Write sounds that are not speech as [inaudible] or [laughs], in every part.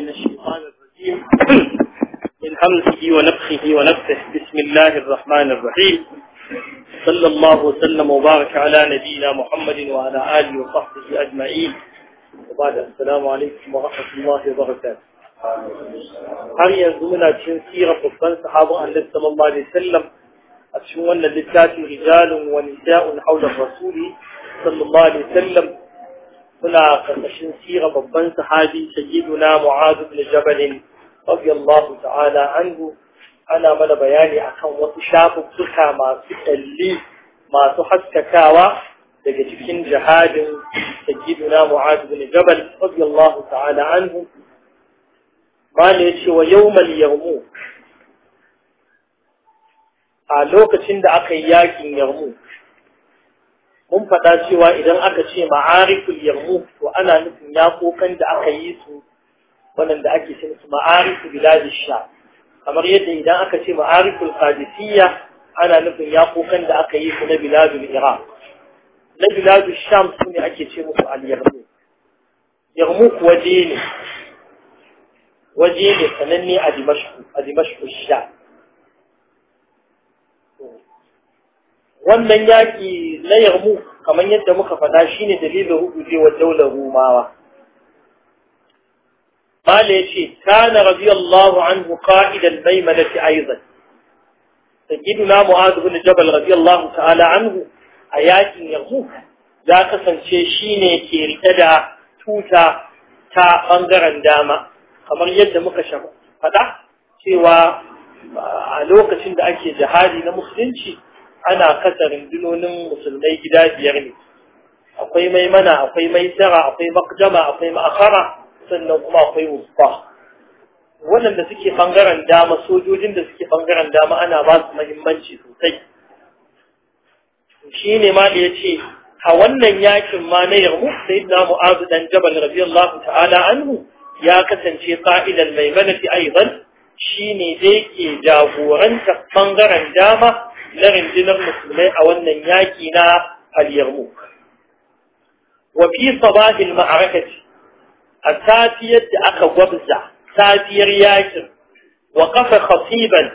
من الشيطان الرجيم من همزه ونفخه ونفسه بسم الله الرحمن الرحيم صلى الله وسلم وبارك على نبينا محمد وعلى آله وصحبه أجمعين وبعد السلام عليكم ورحمة الله وبركاته هر يانزو منا سيرة فرصان صحابة أن صلى الله عليه وسلم أتشمونا لذات رجال ونساء حول الرسول صلى الله عليه وسلم كنا قتشن سيغة ببن صحابي سيدنا معاذ بن جبل رضي الله تعالى عنه أنا من بياني أخوة وطشاف بسخة ما تقلي ما تحسك كاوة لجتكين جهاد سيدنا معاذ بن جبل رضي الله تعالى عنه ما ليشي ويوم اليغموك ألوك تند أخياك يغموك mun faɗa cewa idan aka ce ma'ariful yarmu to ana nufin yakokan da aka yi su waɗanda ake ce su ma'ariful biladish sha kamar yadda idan aka ce ma'ariful qadisiyya ana nufin yakokan da aka yi su na biladul iraq na biladul sham su ne ake ce musu al yarmu yarmu waje ne waje ne sananne a dimashku a dimashku sha wannan yaƙi na yarmu kamar yadda muka faɗa shine dalilin rugujewar daular rumawa mala ya ce kana radiyallahu anhu qa'idan maimanati aidan na mu'az bin jabal radiyallahu ta'ala anhu a yaƙin yarmu ya kasance shine ke riƙe da tuta ta ɓangaren dama kamar yadda muka faɗa cewa a lokacin da ake jihadi na musulunci ana kasa rundunonin musulmai gida biyar ne akwai maimana akwai tsara, akwai makjama akwai ma'akara sannan kuma akwai wufa waɗanda suke ɓangaren dama sojojin da suke ɓangaren dama ana ba su mahimmanci sosai shi ne ma da ya ce a wannan yakin ma na yarmu sai na mu'azu dan jabal radiyallahu ta'ala anhu ya kasance qa'idan maimanati aidan ne da yake jagorantar ɓangaren dama na rindinar musulmai a wannan yaƙi na al-yarmouk wa fi sabahin ma'arakati a safiyar da aka gwabza safiyar yakin wa kafa khasiban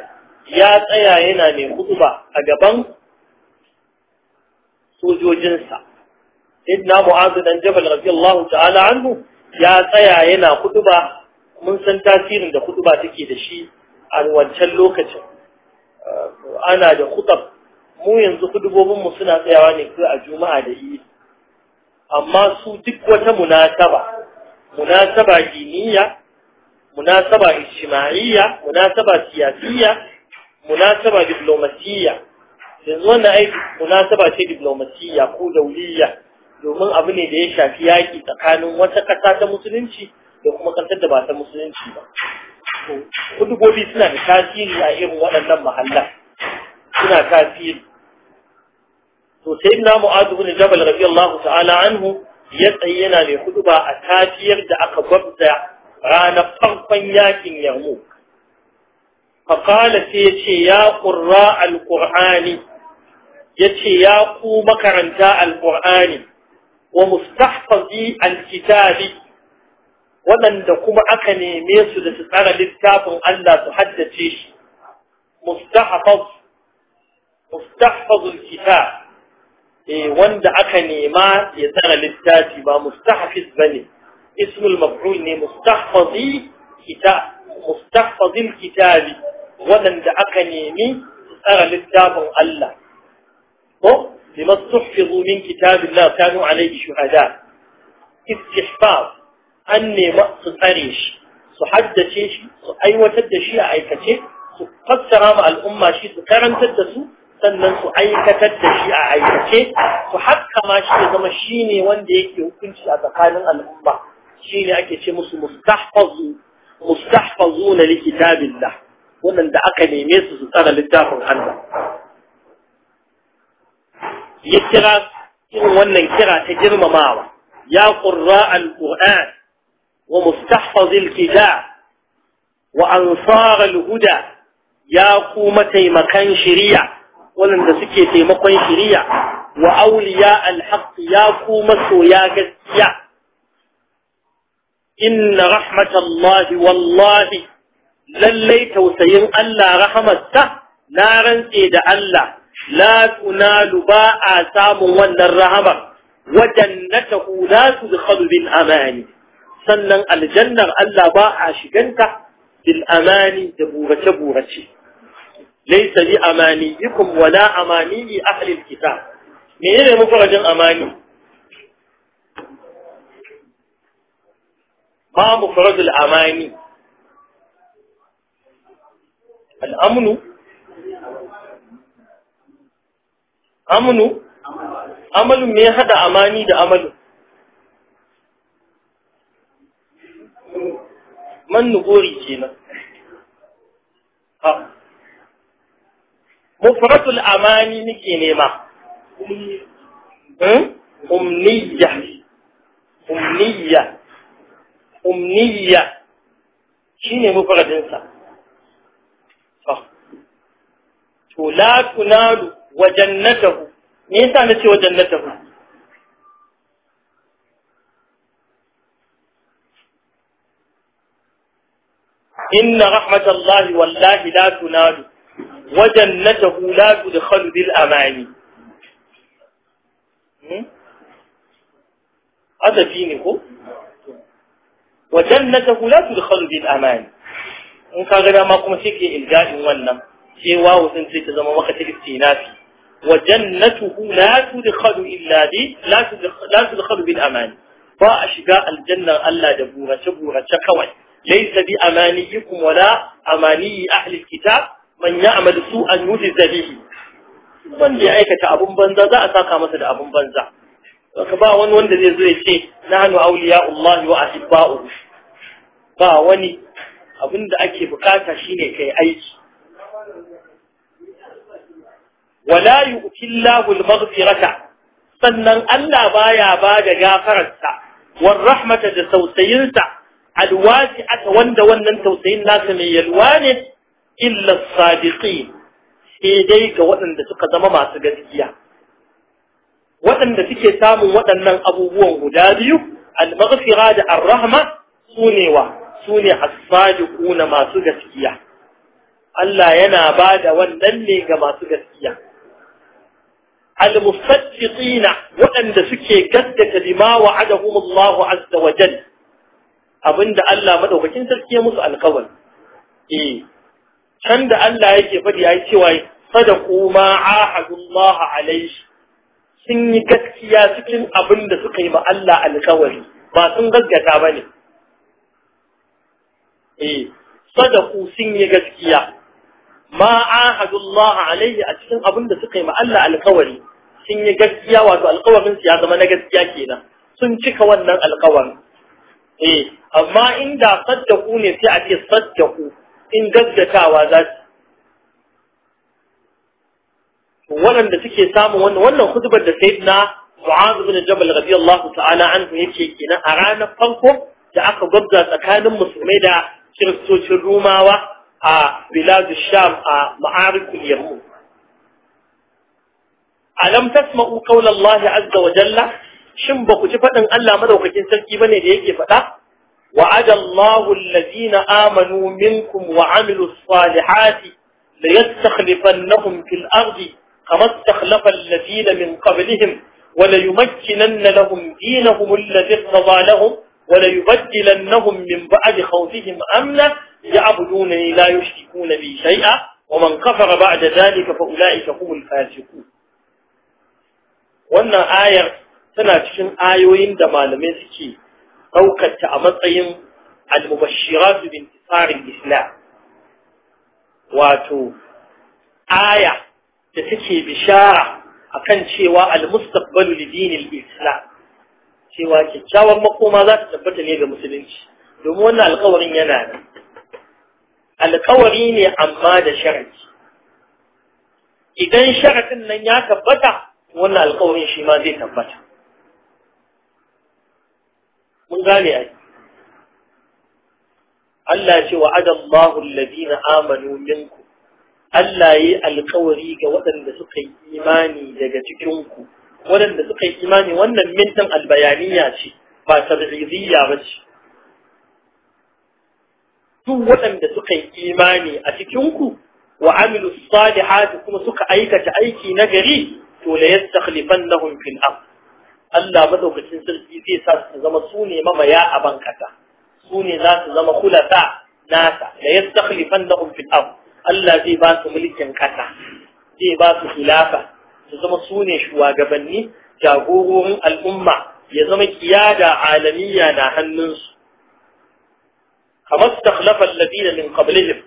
ya tsaya yana mai hutuba a gaban sojojinsa Inna mu'azu dan jabal radiyallahu ta'ala anhu ya tsaya yana hutuba mun san tasirin da hutuba take da shi a wancan lokacin ana da kutab mu yanzu hudubobinmu suna tsayawa ne kai a juma'a da yi amma su duk wata munasaba munasaba diniya munasaba ijtima'iyya munasaba siyasiya, munasaba diplomasiya, yanzu wannan aiki munasaba ce diplomasiya ko dauliya domin abu ne da ya shafi yaƙi tsakanin wata ƙasa ta musulunci da kuma ƙasar da ba ta musulunci ba to hudubobi suna da tasiri a irin waɗannan mahallan suna tasiri to sai na mu'adu bin jabal radiyallahu ta'ala anhu ya tsaye yana mai huduba a tafiyar da aka gwabza ranar farkon yakin yarmu faƙala sai ya ce ya ƙurra alƙur'ani ya ce ya ku makaranta alƙur'ani wa mustahfazi alkitabi waɗanda kuma aka neme su da su tsara littafin Allah su haddace shi mustahfaz mustahfazul kitab eh wanda aka nema ya tsara littafi ba mustahfiz bane ismul maf'ul ne mustahfazi kitab mustahfazil kitabi waɗanda aka nemi su tsara littafin Allah ko bima tuhfizu min kitabillah kanu alayhi shuhada istihfaz أني ما تقريش سحدد شيء أي وتد شيء أي كتير قد سرام الأمة شيء كرم تدسو سنن أي كتد شيء أي كتير فحد كما شيء كما شيني ونديك يمكن شيء أتقال الأمة شيني أكي شيء مس مستحفظ مستحفظون لكتاب الله ومن ده أكني ميس سطر للدار الحمد يكرا إن ونن كرا تجرم ماوا يا قراء القرآن ومستحفظ الكتاب وأنصار الهدى يا قومة مكان شريع ولن تسكي في مكان شريع وأولياء الحق يا قومة يا قسيا إن رحمة الله والله لليت وسيم ألا رحمته نارا سيد ألا لا تنال باء سام ولا الرحمة وجنته لا تدخل بالأمان sannan aljannar Allah ba a shiganta bil amani da burace burace laysa amani amaniyikum wala amani ahli alkitab menene mufarajin amani ما مفرد الأماني الأمن أمن أمل ما هذا amani da أمل man nugori kenan ha mufratul amani nake nema hmm? umniya umniya umniya shine mufradinsa to la tunalu wa jannatahu me yasa nace wa jannatahu inna rahmatallahi wallahi la tunadu wa jannatuhu la tudkhalu bil amani hmm? azafi ne ko wa jannatuhu la tudkhalu bil amani in ka ga dama kuma sai ke ilga'in wannan sai sun sai ta zama maka tilistinafi wa jannatuhu la tudkhalu illa bi la tudkhalu bil amani ba a shiga aljannar Allah da burace burace kawai laysa bi amaniyikum wala amaniyi ahli alkitab man ya'mal su'an bihi wanda ya aikata abun banza za a saka masa da abun banza baka ba wani wanda zai zo ya ce nahnu awliya'ullahi wa ahibba'u ba wani abin da ake bukata shine kai aiki wala yu'tillahu al sannan Allah baya ba da gafararsa war rahmata da sausayinsa alwaji aka wanda wannan tausayin nasa mai yalwa ne illa sadiqi sai dai ga waɗanda suka zama masu gaskiya waɗanda suke samun waɗannan abubuwan guda biyu al da arrahma rahma sune wa sune as masu gaskiya Allah yana ba da wannan ne ga masu gaskiya al-musaddiqina waɗanda suke gaddata bima wa'adahum Allah azza wa jalla abinda Allah madaukakin sarki ya musu alƙawari eh can da Allah yake faɗi ya yi cewa sadaku ma ahadullah alaihi sun yi gaskiya cikin abin da suka yi ma Allah alƙawari ba sun ba ne. eh sadaku sun yi gaskiya ma ahadullah alaihi a cikin abin da suka yi ma Allah alƙawari sun yi gaskiya wato alƙawarin su ya zama na gaskiya kenan sun cika wannan alƙawarin eh amma inda saddaku ne sai a ce saddaku in gaggatawa za su waɗanda suke samun wannan wannan hudubar da na Mu'az ibn Jabal radiyallahu ta'ala anhu yake kenan a ranar farko da aka gwabza tsakanin musulmai da kiristocin Rumawa a biladu Sham a ma'arikul Yarmouk alam tasma'u qawla Allah azza wa jalla shin ba ku ji faɗin Allah madaukakin sarki bane da yake faɗa وعد الله الذين آمنوا منكم وعملوا الصالحات ليستخلفنهم في الأرض كما استخلف الذين من قبلهم وليمكنن لهم دينهم الذي ارتضى لهم وليبدلنهم من بعد خوفهم أمنا يعبدونني لا يشركون بي شيئا ومن كفر بعد ذلك فأولئك هم الفاسقون وأن آية tana cikin ayoyin da malamai suke ɗaukata a matsayin al-mubashiratu bin tsarin islam wato aya da take bishara akan cewa al-mustaqbalu lidinil islam cewa kyakkyawar makoma za ta tabbata ne ga musulunci domin wannan alkawarin yana nan alkawari ne amma da sharadi idan sharadin nan ya tabbata wannan alkawarin shi ma zai tabbata Kun gane ai Allah ce wa adallahu alladhina amanu minku Allah yi alkawari ga waɗanda suka yi imani daga cikin ku waɗanda suka yi imani wannan mintan albayaniya ce ba tabiziyya ba ce duk waɗanda suka yi imani a cikin ku wa amilu salihati kuma suka aikata aiki na gari to la yastakhlifannahum fil ardh Allah madaukakin sarki zai sa su zama su ne mamaya a bankata su ne za su zama kulata nasa da yastakhlifannahum fil ard Allah zai ba su mulkin kasa zai ba su khilafa su zama su ne shugabanni jagororin al'umma ya zama kiyada alamiya na hannunsu kamar stakhlafa alladina min qablihim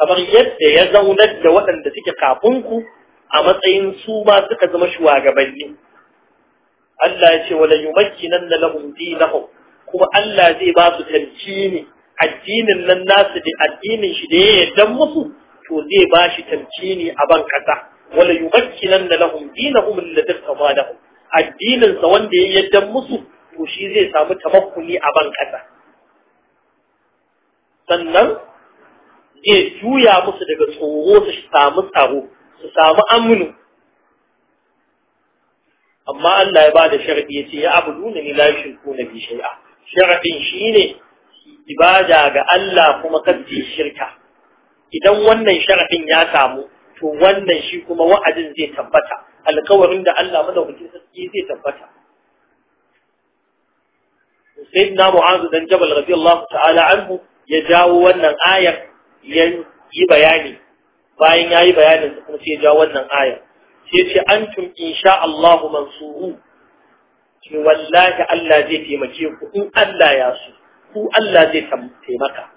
kamar yadda ya zaunar da waɗanda suke kafinku a matsayin su ma suka zama shugabanni Allah ya ce wala yumakkinanna lahum dinahum kuma Allah zai ba su tamkini addinin nan nasu da addinin shi da ya yarda musu to zai ba shi tamkini a ban kasa wala yumakkinanna lahum dinahum alladhi tawadahum addinin sa wanda ya yarda musu to shi zai samu tabakkuni a ban kasa sannan zai juya musu daga tsoro su samu tsaro su samu aminu amma Allah ya bada sharadi ce ya abuduna ni la yushriku na bi shari'a sharadin ne ibada ga Allah kuma kace shirka idan wannan sharadin ya samu to wannan shi kuma wa'adin zai tabbata alkawarin da Allah madaukakin sarki zai tabbata na mu'azu dan jabal radiyallahu ta'ala anhu ya jawo wannan ayar ya yi bayani bayan ya yi bayanin kuma sai ya jawo wannan ayar yace antum insha Allah mansuru ce wallahi Allah zai taimake ku in Allah ya so ku Allah zai taimaka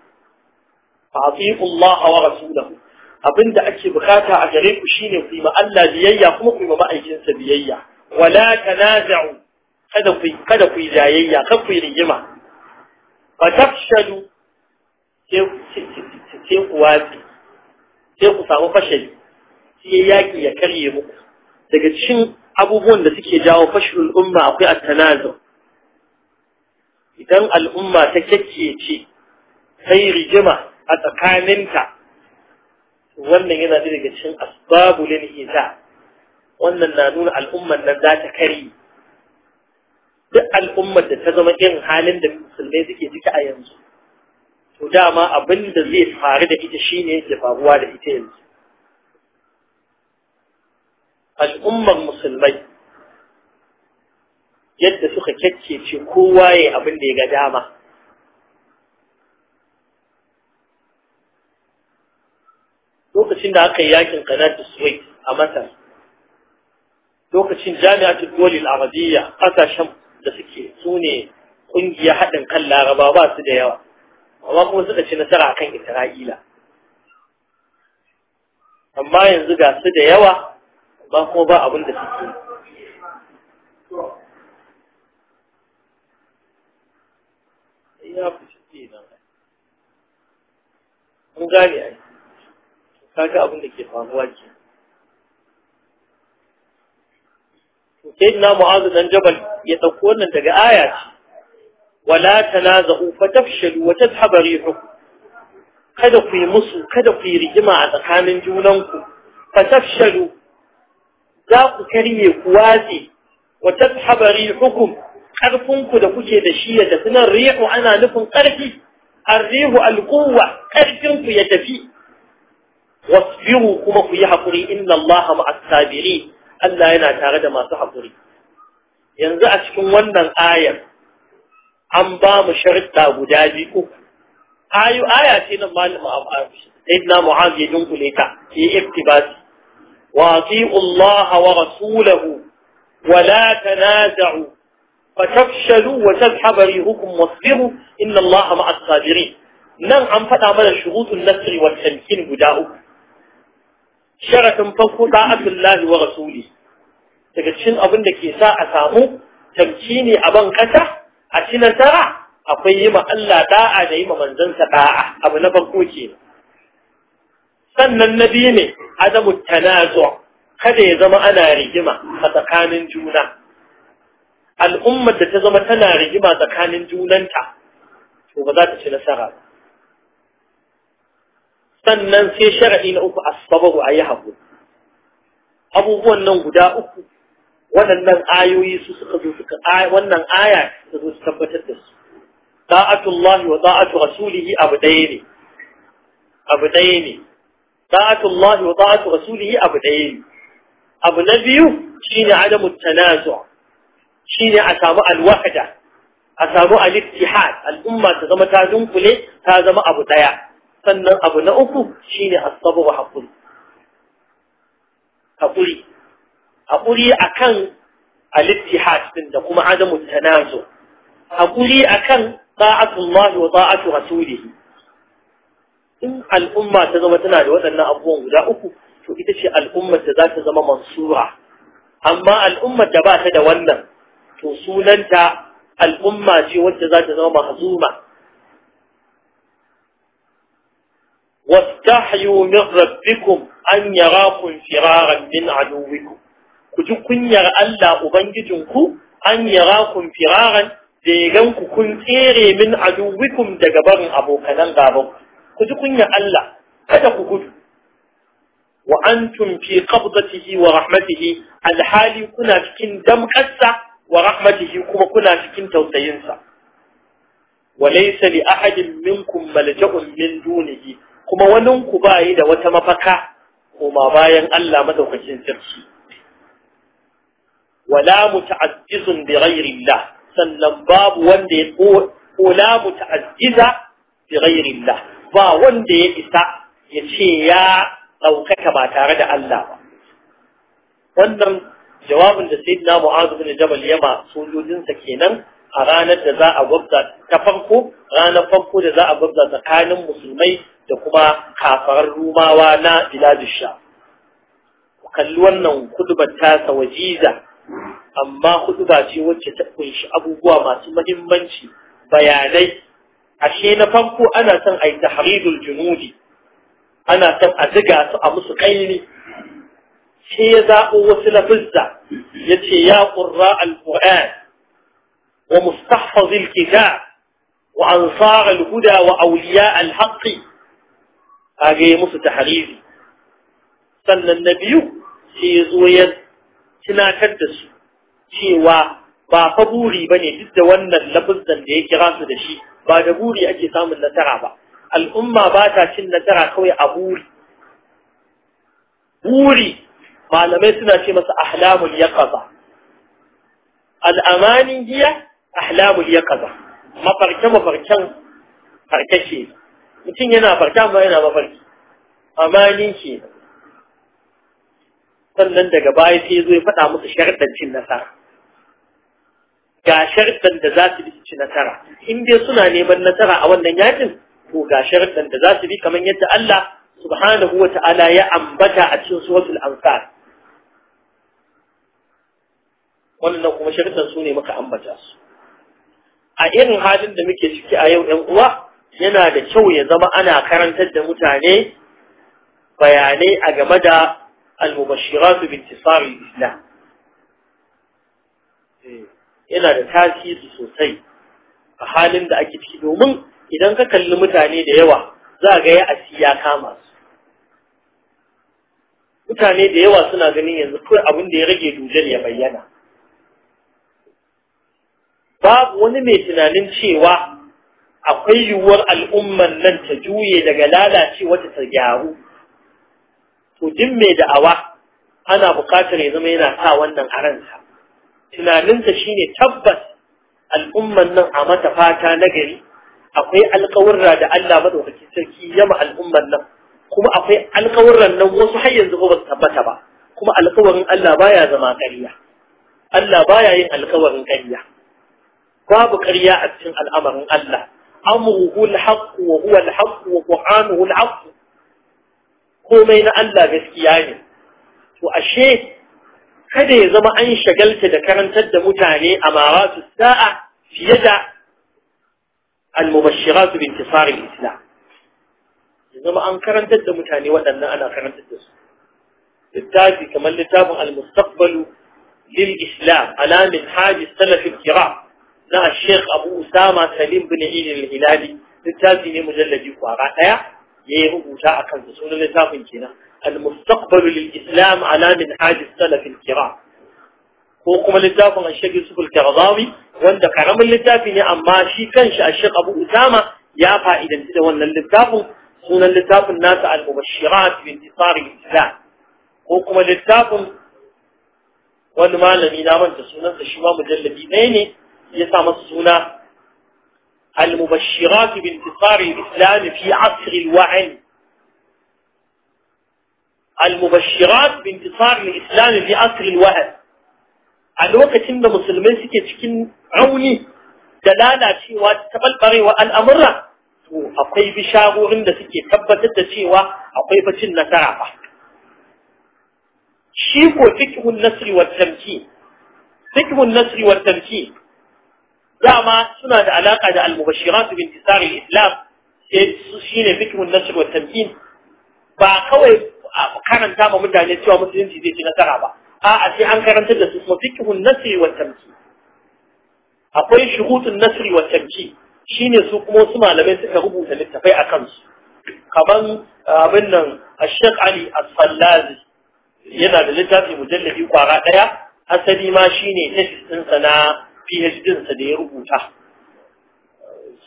fa'atiqu Allah wa Rasuluhu. abinda ake bukata a gare ku shine ku yi ma Allah biyayya kuma ku yi ma ma'aikinsa biyayya wala tanaza'u kada ku kada ku yi jayayya kada ku yi rigima fa tafshalu sai ku watsi sai ku samu fashali sai yaki ya karye muku daga cikin abubuwan da suke jawo fashin umma akwai at idan al'umma ta kyakkece sai rigima a tsakaninta wannan yana da daga cikin asbabu lil wannan na nuna al'ummar nan za ta kare duk al'ummar da ta zama irin halin da musulmai suke ciki a yanzu to dama abin da zai faru da ita shine ya faruwa da ita yanzu al'ummar musulmai yadda suka kyakkece kowa ya abin da ya ga dama lokacin da aka yi yakin kanat da suwai a masar lokacin jami'atul dole al'arabiyya kasashen da suke su ne ƙungiyar haɗin kan laraba ba su da yawa amma kuma suka ci nasara kan isra'ila amma yanzu ga su da yawa ba kuma ba abin da suke ya fi shi nan an gane ai kaga abin da ke faruwa ke to sai na mu'azu dan jabal ya dauko wannan daga aya ce wala tanazu fatafshalu wa tadhhabu rihukum kada ku yi musu kada ku yi rigima a tsakanin junanku fatafshalu za ku karye ku watse wa tashaba rihukum karfin ku da kuke da shi ya tafi nan rihu ana nufin karfi arrihu alquwa karfin ya tafi wasbiru kuma ku yi hakuri inna allaha ma'as Allah yana tare da masu haƙuri. yanzu a cikin wannan ayar an ba mu sharuɗa guda biyu ayu aya ce nan malamin abu sayyidina Muhammad ya dunkule ta yi iktibasi واطيعوا الله ورسوله ولا تنازعوا فتفشلوا وتذهب ريحكم واصبروا ان الله مع الصابرين نعم عم فدا مره شروط النصر والتمكين غداو شرط فقو طاعه الله ورسوله تكشين ابن دا كيسا اسامو تمكيني ابن كتا اشي نصر اكو الله داعه دايما منزنسا داعه ابو نفقو كينه sannan na biyu ne adamu tanazu kada ya zama ana rigima a tsakanin juna al'ummar da ta zama tana rigima tsakanin junanta to ba za ta ci nasara ba sannan sai shara'i na uku asbabu ayi haƙuri abubuwan nan guda uku waɗannan ayoyi su suka zo suka wannan aya ta zo su tabbatar da su da'atullahi wa da'atu rasulihi abu ɗaya ne abu ɗaya ne ta'atullahi wa ta'atu rasulihi abu ɗaya ne abu na biyu shine adamu tanazu shine a samu alwahda a samu al-ittihad al'umma ta zama ta dunkule ta zama abu ɗaya sannan abu na uku shine as-sabr wa hakuri hakuri hakuri akan al-ittihad din da kuma adamu tanazu hakuri akan ta'atullahi wa ta'atu rasulihi in al'umma ta zama tana da waɗannan abubuwan guda uku to ita ce al'ummar da za ta zama mansura amma al'ummar da ba ta da wannan to sunanta al'umma ce wacce za ta zama mahzuma واستحيوا من ربكم أن يراكم firaran min عدوكم ku ji kunyar Allah ku an yara kun firaran da ya kun tsere min aduwikum daga barin abokanan gabaku. ku ji kunyar Allah kada ku gudu wa antum fi qabdatihi wa rahmatihi alhali kuna cikin damkarsa wa rahmatihi kuma kuna cikin tausayinsa wa laysa li ahadin minkum malja'un min dunihi kuma wanin ku bayi da wata mafaka koma bayan Allah madaukakin sirki wala muta'azzizun bi sannan babu wanda ya ko la muta'azziza bi ghairi ba wanda ya isa ya ce ya ɗaukaka ba tare da Allah ba wannan jawabin da sayyidina mu'azu bin Jabal yama sojojinsa kenan a ranar da za a gwabza ta farko ranar farko da za a gwabza tsakanin musulmai da kuma kafarar rumawa na iladisha ku kalli wannan kudubar tasa wajiza amma kuduba ce wacce ta kunshi abubuwa masu mahimmanci bayanai ashe na farko ana son ai tahridul junudi ana son a ziga su a musu kaini shi ya zaɓo wasu lafizza yace ya qurra alquran wa mustahfaz alkitab wa ansar alhuda wa awliya alhaq age musu tahridi sannan nabiyu shi sai ya zo ya tunatar da su cewa ba fa buri bane duk da wannan lafazan da ya kira su da shi ba da buri ake samun nasara ba al'umma ba ta cin nasara kawai a buri buri malamai suna ce masa ahlamul yaqaza al'amani hiya ahlamul yaqaza mafarke mafarken farkashe mutum yana farka ba yana mafarki amani ke sannan daga baya sai zo ya faɗa musu sharuɗan cin nasara ga sharɗan da za su bi nasara in dai suna neman nasara a wannan yakin to ga sharɗan da za su bi kamar yadda Allah subhanahu wa ta'ala ya ambata a cikin suratul anfal wannan kuma sharɗan su ne muka ambata su a irin halin da muke ciki a yau ɗan uwa yana da kyau ya zama ana karantar da mutane bayanai a game da al-mubashiratu bi intisari islam yana da tasiri sosai a halin da ake ciki domin idan ka kalli mutane da yawa za ga ya asi ya kama su mutane da yawa suna ganin yanzu kawai abin da ya rage dujar ya bayyana babu wani mai tunanin cewa akwai yiwuwar al'umman nan ta juye daga lalacewa ta gyaru to duk mai da'awa ana buƙatar ya zama yana sa wannan a ransa tunaninsa shine tabbas al'umman nan a mata fata na gari akwai alƙawurra da Allah madaukaki sarki yama al'umman nan kuma akwai alƙawurran nan wasu har yanzu ba su tabbata ba kuma alƙawarin Allah baya zama ƙarya Allah baya yin alƙawarin ƙarya babu ƙarya a cikin al'amarin Allah amruhu al wa huwa al wa qur'anuhu al komai na Allah gaskiya ne to ashe kada ya zama an shagalta da karantar da mutane a maratu sa'a fiye da al-mubashiratu bin tisarin islam ya zama an karantar da mutane waɗannan ana karantar da su littafi kamar littafin al-mustaqbalu lil islam alamin min haji salafin kira na sheikh abu usama salim bin ilil hilali littafi ne mujallabi kwara ɗaya ya rubuta a kansa sunan littafin kenan al-mustaqbal lil islam ala min hajj salafin kira. ko kuma littafin al-shaykh Yusuf wanda karamin littafi ne amma shi kanshi al-shaykh Abu Usama ya fa'idanci da wannan littafin sunan littafin nasa al-mubashirat bi islam ko kuma littafin wani malami na manta sunansa shi ma mujallabi ɗaya ne ya sa masa suna المبشرات بانتصار الإسلام في عصر الوعن المبشرات بانتصار الإسلام في عصر الوعن الوقت إن مسلمين سكتكين عوني دلالة شيء تبلبري والأمر akwai شاغو عند suke tabbatar da cewa akwai شيكو فكه النسر والتمكين فكه النسر والتمكين dama suna da alaka da al-mubashiratu bin intisar al-islam sai shine fikhun nasr wa tamkin ba kawai karanta ma mutane cewa musulunci zai ci nasara ba a'a sai an karantar da su kuma nasr wa tamkin akwai shurutun nasri wa tamkin shine su kuma wasu malamai suka rubuta littafai a kansu kaman abin nan ashaq ali as-sallazi yana da littafi mujalladi kwara daya asali ma shine tesis din na PhD sa da ya rubuta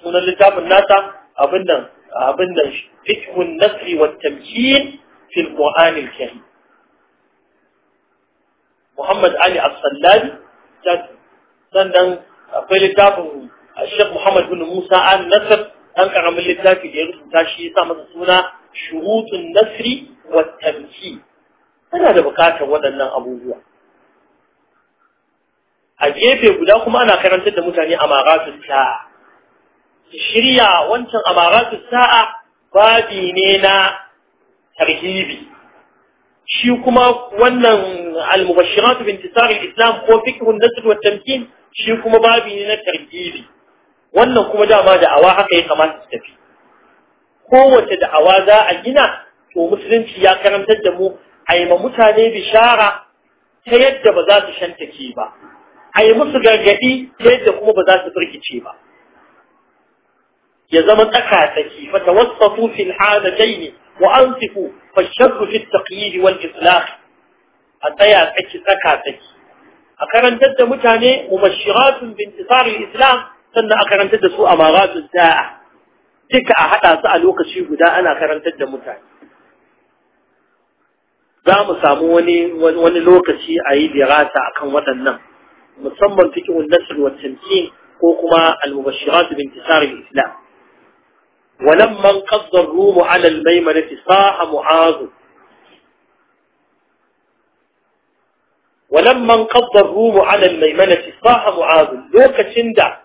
sunan littafin nasa abin nan abin nan fikhun nasri wa tamkin fil Qur'an al-Karim Muhammad Ali As-Sallabi sannan akwai littafin Sheikh Muhammad bin Musa An-Nasr dan karamin littafi da ya rubuta shi ya sa masa suna shurutun nasri wa tamkin tana da bukatar waɗannan abubuwa a gefe guda kuma ana karantar da mutane amaratu sa'a shirya wancan amaratu sa'a babi ne na tarhibi shi kuma wannan al-mubashiratu bi intisar al-islam ko fiqhun nasr wa tamkin shi kuma babi ne na tarhibi wannan kuma dama da'awa haka ya kamata su tafi kowace da'awa za a gina to musulunci ya karantar da mu a yi ma mutane bishara ta yadda ba za su shantake ba a yi musu gargaɗi ta yadda kuma ba za su firkice ba ya zama tsaka tsaki fa tawassafu fil halatayn wa ansifu fa sharru fi taqyid wal islah a tsaya tsaki tsaka tsaki a karantar da mutane mubashiratun bin tisarul islam sannan a karantar da su a maratun da'a duka a haɗa su a lokaci guda ana karantar da mutane za mu samu wani lokaci a yi dirasa akan waɗannan مصمم في كل النسل والتمثيل وكما المبشرات بانتصار الإسلام ولما انقض الروم على الميمنة صاح معاذ ولما انقض الروم على الميمنة صاح معاذ لوك تندع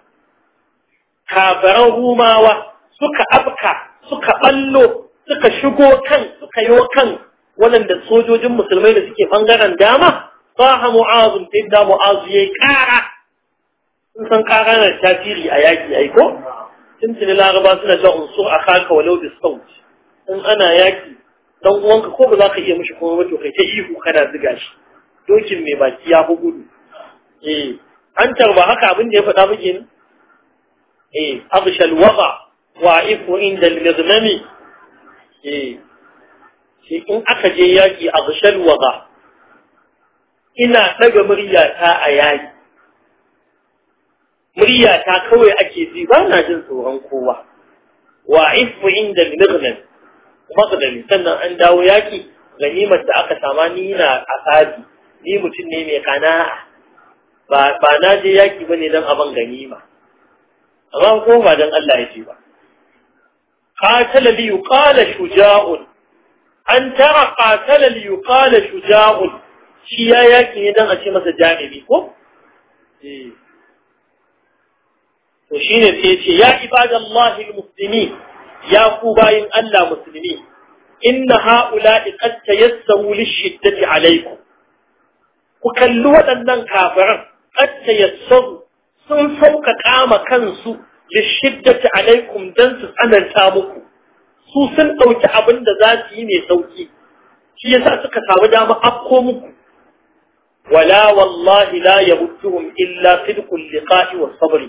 كابر روما وسك أبكى سك ألو سك شقوكا سك يوكا ولن تصوجوا جم مسلمين سكي فانغرا داما صاح معاذ ya yi kara. sun san kara na tasiri a yaki aiko tuntuni laraba suna cewa unsu a kaka walau da sauti in ana yaki dan uwanka ko ba za ka iya mishi kuma ba kai ta ihu kana ziga shi dokin mai baki ya fi gudu eh hantar ba haka abin da ya faɗa muke ne eh abshal waqa wa ifu inda al eh shi in aka je yaki abshal waqa ina ɗaga muryata a yayi muryata kawai ake ji ba na jin tsoron kowa wa ifu inda mirnan magdani sannan an dawo yaki ganimar da aka sama ni na asadi ni mutum ne mai kana'a ba ba na je yaki bane dan aban ganima amma ko ba dan Allah ya ce ba qatala li yuqala shuja'un an tara qatala li yuqala shuja'un shi ya yaƙi ne don a ce masa jarumi ko? Eh. To shi ne sai ce, ya ibadan mahil musulmi, ya ku bayin Allah musulmi, inna ha'ula iƙatta yassa wuli shiddati alaiku. Ku kalli waɗannan kafiran, ƙatta yassaru sun sauƙaƙa ma kansu lishiddati alaikum don su tsananta muku. Su sun ɗauki abin da za su yi mai sauƙi, shi yasa suka samu dama afko muku. wala wallahi la yabtuhum illa sidqul liqa'i was sabr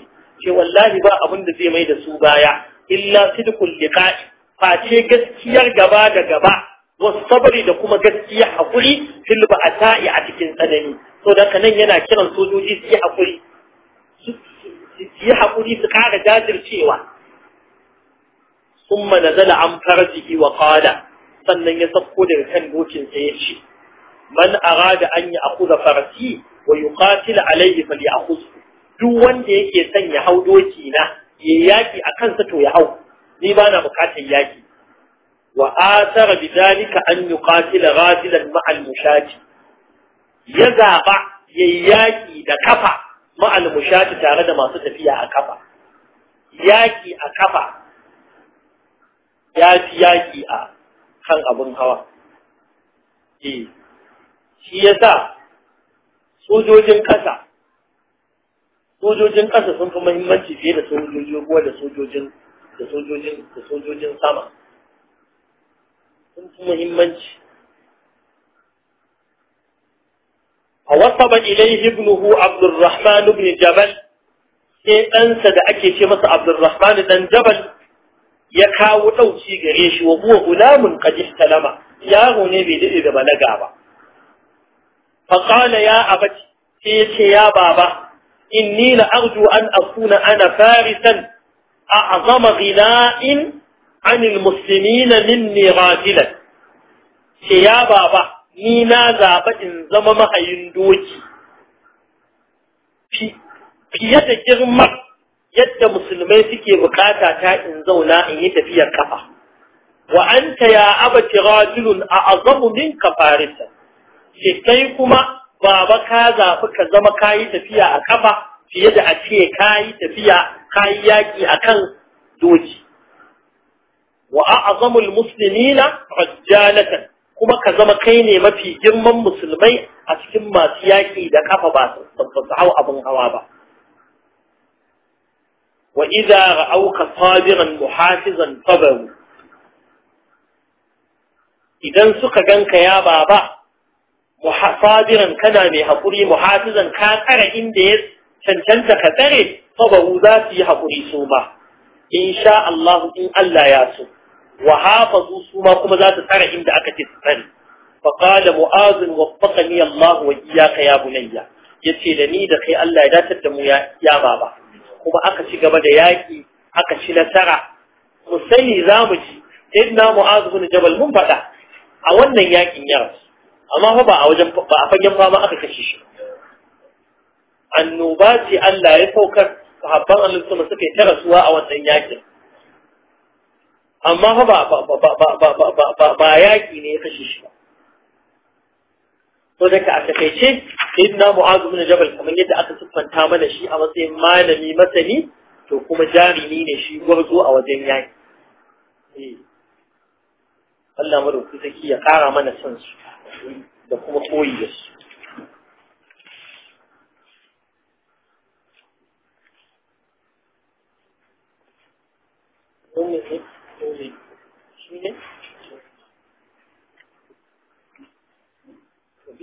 ce wallahi ba abun da zai mai da su baya illa sidqul liqa'i face gaskiyar gaba da gaba was sabri da kuma gaskiya hakuri fil ta'i a cikin tsanani so dan kanan yana kiran sojoji su yi hakuri su ƙara hakuri su kara jajircewa ثم نزل عن فرجه وقال sannan ya sauko daga kan dokinsa ya ce man arada an ya akuza farasi wa yuqatil alayhi falyakhudhu duk wanda yake son ya hau doki na ya yaki a kansa to ya hau ni ba na bukatar yaki wa athara bidalika an yuqatil ghazilan ma'al mushati ya zaba ya yaki da kafa ma'al mushati tare da masu tafiya a kafa yaki a kafa ya yaki a kan abin hawa eh shi ya sa sojojin ƙasa sojojin ƙasa sun fi muhimmanci fiye da sojojin ruwa da sojojin da sojojin da sojojin sama sun fi muhimmanci a wasaba ilaihi ibnuhu abdurrahman ibn jabal sai ɗansa da ake ce masa abdurrahman dan jabal ya kawo ɗauki gare shi wa huwa gulamun qad istalama yaro ne bai dade da balaga ba فقال يا أبت سيتي يا بابا إني لأرجو أن أكون أنا فارسا أعظم غناء عن المسلمين مني راجلا يا بابا نينا زابا إن زمم هيندوكي في yadda girma yadda musulmai suke bukata ta in zauna in yi tafiyar kafa wa anta ya abati rajulun a azamu minka farisa ce kai kuma baba ka zafi ka zama kayi tafiya a kafa fiye da a ce kayi tafiya kayi yaƙi a kan doki wa a'zamul muslimina hajjalatan kuma ka zama kai ne mafi girman musulmai a cikin masu yaƙi da kafa ba su hau abin hawa ba wa idza ra'awka sabiran muhafizan tabaru idan suka ganka ya baba sabiran kana mai haƙuri muhafizan ka tsara inda ya cancanta ka tsare ku za su yi haƙuri su ba. in Allah in Allah ya so wa hafazu su ma kuma za su tsara inda aka ce su tsare fa qala mu'az waffaqani Allah wa iyyaka ya bunayya yace da ni da kai Allah ya datar da mu ya ya baba kuma aka ci gaba da yaki aka ci nasara mu sani za mu ji sayyidina mu'az bin jabal mun faɗa a wannan yakin ya rasu amma ba a wajen ba a fagen fama aka kashe shi annoba ce Allah ya saukar sahabban Allah sama suka yi ta a wannan yakin amma ba ba yaƙi ne ya kashe shi ba to daga a takaice inna mu'azu min jabal kamar yadda aka siffanta mana shi a matsayin malami masani to kuma jarumi ne shi gwarzo a wajen yaƙi eh. Allah madauki saki ya ƙara mana son su da kuma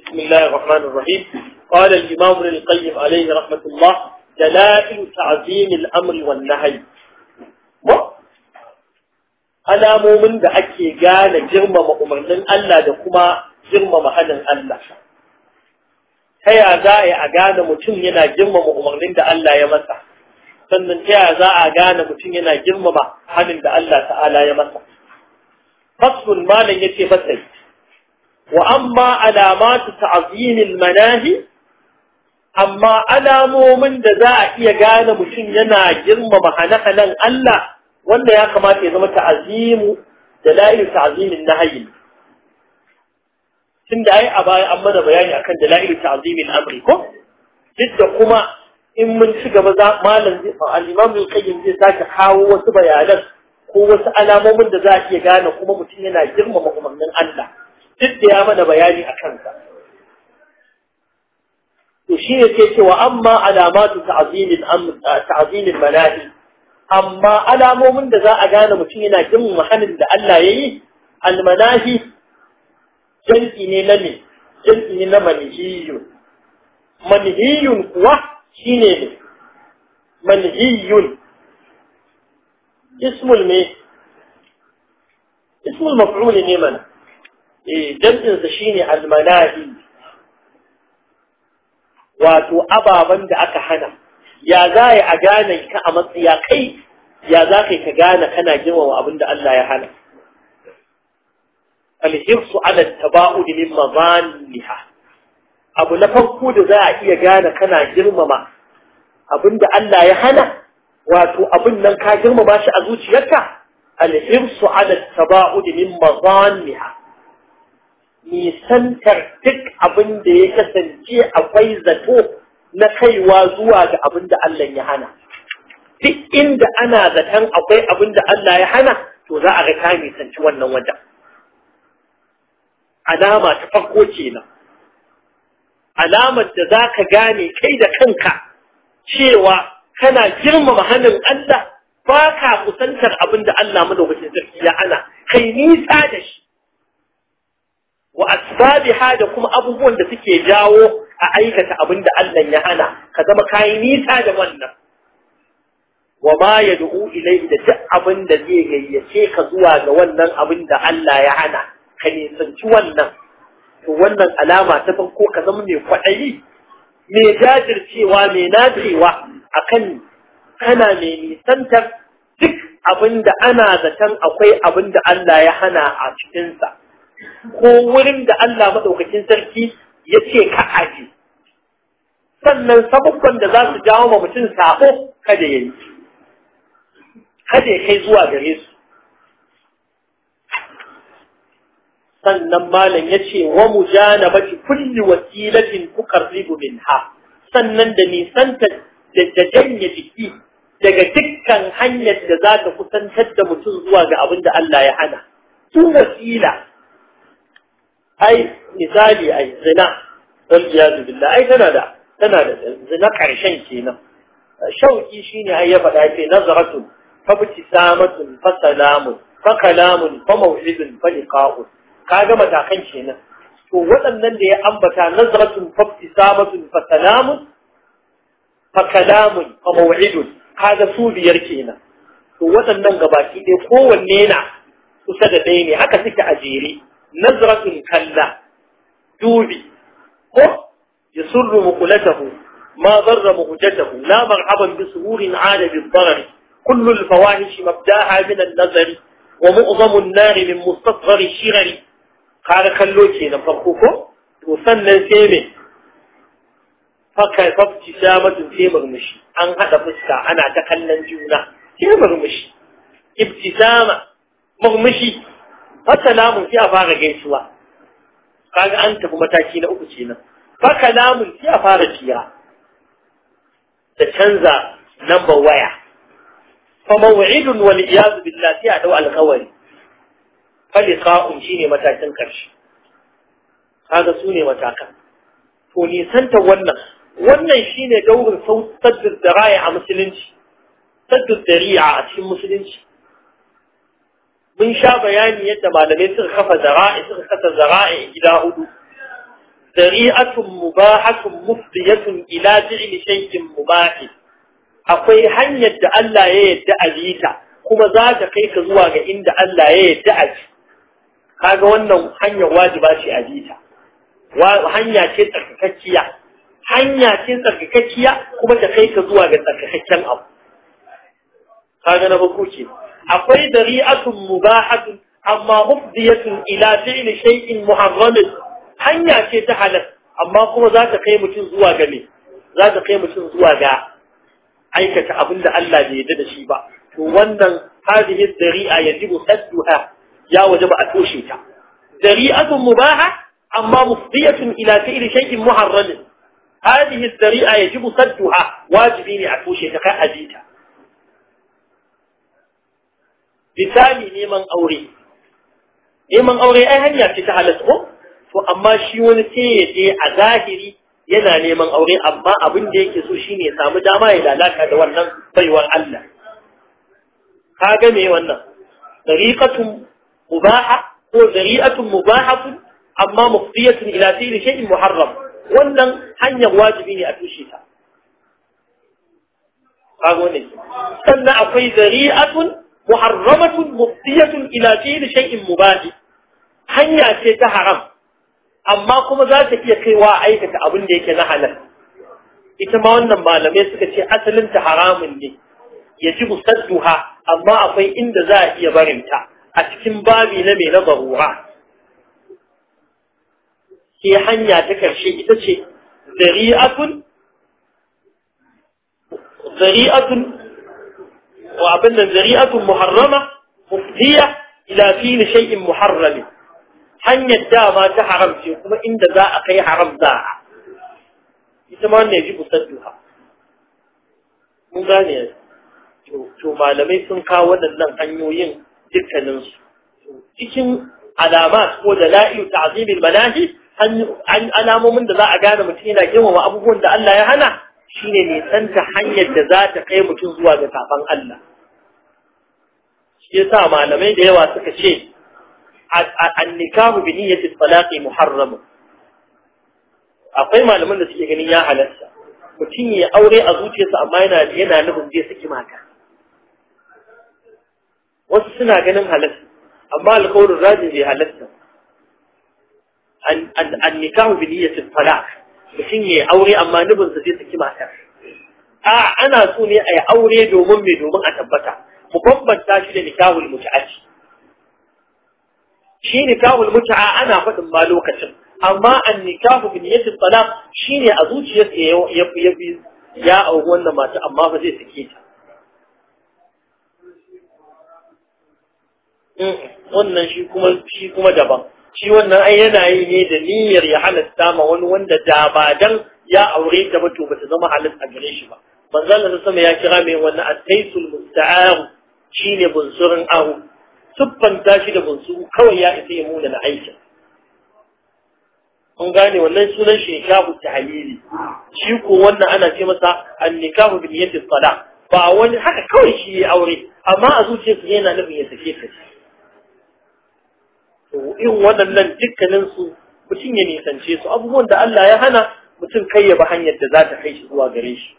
بسم الله الرحمن الرحيم قال الإمام ابن القيم عليه رحمة الله دلائل تعظيم الأمر والنهي أنا مؤمن بحكي قال جرم مؤمن Allah da kuma girmama hanin Allah ta za a yi a gane mutum yana girmama umarnin da Allah ya masa sannan ta ya za a gane mutum yana girmama hanin da Allah ta'ala ya masa faslun malam yace fasali wa amma alamatu ta'azimin manahi amma alamomin da za a iya gane mutum yana girmama hane-hanen Allah wanda ya kamata ya zama ta'azimu da layu ta'azimin nahayi tunda ai a baya an mana bayani akan dalailin ta'zimin amri ko duk da kuma in mun ci gaba za malam al-imam al-qayyim zai sake kawo wasu bayanan ko wasu alamomin da za a iya gane kuma mutum yana girmama umarnin Allah duk da ya mana bayani akan sa to shi ne ke cewa amma alamatu ta'zimin amr ta'zimin amma alamomin da za a gane mutum yana girmama hanin da Allah yayi al-manahi Jan'i ne na me Jan'i ne na manhiyun manhiyun kuwa shine ne manhiyun ismul me ismul maf'ul ne mana eh jam'in sa shine almanahi wato ababan da aka hana ya za a gane ka a matsaya kai ya za ka gane kana girmama abin da Allah ya hana alhirsu ala taba'ud min mazanniha abu na farko da za a iya gane kana girmama da Allah ya hana wato abin nan ka girmama shi a zuciyarka alhirsu ala taba'ud min mazanniha nisantar duk abin da ya kasance akwai zato na kaiwa zuwa ga abin da Allah ya hana duk inda ana zaton akwai abin da Allah ya hana to za a ga ka nisanci wannan wajen alama ta farko kenan alamar da za ka gane kai da kanka cewa kana girmama hannun Allah ba ka kusantar abin da Allah da wuce ya ana kai nisa da shi wa asbabiha da kuma abubuwan da suke jawo a aikata abin da Allah ya hana ka zama kai nisa da wannan wa ma yad'u ilayhi da duk abin da zai gayyace ka zuwa ga wannan abin da Allah ya hana ka nisanci wannan to wannan alama ta farko ka zama mai kwaɗayi mai jajircewa mai nacewa akan kana mai nisantar duk abin da ana zaton akwai abin da Allah ya hana a cikinsa ko wurin da Allah maɗaukakin sarki ya ce ka aji sannan sababban da za su jawo ma mutum sabo kada ya yi kada ya kai zuwa gare su sannan malam ya ce wa mujanabati kulli wasilatin tuqarribu Ha? sannan da nisanta da janye jiki daga dukkan hanyar da za ta kusantar da mutum zuwa ga abin da Allah ya hana su wasila ai misali ai zina wal iyadu billah ai tana da tana da zina karshen kenan shauki shine ai ya faɗa ce nazaratun fa bi samatun fa salamun fa kalamun fa maw'idun fa liqa'un kaga matakan kenan to waɗannan da ya ambata nazratun fabtisamatun fa salamun fa kalamun fa maw'idun kaga su biyar kenan to waɗannan gabaki ɗaya kowanne yana kusa da ɗaya ne haka suke a jere nazratun kalla dubi ko yasurru muqulatahu ma darra muhjatahu la marhaban bi suhurin ada bi darar kullu al fawahish mabda'a min an nazari wa mu'zamu an-nar min mustasghar ash-shirari قال خلوكي نفقوكو وصلنا سيمي فكي فبتي سامة سيمر مشي أنهد فسكا أنا تخلن جونا سيمر مشي ابتسامة مغمشي فسلام في أفاق جيسوا قال أنت بمتاكين أبتين فكلام في أفاق جيرا تتنزى نمبر ويا فموعد والإياذ بالله سيعدو الغوري shi ne matakin ƙarshe. kaga su ne matakan to nisanta wannan wannan shine daurin da dara'i a musulunci da dari'a a cikin musulunci mun sha bayani yadda malamai suka kafa zara'i suka kasa zara'i gida hudu dari'atun mubahatun mufdiyatun ila fi'li shay'in mubahi akwai hanyar da Allah ya yadda a ta kuma za ta kai ka zuwa ga inda Allah ya yadda a ci. kaga wannan hanyar wajiba ce a bita hanya ce tsarkakakkiya hanya ce tsarkakakkiya kuma ta kai ka zuwa ga tsarkakakken abu kaga na bako ce akwai dari'atun mubahatun amma mufdiyatun ila fi'li shay'in muharramin hanya ce ta halal amma kuma za ta kai mutum zuwa ga me za ta kai mutum zuwa ga aikata abin da Allah bai yarda da shi ba to wannan hadhihi dari'a yajibu sadduha ya waje ba a toshe ta dari'atun mubaha amma mufdiyatun ila fi'li shay'in muharram hadhihi ad-dari'a yajibu sadduha wajibi ne a toshe ta kai ajita misali neman aure neman aure ai hanya ce ta halal to amma shi wani sai je a zahiri yana neman aure amma abin da yake so shine ya samu dama ya lalaka da wannan baiwar Allah ka gane wannan dariqatun mubaha ko zari'atun mubahatun amma mufdiyatun ila fi'li shay'in muharram wannan hanyar wajibi ne a tushe ta kago ne sannan akwai zari'atun muharramatun mufdiyatun ila fi'li shay'in mubahi hanya ce ta haram amma kuma za ta iya kaiwa aikata abin da yake na halal ita ma wannan malamai suka ce asalin ta haramun ne ya ji musadduha amma akwai inda za a iya barinta cikin babi na mai na barura sai hanya ta karshe ita ce zari'atun zari'atun wa abin nan zari'atun muharrama mufdiya ila fili shay'in muharrami hanyar dama ta haram ce kuma inda za a kai haram za a ita ma ne ji kusadduha mun gane to malamai sun kawo waɗannan hanyoyin dukkaninsu cikin alama ko da la'iyu ta'zimin manahi an alamomin da za a gane mutum yana girmama abubuwan da Allah ya hana shine ne santa hanyar da za ta kai mutum zuwa ga saban Allah shi yasa malamai da yawa suka ce annikahu bi niyyati talaqi muharram akwai malaman da suke ganin ya halarta mutum ya aure a zuciyarsa amma yana yana nufin zai saki mata wasu suna ganin halasta amma alƙawarin rajin bai halasta an nikahu bi niyyati talaq mutum yi aure amma nubin sa saki matar a ana so ne ayi aure domin me domin a tabbata mu bambanta shi da nikahul mut'ati shi nikahul mut'a ana faɗin ma lokacin amma an nikahu bi niyyati talaq shine a zuciyarsa ya ya ya auri wannan mata amma ba zai saki ta wannan shi kuma shi kuma daban shi wannan ai yana yi ne da niyyar ya halatta ma wani wanda da ba dan ya aure ta ba to ba ta zama halin a gare shi ba manzon Allah sama ya kira mai wannan at-taisul musta'ar shine bunsurin ahu siffanta shi da bunsu kawai ya isa ya muna na aiki kun gane wannan sunan shi ta tahlili shi ko wannan ana ce masa an-nikahu bi niyyati salah ba wani haka kawai shi ya aure amma a zuciyarsa yana nufin ya sake ta in waɗannan dukkaninsu mutum ya nisance su abubuwan da Allah ya hana mutum kai ya bi hanyar da za ta kai shi zuwa gare shi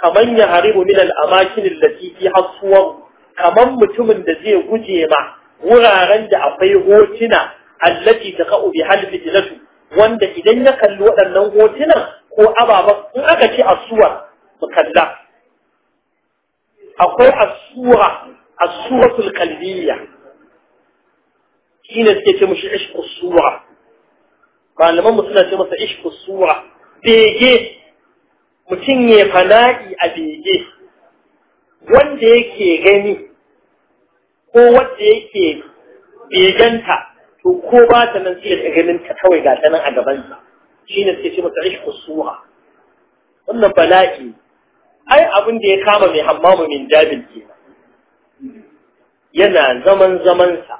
kaman ya haribu min al-amakin allati fi hasuwa kaman mutumin da zai guje ma wuraren da akwai hotuna allati taqa'u bi hal fitnatu wanda idan ya kalli waɗannan hotunan ko ababa in aka ce asuwa mu kalla akwai asuwa asuwatul qalbiyya shi suke ce ishku sura malaman mu suna ce masa ishku sura bege mutum ya fana'i a bege wanda yake gani ko wanda yake beganta to ko ba ta nan sai ta ganin ta kawai ga ta nan a gabansa shi suke ce masa ishku sura wannan bala'i ai abin da ya kama mai hammamu min jabin kenan yana zaman zamansa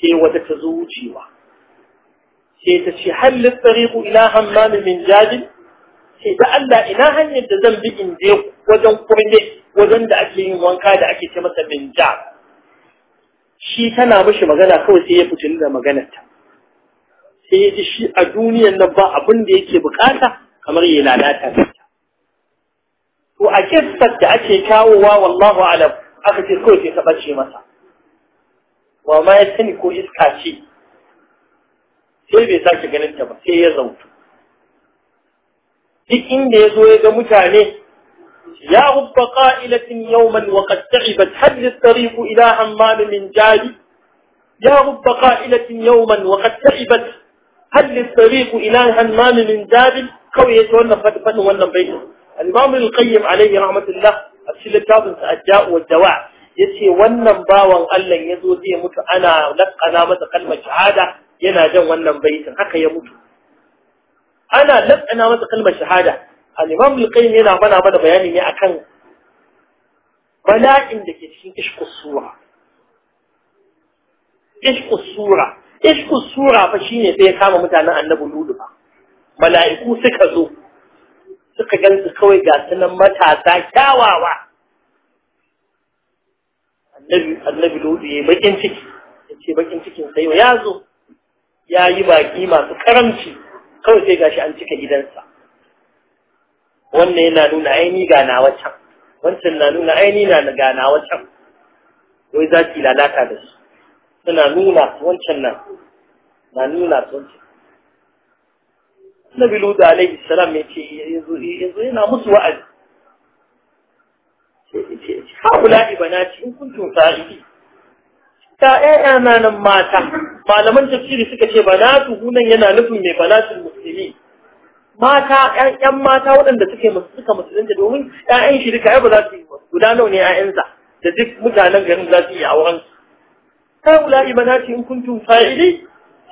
sai wata ta zo wucewa sai ta ce hallin tsariku ina hammamin min jabin sai ta Allah ina hanyar da zan bi in je wajen kurme wajen da ake yin wanka da ake ce masa min shi tana mishi magana kawai sai ya fitini da maganarta sai ya ji shi a duniyan nan ba abin da yake bukata kamar ya lalata to a kissar da ake kawowa wallahu alam aka ce kawai sai ta bace masa وما ma ya sani ko iska ce sai bai sake ganin ta ba sai ya يا رب قائلة يوما وقد تعبت هل الطريق إلى حمام من جاري يا رب قائلة يوما وقد تعبت هل الطريق إلى حمام من جاري كوي يتولى فتفن ولا بيت الإمام القيم عليه رحمة الله أبشل الجاب الأجاء والدواء Ya ce wannan bawan Allah ya zo zai mutu ana lakana masa kalmar shahada yana jan wannan baitin haka ya mutu ana laƙana masa kalmar shahada al-imam al-qayyim yana bana bada bayani ne akan bala'in da ke cikin ishqus sura ishqus sura ishqus sura fa shine sai ya kama mutanen annabi ludu ba mala'iku suka zo suka gansu kawai ga sunan matasa kyawawa annabi lodi ya bakin ciki ya ce bakin cikin sai ya zo ya yi baki masu karamci kawai sai gashi an cika gidansa wannan yana nuna aini ga na wacan wancan na nuna aini na ga na wacan wai za ki lalata da su suna nuna wancan nan na nuna su wancan Nabi Luda alaihi salam ya ce yanzu yana musu wa'azi haula ibanati in kuntum sa'idi ta ƴaƴa na nan mata malaman tafsiri suka ce banatu hunan yana nufin mai banatul muslimi mata ƴan mata waɗanda suke suka musulunta domin ƴaƴan shirka ai ba za su yi guda nawa ne ƴaƴansa da duk mutanen garin za su yi auren su haula ibanati in kuntum da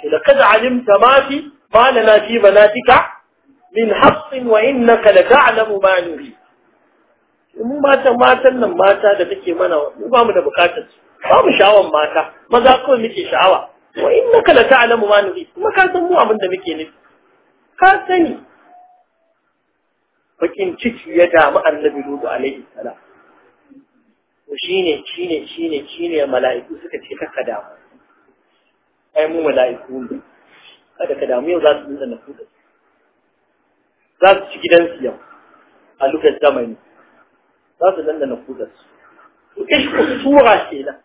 لقد علمت ما malana fi banatika min haqqin wa innaka la ta'lamu ma nuri in mata matan nan mata da take mana mu ba mu da bukatar su ba mu sha'awan mata maza kawai muke sha'awa wa innaka la ta'lamu ma nufi kuma ka san mu abin da muke nufi ka sani bakin ciki ya damu annabi lutu alaihi salam to shine shine shine shine mala'iku suka ce kaka damu ai mu mala'iku ne kada ka damu yau za su dinga nafuda za su ci gidansu yau a lokacin zamani za su na kudar su tura sura kenan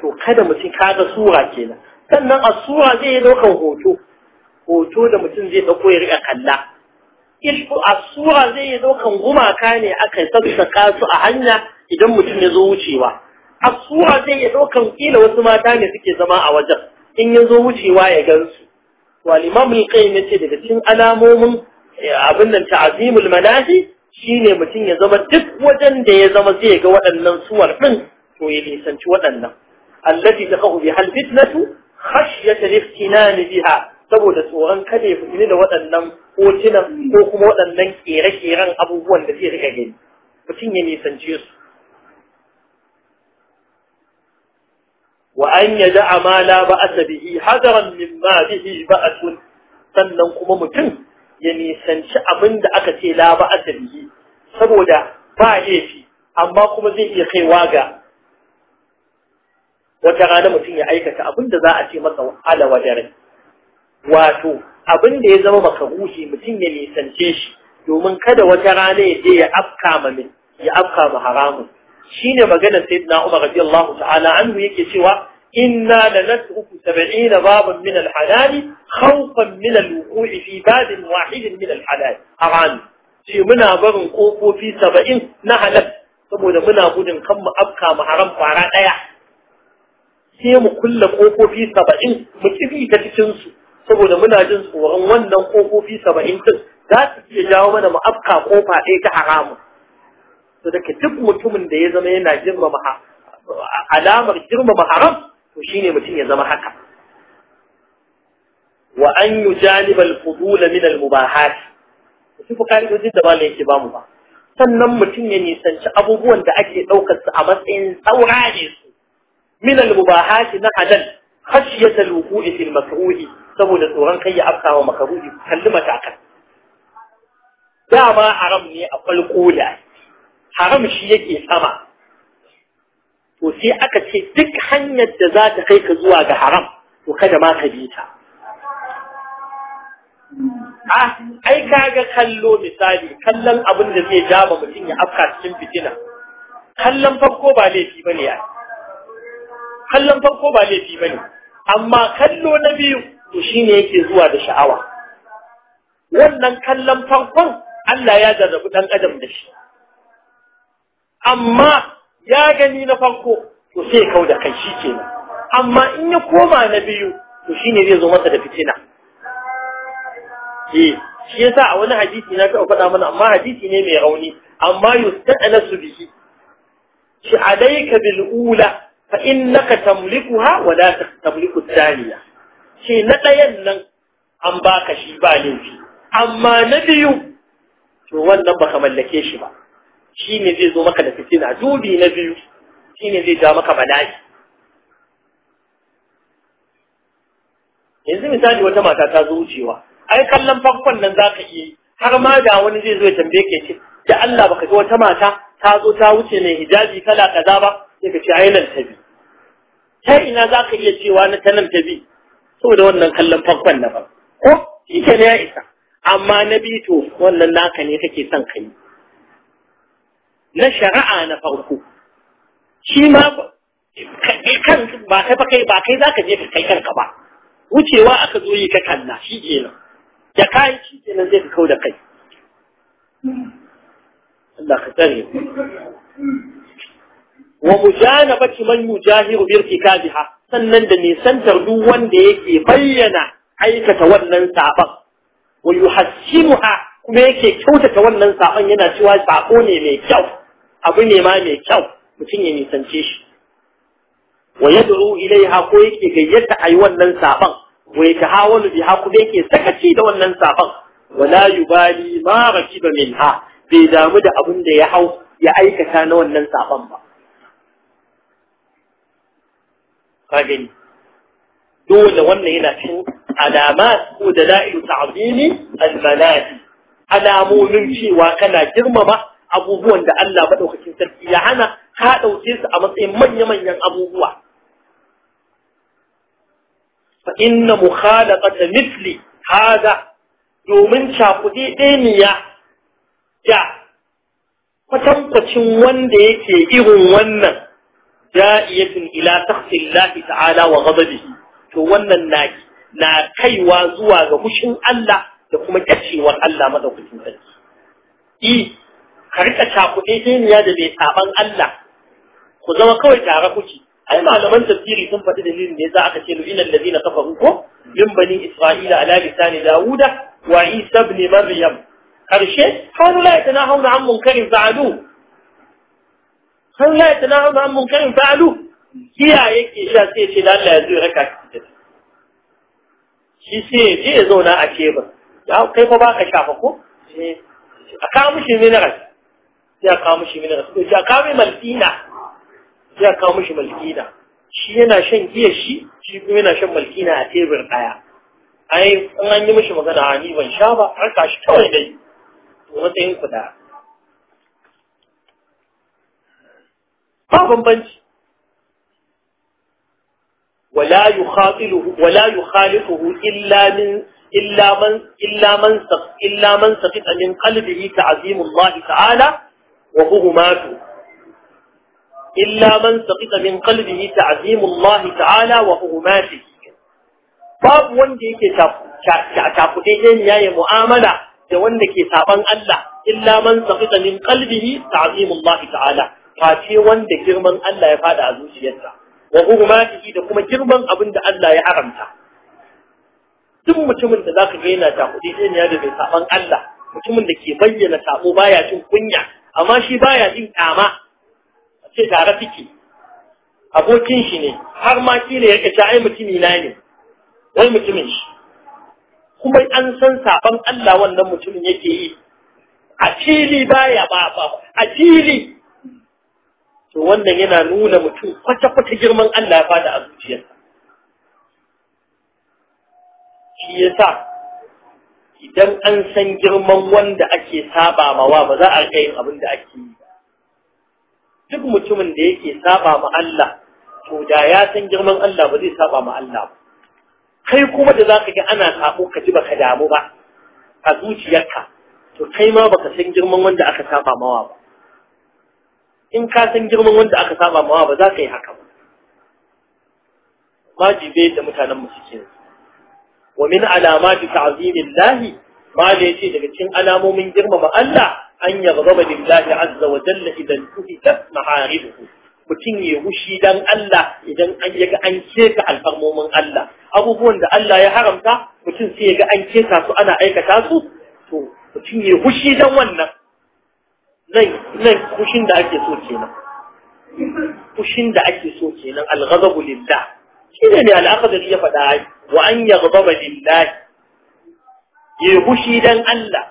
to kada mutum kaga sura kenan sannan a tura zai yi daukan hoto hoto da mutum zai dauko ya kalla ilfu a sura zai yi daukan gumaka ne aka sassaka su a hanya idan mutum ya zo wucewa a sura zai yi daukan kila wasu mata ne suke zama a wajen in ya zo wucewa ya gansu to al kai daga cikin alamomin eh, abin nan manahi Shi ne mutum ya zama duk wajen da ya zama zai ga waɗannan suwar ɗin to ya nisanci waɗannan allati taqahu biha alfitnatu khashyata al-iftinan biha saboda tsoron kada ya fitini da waɗannan hotunan ko kuma waɗannan ƙere-ƙeren abubuwan da zai rika gani mutum ya nisanci su wa an yaja amala ba asabihi hadaran mimma bihi ba'asun sannan kuma mutum ya nisanci abin da aka ce la ba asali saboda ba laifi amma kuma zai iya kaiwa ga wata rana mutum ya aikata abin da za a ce masa ala wato abin da ya zama makaruhi mutum ya nisance shi domin kada wata rana ya je ya afka ma min ya afka ma haramun shine maganar sayyidina Umar radiyallahu ta'ala anhu yake cewa إنا لنترك سبعين بابا من الحلال خوفا من الوقوع في باب واحد من الحلال أغاني شيء منا برن قوفو في سبعين نحلت saboda muna gudun kan mu afka fara ɗaya sai mu kulle ƙofofi saba'in mu kifi ta cikin su saboda muna jin tsoron wannan ƙofofi saba'in din za su iya jawo mana mu afka ƙofa ta haramun. to daga duk mutumin da ya zama yana girmama alamar girmama haram to shine mutum ya zama haka wa an yujaniba minal fudul min al-mubahat su fa ka'idojin da malai yake bamu ba sannan mutum ya nisanci abubuwan da ake ɗaukar su a matsayin saura su min al-mubahat na halal khashiyat al-wuqu'i fil makruhi saboda tsoron kai ya wa makruhi kalli matakan dama haram ne a da. haram shi yake sama to sai aka ce duk hanyar da za ta kai ka zuwa ga haram to kada ma ka bi ta Ah ai kaga kallo misali kallon abin da zai jaba mutum ya afka cikin fitina kallon farko ba laifi bane ya kallon farko ba laifi bane amma kallo na biyu to shine yake zuwa da sha'awa wannan kallon farkon Allah ya jarrabu dan adam da shi amma ya gani na farko to sai kau da kai shi kenan amma in ya koma na biyu to shine zai zo masa da fitina eh shi yasa a wani hadisi na taɓa faɗa mana amma hadisi ne mai rauni amma yusta'ana su bihi shi alayka bil ula fa innaka tamlikuha wa la tamliku thaniya shi na ɗayan nan an baka shi ba laifi amma na biyu to wannan baka mallake shi ba shi ne zai zo maka da fitina dubi na biyu shi ne zai ja maka bala'i yanzu misali wata mata ta zo wucewa ai kallon farkon nan za ka iya har ma da wani zai zo ya tambaye ka ce da Allah baka ga wata mata ta zo ta wuce mai hijabi kala kaza ba sai ka ce ai nan ta bi ta ina za ka iya cewa na ta nan ta bi saboda wannan kallon farkon na ba ko shi ne ya isa amma na bi to wannan naka ne kake son ka yi na shari'a na farko shi ma kan ba kai ba kai ba kai zaka je ka kai kanka ba wucewa aka zo yi ka kanna shi kenan da kai shi kenan zai ka kau da kai Allah ka tsare wa mujanabati man yujahiru bi irtikabiha sannan da nisan duk wanda yake bayyana aikata wannan saban wa yuhassimuha kuma yake kyautata wannan saban yana cewa sako ne mai kyau abu ne ma mai kyau mutum ya nisance shi wa yad'u ilaiha ko yake gayyata a yi wannan saban wa wani biha ko yake sakaci da wannan saban wala yubali ma rakiba ha bai damu da abin da ya hau ya aikata na wannan saban ba kagani dole wannan yana cikin alama ko da la'ilu ta'zimi al-malati alamomin cewa kana girmama abubuwan da Allah maɗaukakin sarki ya hana ka ɗauke su a matsayin manya-manyan abubuwa fa inna ƙasa misli hada domin cakuɗe ɗaya da kwatankwacin wanda yake irin wannan da'iyatin ila takhsin lahi ta'ala wa ghadabihi to wannan na na kaiwa zuwa ga hushin Allah da kuma kyacewar Allah madaukakin sarki i ka rika cakuɗe ɗeniya da mai saban Allah ku zama kawai tare kuke ai malaman tafsiri sun faɗi dalilin da yasa aka ce lu ilal ladina kafaru ko min bani isra'ila ala lisani dauda wa isa ibn maryam karshe kanu la yatanahawna an munkarin fa'alu kanu la yatanahawna an munkarin fa'alu kiya yake shi sai ce da Allah ya zo raka ki shi sai je ya zauna a ce ya kai fa baka shafa ko eh. a kawo mishi mineral sai a kawo mishi mineral sai a kawo mai maltina sai a kawo mishi maltina shi yana shan giya shi shi kuma yana shan maltina a tebur daya ai in an yi mishi magana a ni ban sha ba an ka shi kawai dai to matsayin ku da ba bambanci ولا يخاطله ولا يخالطه إلا من إلا من إلا من سقط إلا من سقط من قلبه تعظيم الله تعالى وهمات إلا من سقط من قلبه تعظيم الله تعالى وهماته باب وندي كتاكوتين يا معاملة da wanda ke saban Allah illa man saqita min qalbihi ta'zimu Allah ta'ala face wanda girman Allah ya fada a zuciyarsa wa hurmatihi da kuma girman abin da Allah ya aramta. duk mutumin da zaka ga yana takudi sai ne da mai saban Allah mutumin da ke bayyana sabo baya cin kunya amma shi baya yin ɗama, a ce tare fiki abokin shi ne har ma kila ya kace ai mutumi na ne wai mutumin shi kuma an san saban Allah wannan mutumin yake yi a fili baya ba ba a fili to wannan yana nuna mutum kwata-kwata girman Allah ya fada a zuciyarsa shi yasa idan an san girman wanda ake saba mawa ba za a rika yin abin da ake yi duk mutumin da yake saba ma Allah to da ya san girman Allah ba zai saba ma Allah ba kai kuma da zaka ga ana sabo ka ji baka damu ba a zuciyarka to kai ma baka san girman wanda aka saba mawa ba in ka san girman wanda aka saba mawa ba za ka yi haka ba wajibe da mutanen mu suke wa min alamati ta'zimillahi ma da yace daga cikin alamomin girmama Allah an yaghdaba lillahi azza wa jalla idan tuhitat maharibuhu mutum ya hushi dan Allah idan an yaga an keka alfarmomin Allah abubuwan da Allah ya haramta mutum sai yaga an keka su ana aikata su to mutum ya hushi dan wannan nan nan da ake so kenan hushin da ake so kenan al lillah shine ne al'akadar ya faɗa ai wa an yaghdaba lillahi ya hushi dan Allah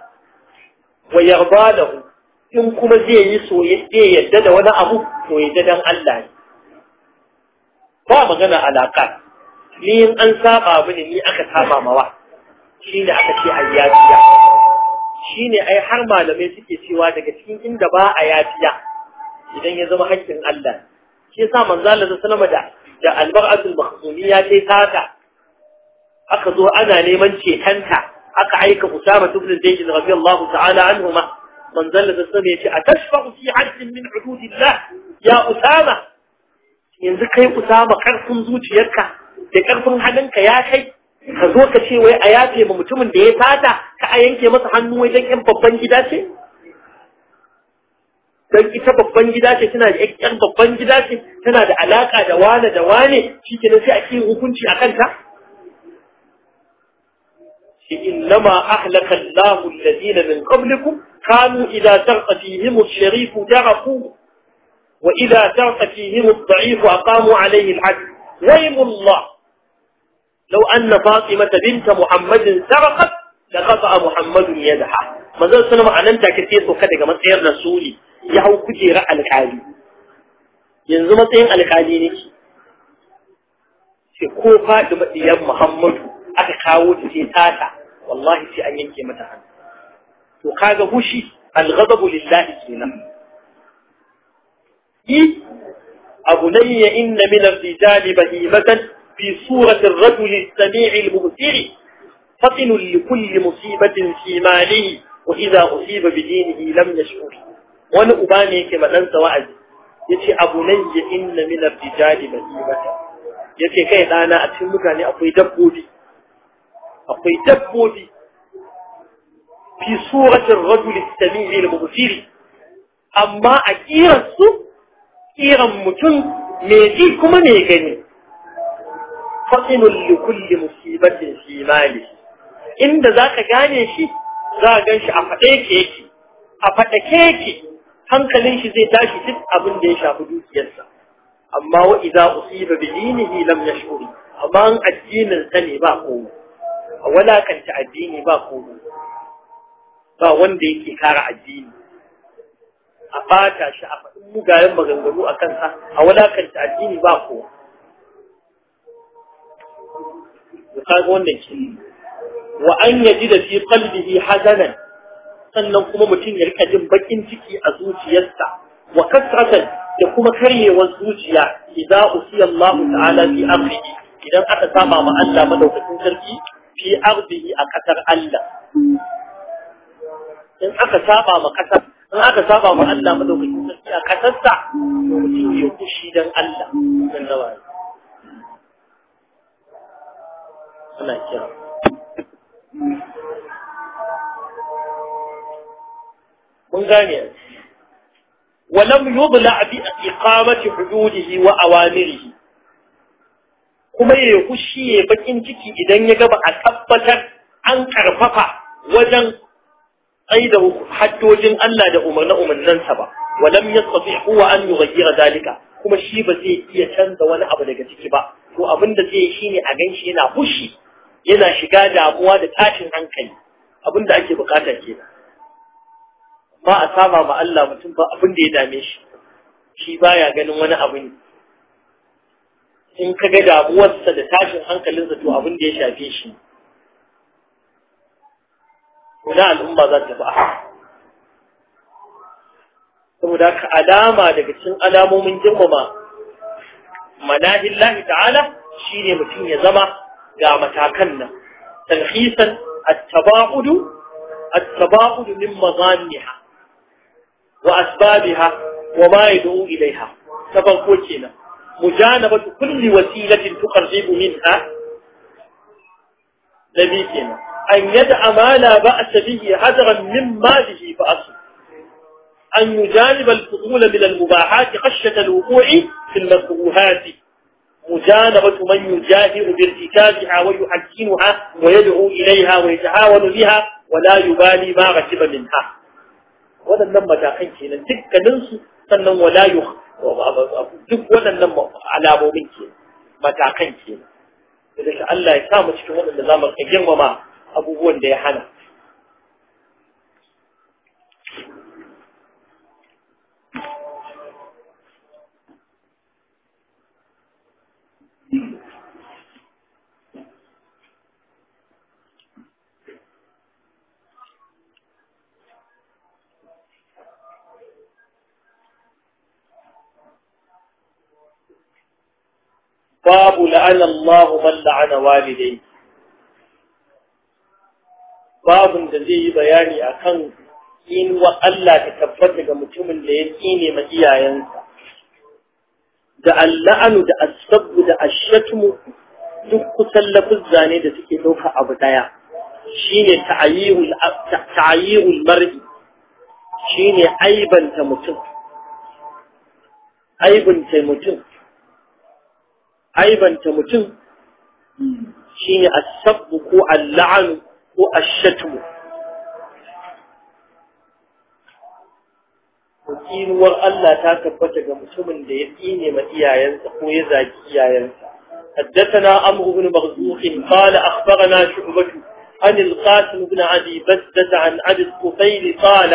wa yarda hu in kuma zai yi soyayya yadda da wani abu to yadda dan Allah ne ba magana alaka ni in an saba mini ni aka saba mawa ne aka ce Shi ne ai har malamai suke cewa daga cikin inda ba a yafiya idan ya zama haƙƙin Allah shi yasa manzo Allah sallama da da almar'atul makhzumiyya ta sata aka zo ana neman cetanta aka aika Usama ibn Zayd radiyallahu ta'ala anhuma manzon da sami yace atashfa fi haddin min hududillah ya Usama yanzu kai Usama karfin zuciyarka da karfin halinka ya kai ka zo ka ce wai a yafe ma mutumin da ya sata ka ayanke masa hannu wai dan yan babban gida ce dan ita babban gida ce tana da yakkar babban gida ce tana da alaka da wane da wane shikenan sai a ce hukunci a kanta shi innama ahlaka Allahu alladhina min qablikum kanu idza tarqa fihim ash-sharif taraku wa idza tarqa fihim ad-da'if aqamu alayhi al-'adl waymullah law anna fatimata bint muhammadin sarqat laqata muhammadun yadaha manzon sallama anan take sai soka daga matsayar rasuli ya hau kujerar alƙali yanzu matsayin alƙali ne sai ko faɗi maɗiyar muhammadu aka kawo ta sai tata wallahi sai an yanke mata hannu to kaga hushi alghadabu lillahi kenan i abu nayya inna min ar-rijali bahimatan fi surati ar-rajul as-sami'i al-mubsiri fatin li kulli musibatin fi malihi wa idha usiba bi dinihi lam yashkur wani uba ne yake ma ɗansa wa'azi ce abu nan ya inna mai yi mata. Ya ce kai ɗana a cikin mutane akwai dabbobi akwai dabbobi fi suratin rajuli samiri da mubusiri amma a su ƙiran mutum mai ji kuma mai gani fasinun likulli musibatin simali inda za ka gane shi za a gan shi a faɗe ke yake a ke yake hankalin shi zai tashi duk abin da ya shafi dukiyarsa amma wa idza usiba bi dinihi lam yashkur amma an addinin sa ne ba komai a ta addini ba komai ba wanda yake kare addini a fata shi a faɗin mugayen maganganu a kansa a ta addini ba komai ka ga wannan ke wa an yaji da fi qalbihi hazanan sannan kuma mutum ya rika jin bakin ciki a zuciyarsa wa kasratan da kuma karyewar zuciya idza usiya Allah ta'ala fi amrihi idan aka saba ma Allah madaukakin sarki fi ardihi a kasar Allah in aka saba ma kasar in aka saba ma Allah madaukakin sarki a kasarsa to mutum ya kushi dan Allah dan nawayi ana kira mun gane walam yubla bi iqamati hududihi wa awamirihi kuma ya kushi ya bakin ciki idan ya gaba a tabbatar an karfafa wajen aida haddojin Allah da umarna umarnansa ba walam yastati huwa an yughayyira zalika kuma shi ba zai iya canza wani abu daga ciki ba to abin da zai shine a ganshi yana fushi yana shiga damuwa da tashin hankali abin da ake bukata kenan ba a saba ma Allah mutum ba abin da ya dame shi shi baya ganin wani abu in ka ga damuwarsa da tashin hankalinsa to abin da ya shafe shi kuna al'umma za ta ba saboda ka alama daga cikin alamomin girmama manahillahi ta'ala shine mutum ya zama ga matakan nan talhisan at-tabaudu at-tabaudu min وأسبابها وما يدعو إليها سبب كوتينا مجانبة كل وسيلة تقرب منها نبيتنا أن يدع ما لا بأس به هدرا من ماله فأصل أن يجانب الفضول من المباحات خشة الوقوع في المكروهات مجانبة من يجاهر بارتكابها ويحكمها ويدعو إليها ويتهاون بها ولا يبالي ما ركب منها waɗannan matakan kenan dukkaninsu sannan wala duk waɗannan alamomin ke matakan kenan da Allah ya sa mu cikin waɗanda za mu girmama abubuwan da ya hana babu la'ana Allah man la'ana walidai babun da zai yi bayani akan inuwa Allah ta tabbata ga mutumin da ya tsine ma iyayensa da alla'anu da asabu da ashatmu duk kusan lafuzza zane da suke ɗauka abu ɗaya shine ta'ayyirul mar'i shine aibanta mutum aibanta mutum aibanta mutum shine a sabbu ko a la'anu ko a shatmu tsinuwar Allah ta tabbata ga mutumin da ya tsine ma iyayensa ko ya zaki iyayensa حدثنا عمرو بن مرزوق قال أخبرنا شعبة عن القاسم بن عدي بسدة عن عبد الطفيل قال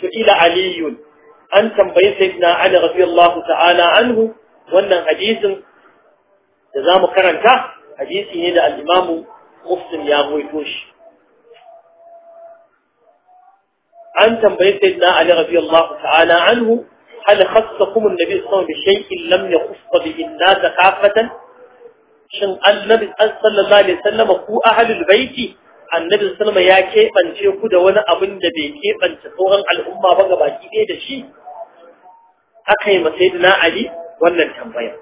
سئل علي أن تنبي سيدنا علي رضي الله تعالى عنه وأن حديث da za karanta hadisi ne da al al'imamu muslim ya rawaito shi an tambaye sai na ali radiyallahu ta'ala anhu hal khassakum an-nabi sallallahu alaihi wasallam bi lam yakhuss bihi an kafatan shin annabi sallallahu alaihi wasallam ku ahlul baiti annabi sallallahu ya kebance ku da wani abin da bai kebance sauran al'umma ba gabaki ɗaya da shi aka ma sayyidina ali wannan tambayar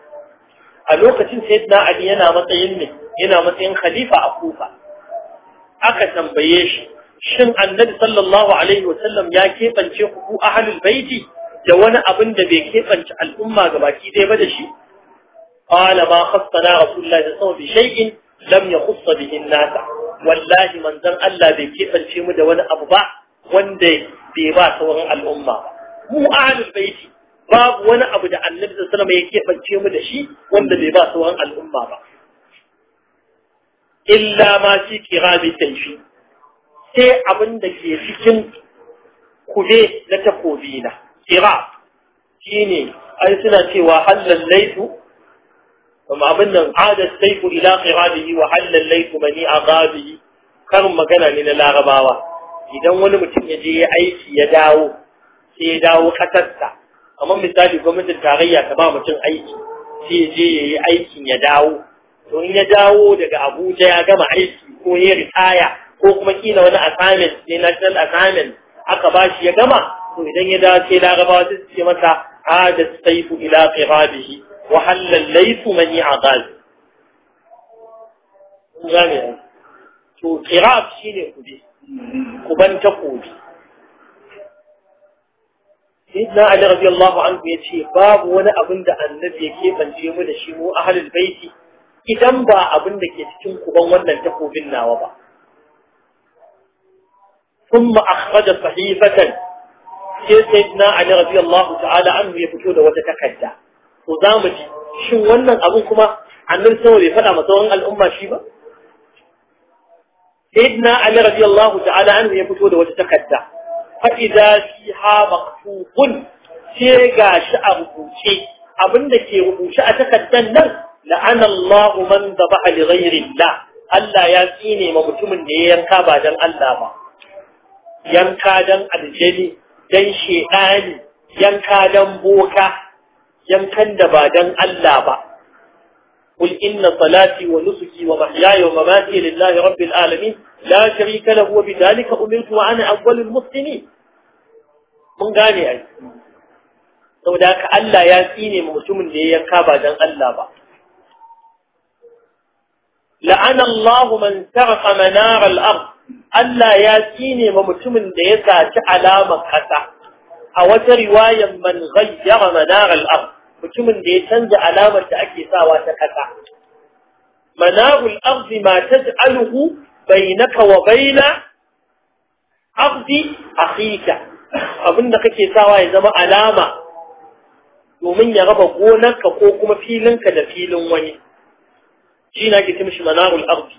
a lokacin sayyidina ali yana matsayin ne yana matsayin khalifa a kufa aka tambaye shi shin annabi sallallahu alaihi ya kebance ku ahlul baiti da wani abin da bai kebance al'umma ga baki dai ba da shi qala ma khassana rasulullahi sallallahu alaihi wasallam bi shay'in lam yakhass bihi an-nas wallahi manzon Allah bai kebance mu da wani abu ba wanda bai ba sauran al'umma ba mu ahlul baiti babu wani abu da annabi sallallahu alaihi ya keɓance mu da shi wanda bai ba sauran al'umma ba illa ma fi kirami taifi sai abin da ke cikin kube na takobi na kira shine ai suna cewa halal laifu kuma abin nan adat laifu ila qirabihi wa halal laifu mani aqabihi karin magana ne na larabawa idan wani mutum ya je ya aiki ya dawo sai ya dawo kasarsa kamar misali gwamnatin tarayya ta ba mutum aiki sai je ya yi aikin ya dawo to in ya dawo daga abuja ya gama aiki ko ya ritaya ko kuma kila wani assignment ne national assignment aka ba shi ya gama to idan ya dawo sai larabawa sai ce masa hada saifu ila qirabihi wa halal laysu man ya'qal to qirab shine kudi kuban ta takobi sayyidina ali radiyallahu anhu ya ce babu wani abin da annabi ya keɓance mu da shi mu ahlul baiti idan ba abin da ke cikin kuban wannan takobin nawa ba Ali ثم أخرج صحيفة سيدنا علي رضي الله تعالى عنه يفتو ده وتتكدى وزامجي شو ونن أبوكما annan sama bai faɗa ma sauran al'umma shi ba? Sayyidina Ali radiyallahu ta'ala anhu ya fito da wata takarda fa'iza fi ha maktubun ce ga shi a rubuce abinda ke rubuce a takaddan nan la'ana Allah man dhabaha li ghayri Allah Allah ya tsine ma mutumin da ya yanka ba dan Allah ba yanka dan aljani dan shedani yanka dan boka yankan da ba dan Allah ba قل إن صلاتي ونسكي ومحياي ومماتي لله رب العالمين لا شريك له وبذلك أمرت وأنا أول المسلمين من قاني أي سوداك ألا يأتيني موسوم لي كابا جن ألا با لعن الله من سرق منار الأرض ألا ياسيني موسوم لي ساتع لا مكتا أو ترواية من غير منار الأرض mutumin da ya canza alamar da ake sawa ta kasa manabul ardi ma taj'aluhu bainaka wa baina ardi akhika abinda kake sawa ya zama alama domin ya raba gonarka ko kuma filinka da filin wani shi na ke tumshi manarul ardi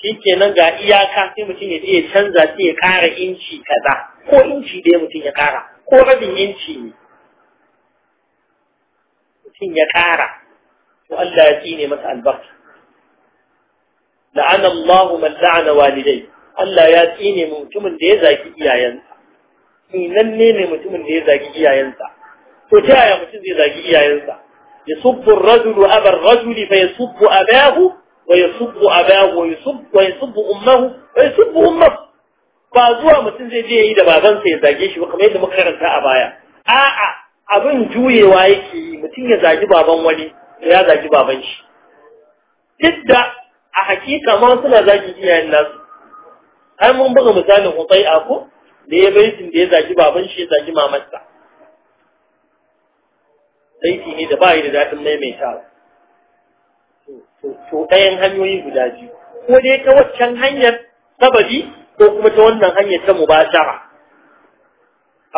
shi kenan ga iyaka sai mutum ya canza sai ya kara inci kaza ko inci ɗaya mutum ya ƙara ko rabin inci ne in ya ƙara to Allah ya tsine masa albarka la'ana Allah man la'ana walidai Allah ya tsine mutumin da ya zaki iyayensa inan ne ne mutumin da ya zaki iyayensa to ta yaya mutum zai zaki iyayensa Ya ar-rajulu abar rajuli fa ya a bayahu, wa ya abahu a bayahu, wa yasubbu ummuhu wa yasubbu ummuhu ba zuwa mutum zai je yi da babansa ya zage shi ba kamar yadda muka karanta a baya a'a abin juyewa yake yi mutum ya zagi baban wani ya zagi baban shi duk da a hakika ma suna zagi iyayen nasu ai mun buga misalin hutsai a ko da ya baitin da ya zagi baban shi ya zagi mamarsa aiki ne da ba yi da daɗin maimaitawa to ɗayan hanyoyi guda biyu ko dai ta waccan hanyar sababi ko kuma ta wannan hanyar ta mubashara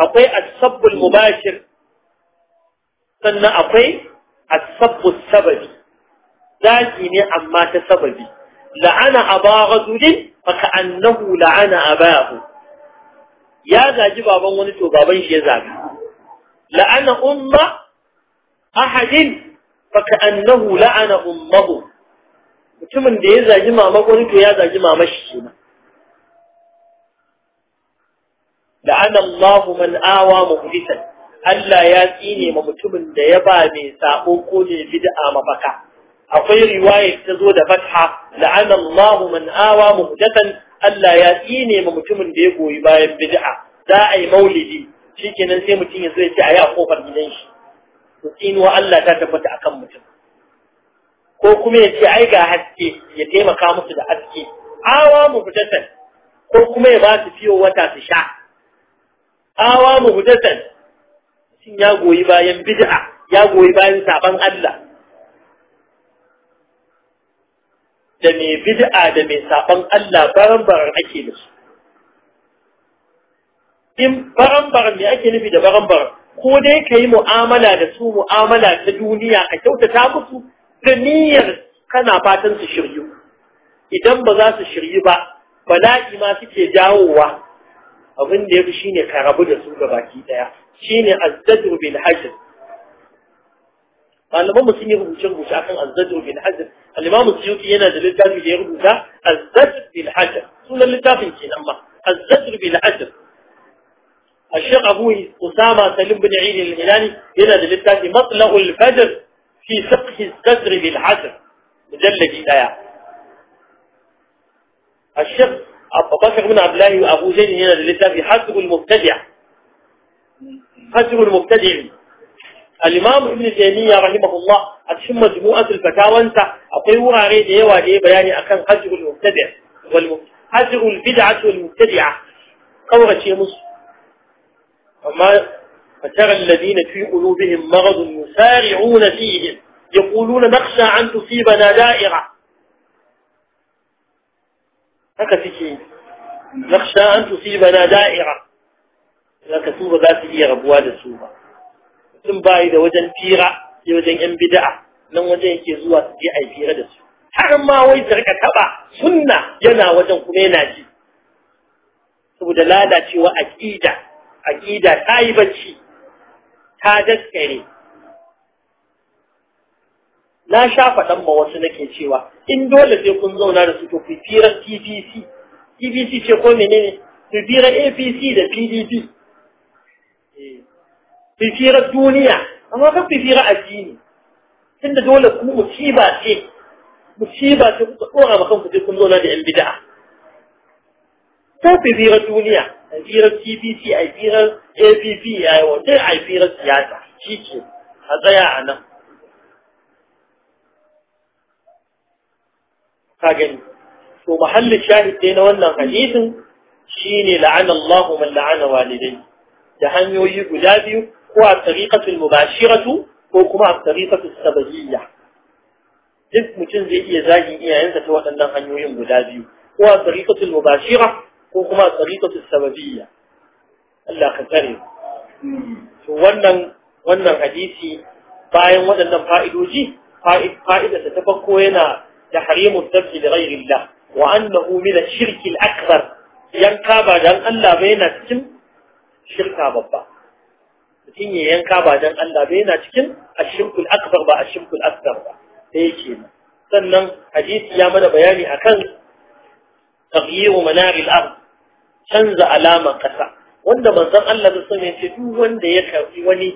akwai asabbul mubashir sannan akwai asabbu sababi zaki ne amma ta sababi la'ana aba ghadudin fa annahu, la'ana abahu ya zagi baban wani to baban shi ya zagi la'ana umma ahadin fa annahu, la'ana ummahu mutumin da ya zagi mama wani to ya zagi mama shi kenan la'ana Allahu man awa muhdisan Allah ya tsine ma mutumin da ya ba mai sabo ko ne bid'a mafaka akwai riwaya ta zo da fatha la'ana Allah man awa muhdathan Allah ya tsine ma mutumin da ya goyi bayan bid'a za a yi maulidi shikenan sai mutum ya zo ya ci a yi kofar gidan shi to tsinuwa Allah ta tabbata akan mutum ko kuma ya ce ai ga haske ya taimaka musu da haske awa muhdathan ko kuma ya ba su fiyo wata su sha awa muhdathan mutum ya goyi bayan bid'a ya goyi bayan saban Allah da mai bid'a da mai saban Allah baran-baran ake da su in baran-baran me ake nufi da baran-baran ko dai ka yi mu'amala da su mu'amala ta duniya a kyautata musu da niyyar kana fatan su shiryu idan ba za su shiryu ba bala'i ma suke jawowa abin da ya fi shine ka rabu da su ga baki daya shine azzadu bil hajr malaman sun yi rubuce rubuce akan azzadu bil hajr al-imam suyuti yana da littafi da ya rubuta azzadu bil hajr sunan littafin kenan ba azzadu bil hajr الشيخ أبوي أسامة سليم بن عيد الهلالي هنا للتالي مطلع الفجر في فقه الزجر بالحجر مجلد آية الشيخ أبو بكر بن عبد الله وأبو زين هنا للتالي حجر المبتدع قدر المبتدع الإمام ابن تيمية رحمه الله أتشم مجموعة الفتاوانسة أقول وراري ديوا دي بياني أكن قدر المبتدع قدر البدعة والمبتدعة قورة شيء مصر أما فترى الذين في قلوبهم مرض يسارعون فيهم يقولون نخشى أن تصيبنا دائرة هكذا نخشى أن تصيبنا دائرة zaka su ba za su iya rabuwa da su ba mutum bayi da wajen fira sai wajen yan bida'a nan wajen yake zuwa su je ai fira da su har ma wai su rika taba sunna yana wajen kuma yana ji saboda lalacewa aqida aqida ta yi bacci ta daskare na sha faɗan ba wasu nake cewa in dole sai kun zauna da su to ku fira TPC TPC ce ko menene ku fira APC da PDP في فيرة الدنيا أنا أخذ في فيرة الدين إن دولة كم مصيبة شيء مصيبة شيء أخوها مخوف في كم دولة دي البدعة تو في فيرة الدنيا أي فيرة سي بي سي أي فيرة أي بي بي أي وطي أي فيرة سياسة شيء هذا يا أنا فاقن في محل الشاهد دينا وانا حديث شيني لعن الله من لعن والدي جهنم يجيب جابيو ko a tariqatul mubashiratu ko kuma a tariqatul sababiyya duk mutum zai iya zagin iyayensa ta waɗannan hanyoyin guda biyu ko a tariqatul mubashira ko kuma a tariqatul sababiyya Allah ka tsare to wannan wannan hadisi bayan waɗannan fa'idoji fa'idarsa ta farko yana da harimun dabbi da ghairi Allah wa annahu min ash-shirki al-akbar yanka ba dan Allah ba yana cikin shirka babba mutum yanka ba dan Allah ba yana cikin ashirkul akbar ba ashirkul asghar ba da yake sannan hadisi ya mana bayani akan taghyiru manaril ard canza alama kasa wanda manzon Allah da sun yace duk wanda ya karbi wani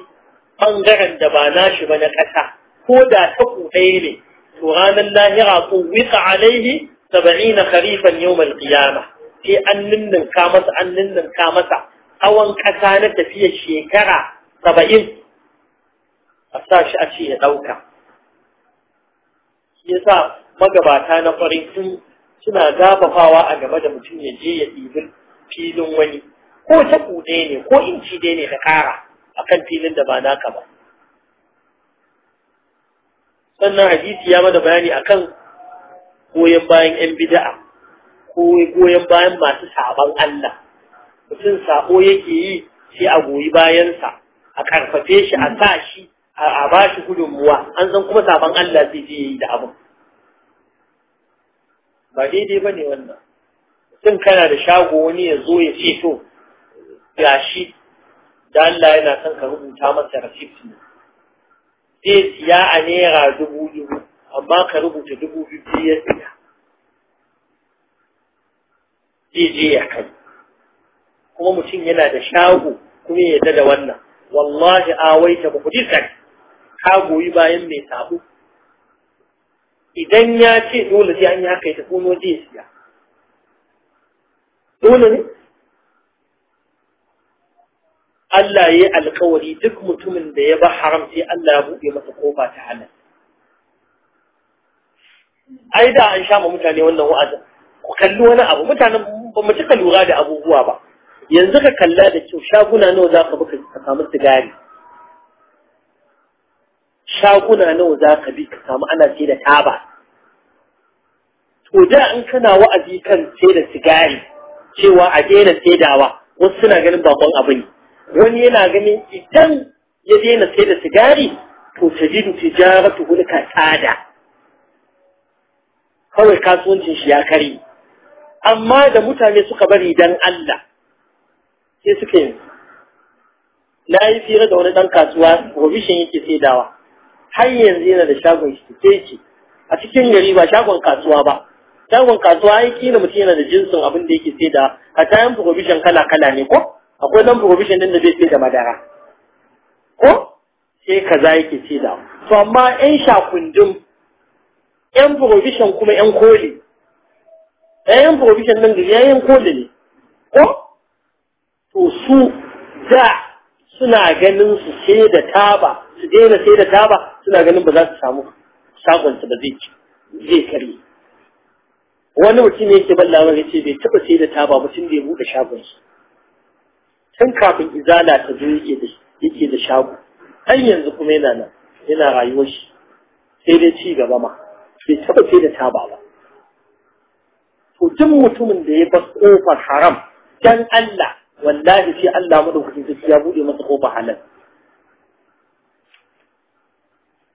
bangaren da ba nashi ba na kasa ko da ta kudai ne to ranar lahira ko wika alaihi 70 kharifan yawm al-qiyamah sai an ninninka masa an ninninka masa hawan kasa na tafiyar shekara saba'in a sa shi a ce ya ɗauka shi sa magabata na ƙwarin sun suna zafafawa a game da mutum ya je ya ɗibin filin wani ko ta ɗaya ne ko inci ɗaya ne ka ƙara a kan filin da ba naka ba sannan hadisi ya mada bayani a kan goyon bayan 'yan bida'a ko goyon bayan masu saɓon Allah mutum saɓo yake yi sai a goyi bayansa a karfafe shi a sa shi a ba shi gudunmuwa an san kuma sabon Allah zai je yi da abin ba daidai ba ne wannan mutum kana da shago wani ya zo ya ce to ga shi da Allah yana son ka rubuta masa rasif ne zai siya a naira dubu dubu amma ka rubuta dubu biyu ya siya zai je ya kai kuma mutum yana da shago kuma ya da wannan wallahi awaita muhdisan ka goyi bayan mai sabo idan ya ce dole sai an yi haka ya tafi wani waje ya siya dole ne Allah ya yi alkawari duk mutumin da ya ba haram sai Allah ya buɗe masa kofa ta halal ai da an sha ma mutane wannan wa'azin ku kalli wani abu mutanen ba mu cika lura da abubuwa ba yanzu ka kalla da kyau shaguna nawa za ka bi ka samu sigari shaguna nawa za ka bi ka samu ana sai da taba to da in kana wa'azi kan sai da sigari cewa a daina da wa wasu suna ganin bakon abu ne wani yana ganin idan ya daina sai da sigari to ta da tijara tijaratu hulka tsada kawai kasuwancin shi ya kare amma da mutane suka bari dan Allah sai suka yi na yi fira da wani ɗan kasuwa rubishin yake saidawa har yanzu yana da shagon shi sai ce a cikin gari ba shagon kasuwa ba shagon kasuwa ya kila mutum yana da jinsin abin da yake da a tayan rubishin kala kala ne ko akwai dan rubishin din da zai da madara ko sai kaza yake da to amma yan shakundin yan provision kuma yan koli yan provision gari da yan koli ne ko su da suna ganin su sai da taba su daina sai da taba suna ganin ba za su samu su ba zai ci zai kare wani mutum yake balla wani ce bai taba sai da taba ba tun da ya buɗe shagon shagonsa tun kafin izala ta zo yake da shago har yanzu kuma yana nan yana rayuwar shi sai dai ci gaba ma bai taba sai da taba ba to duk mutumin da ya bar kofar haram dan Allah wallahi sai Allah madaukakin sarki ya bude masa kofa halal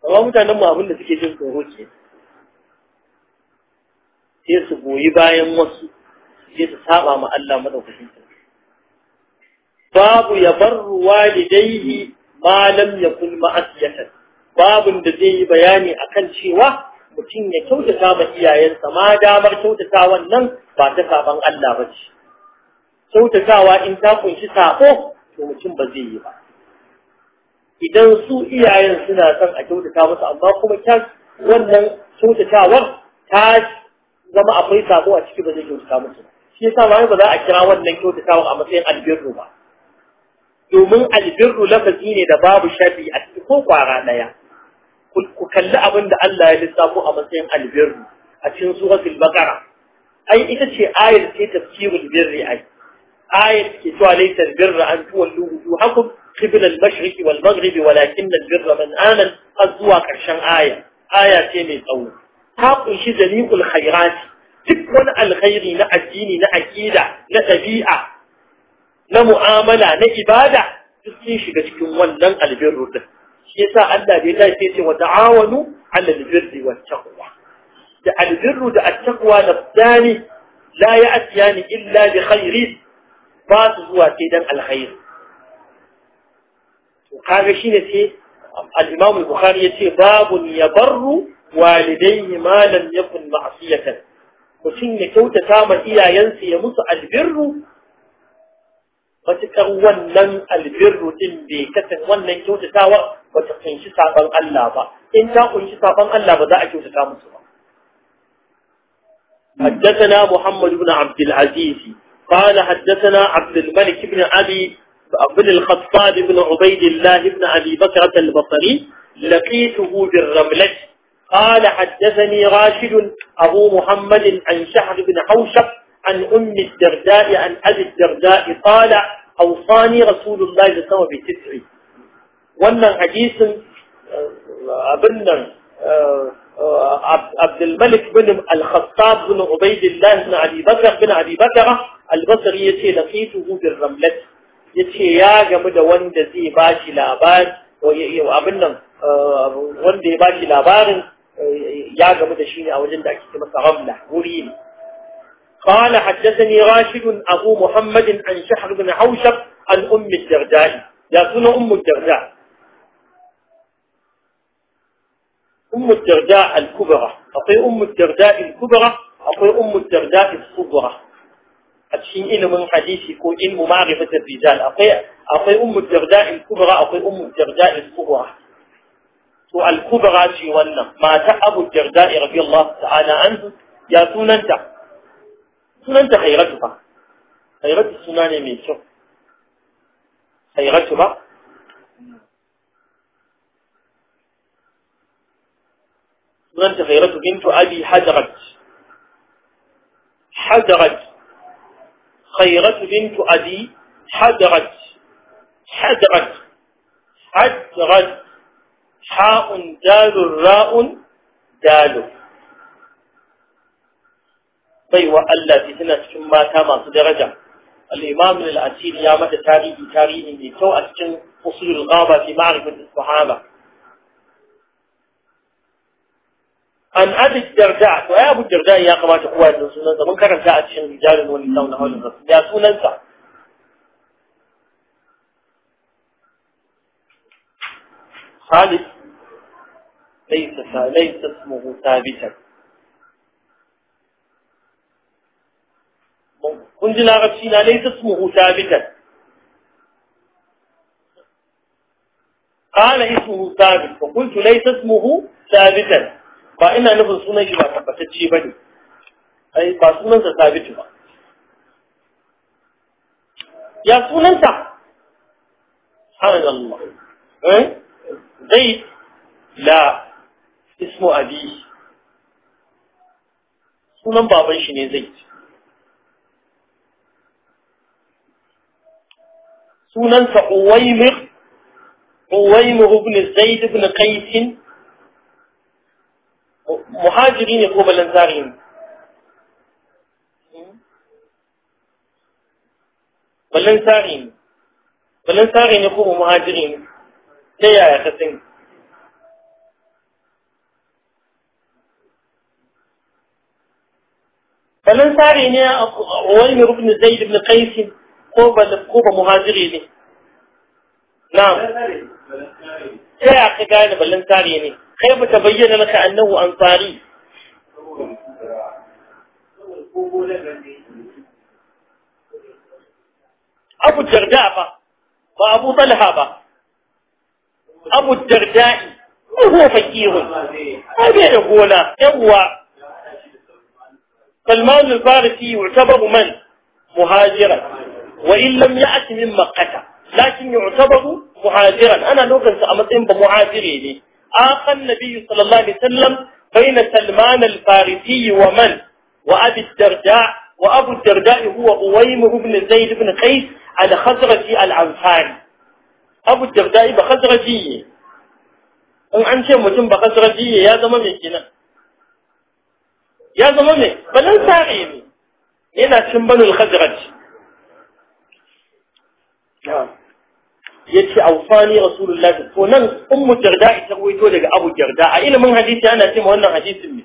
amma mutanen mu abin da suke jin tsoro ke sai su goyi bayan wasu sai su saba ma Allah madaukakin sarki babu ya barru walidaihi ma lam yakun ma'asiyatan babun da zai yi bayani akan cewa mutum ya kyautata ma iyayensa ma damar kyautata wannan ba ta saban Allah ba ce kyautatawa in ta kunshi sako to mutum ba zai yi ba idan su iyayen suna son a kyautata musu amma kuma kyan wannan kyautatawar ta zama akwai sako a ciki ba zai kyautata musu shi yasa ba ba za a kira wannan kyautatawa a matsayin albirru ba domin albirru lafazi ne da babu shafi a ciki ko kwara daya ku kalli abin da Allah ya lissafo a matsayin albirru a cikin suratul baqara ai ita ce ayar ce tafsirul birri ai آية كتوى ليس البر أن تولوا وجوهكم قبل المشرق والمغرب ولكن البر من آمن أزوى كرشان آية آية تيمي قول تاقوا شي جميع الخيرات تكون الخير نا الدين نا أكيدة نا تبيعة نا مؤاملة نا إبادة تسكين شي جتكم البر يسا ألا بيلا يسيسي وتعاونوا على البر والتقوى البر والتقوى نفسان لا يأتيان إلا بخيره ba su zuwa sai dan alkhairi to kaga shine sai al-Imam al-Bukhari yace babun yabarru walidayhi ma lam yakun ma'siyatan mutum ya kyautata ma iyayensa ya musu albirru matuƙar wannan albirru din bai kasan wannan kyautatawa ba ta kunshi saban Allah ba in ta kunshi saban Allah ba za a kyautata musu ba حدثنا محمد بن عبد العزيز قال حدثنا عبد الملك بن علي بن الخطاب بن عبيد الله بن أبي بكرة البصري لقيته بالرملة قال حدثني راشد أبو محمد عن شهر بن حوشب عن أم الدرداء عن أبي الدرداء قال أوصاني رسول الله صلى الله عليه وسلم بتسعي وأن حديث آه، ابن آه، آه، عبد الملك بن الخطاب بن عبيد الله بن علي بكر بن علي بكر البصري يتي لقيته بالرملة يتي يا game da wanda باشي bashi labari abin nan wanda ya bashi labarin ya game da shi ne a wajen قال حدثني راشد أبو محمد عن شحر بن حوشب عن أم الدرداء يا سنة أم الدرداء أم الدرداء الكبرى أقول أم الدرداء الكبرى أقول أم الدرداء الصغرى أتشين من حديث يكون إن معرفة الرجال أقول أقول أم الدرداء الكبرى أقول أم الدرداء الصغرى تو الكبرى شي ونا ما أبو الدرداء رضي الله تعالى عنه يا سننت سننت خيرتها خيرت السنان من شر خيرتها بنت غيرته بنت أبي حدرت حدرت خيرت بنت أبي حدرت حدرت حدرت حاء دال راء دال طيب ألا في ثم تام درجة الإمام العسير يا متى تاريخ تاريخ لتو أسكن أصول الغابة في معرفة الصحابة ان ابي الدرداء ويا ابو الدرداء يا قوات اخوان الرسول صلى الله عليه وسلم كان جاء رجال ونساء من حول الرسول يا سننسا خالد ليس ليس اسمه ثابتا كنت نعرف شيئا ليس اسمه ثابتا قال اسمه ثابت وقلت ليس اسمه ثابتا ba ina nufin sunan shi ba tabbatacce ba ne ai ba sunansa sabitu ba ya sunanta subhanallah eh zai la ismu abi sunan baban shi ne zai sunansa uwaimir uwaimir ibn zaid ibn qais muhajiri ne ko balansari ne hmm? balansari ne balansari ne ko muhajiri ne ta yaya ka sani balansari ne a wani rukun zaid ibn qais ko ba ko ba muhajiri ne na ta yaya ka gane balansari ne كيف تبين لك أنه أنصاري أبو الدرداء با أبو طلحة أبو الدرداء وهو بين هذا هو سلمان الفارسي يعتبر من مهاجرا وإن لم يأت من مكة لكن يعتبر مهاجرا أنا لو كنت أمطين بمهاجرين آخى النبي صلى الله عليه وسلم بين سلمان الفارسي ومن وأبي الدرداء وأبو الدرداء هو أويمه بن زيد بن قيس الخزرجي العنفاني أبو الدرداء بخزرجي أم an ce mutum ba kasaraji ya يا زمامي kenan ya zama mai balan sare ne yana yace awsani rasulullahi to nan ummu jarda ita ruwaito daga abu jarda a ilimin hadisi ana cewa wannan hadisin ne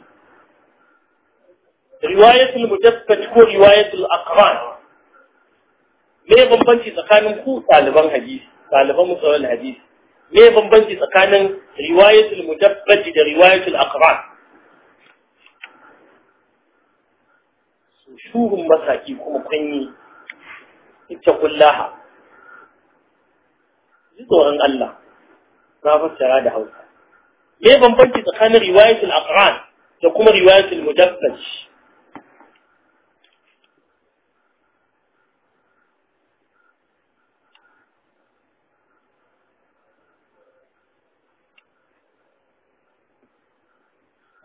riwayatul mujaffat ko riwayatul aqran me bambanci tsakanin ku ɗaliban hadisi taliban musawal hadisi me bambanci tsakanin riwayatul mujaffat da riwayatul aqran shuhun masaki kuma kunyi ita kullaha ji tsoron Allah na fassara da Hausa me bambanci tsakanin riwayatul aqran da kuma riwayatul mudaffaj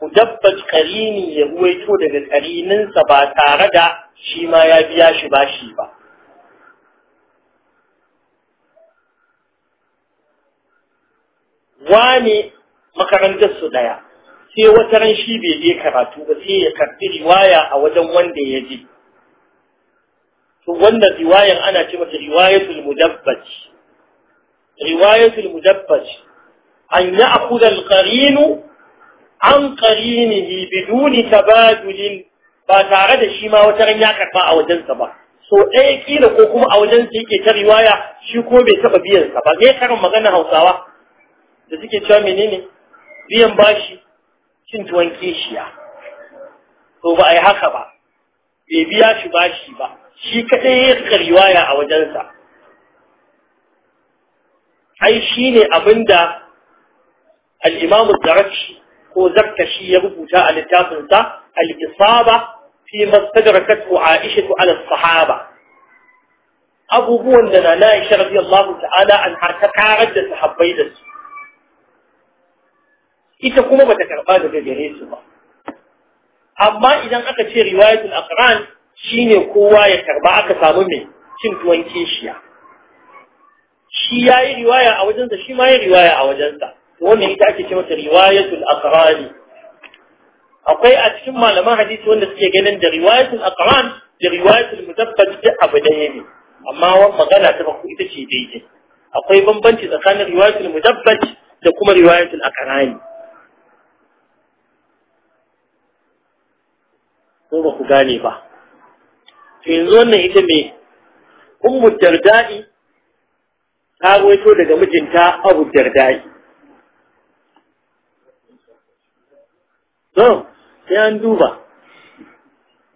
mudabbaj karini ya ruwaito daga karininsa ba tare da shi ma ya biya shi bashi ba Wani makarantar su daya sai wata ran shi bai je karatu ba sai ya karbi riwaya a wajen wanda ya je to wannan riwayar ana ce mata riwayatul mudabbaj riwayatul mudabbaj an ya'khudha al-qarinu an qarinihi biduni tabadulin ba tare da shi ma wata ran ya karba a wajensa ba so ɗaya kila ko kuma a wajen yake ta riwaya shi ko bai taɓa biyan sa ba zai karin magana hausawa da suke cewa menene biyan bashi cin tuwon keshiya to ba a yi haka ba bai biya shi bashi ba shi kadai ya suka riwaya a wajensa ai shi ne abin da al'imamu zarakshi ko zarkashi ya rubuta a littafinsa al'isaba fi mastadarkat ko aisha ko ala sahaba abubuwan da na na ishe rabi Allah ta'ala an ta karar da sahabbai da su ita kuma bata karba daga gare su ba amma idan aka ce riwayatul aqran shine kowa ya karba aka samu mai cin tuwon kishiya shi yayi riwaya a wajensa shi ma yayi riwaya a wajensa to wannan ita ake ce mata riwayatul aqran akwai a cikin malaman hadisi wanda suke ganin da riwayatul aqran da riwayatul mudabbat da abu daya ne amma wannan magana ta ku ita ce daidai akwai bambanci tsakanin riwayatul mudabbat da kuma riwayatul aqrani ko ba ku gane ba yanzu wannan ita me ummu dardai ta ruwaito daga mijinta abu dardai Don sai an duba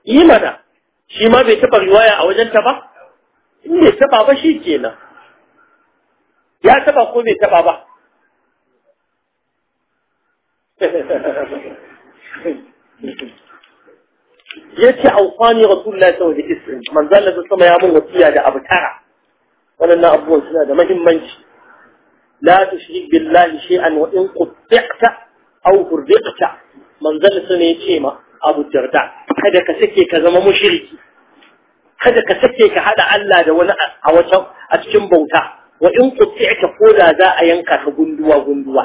yi mana shi ma bai taɓa riwaya a wajenta ba in bai taɓa ba shi kenan ya taɓa ko bai taɓa ba [laughs] yace awsani rasulullahi sallallahu alaihi wasallam manzo Allah sallallahu alaihi ya mun wasiya da abu tara wannan na abubuwan suna da muhimmanci la tushrik billahi shay'an wa in qutta aw hurriqta manzo Allah ne yace ma Abu Darda kada ka sake ka zama mushriki kada ka sake ka hada Allah da wani a wata a cikin bauta wa in qutta ko da za a yanka ka gunduwa gunduwa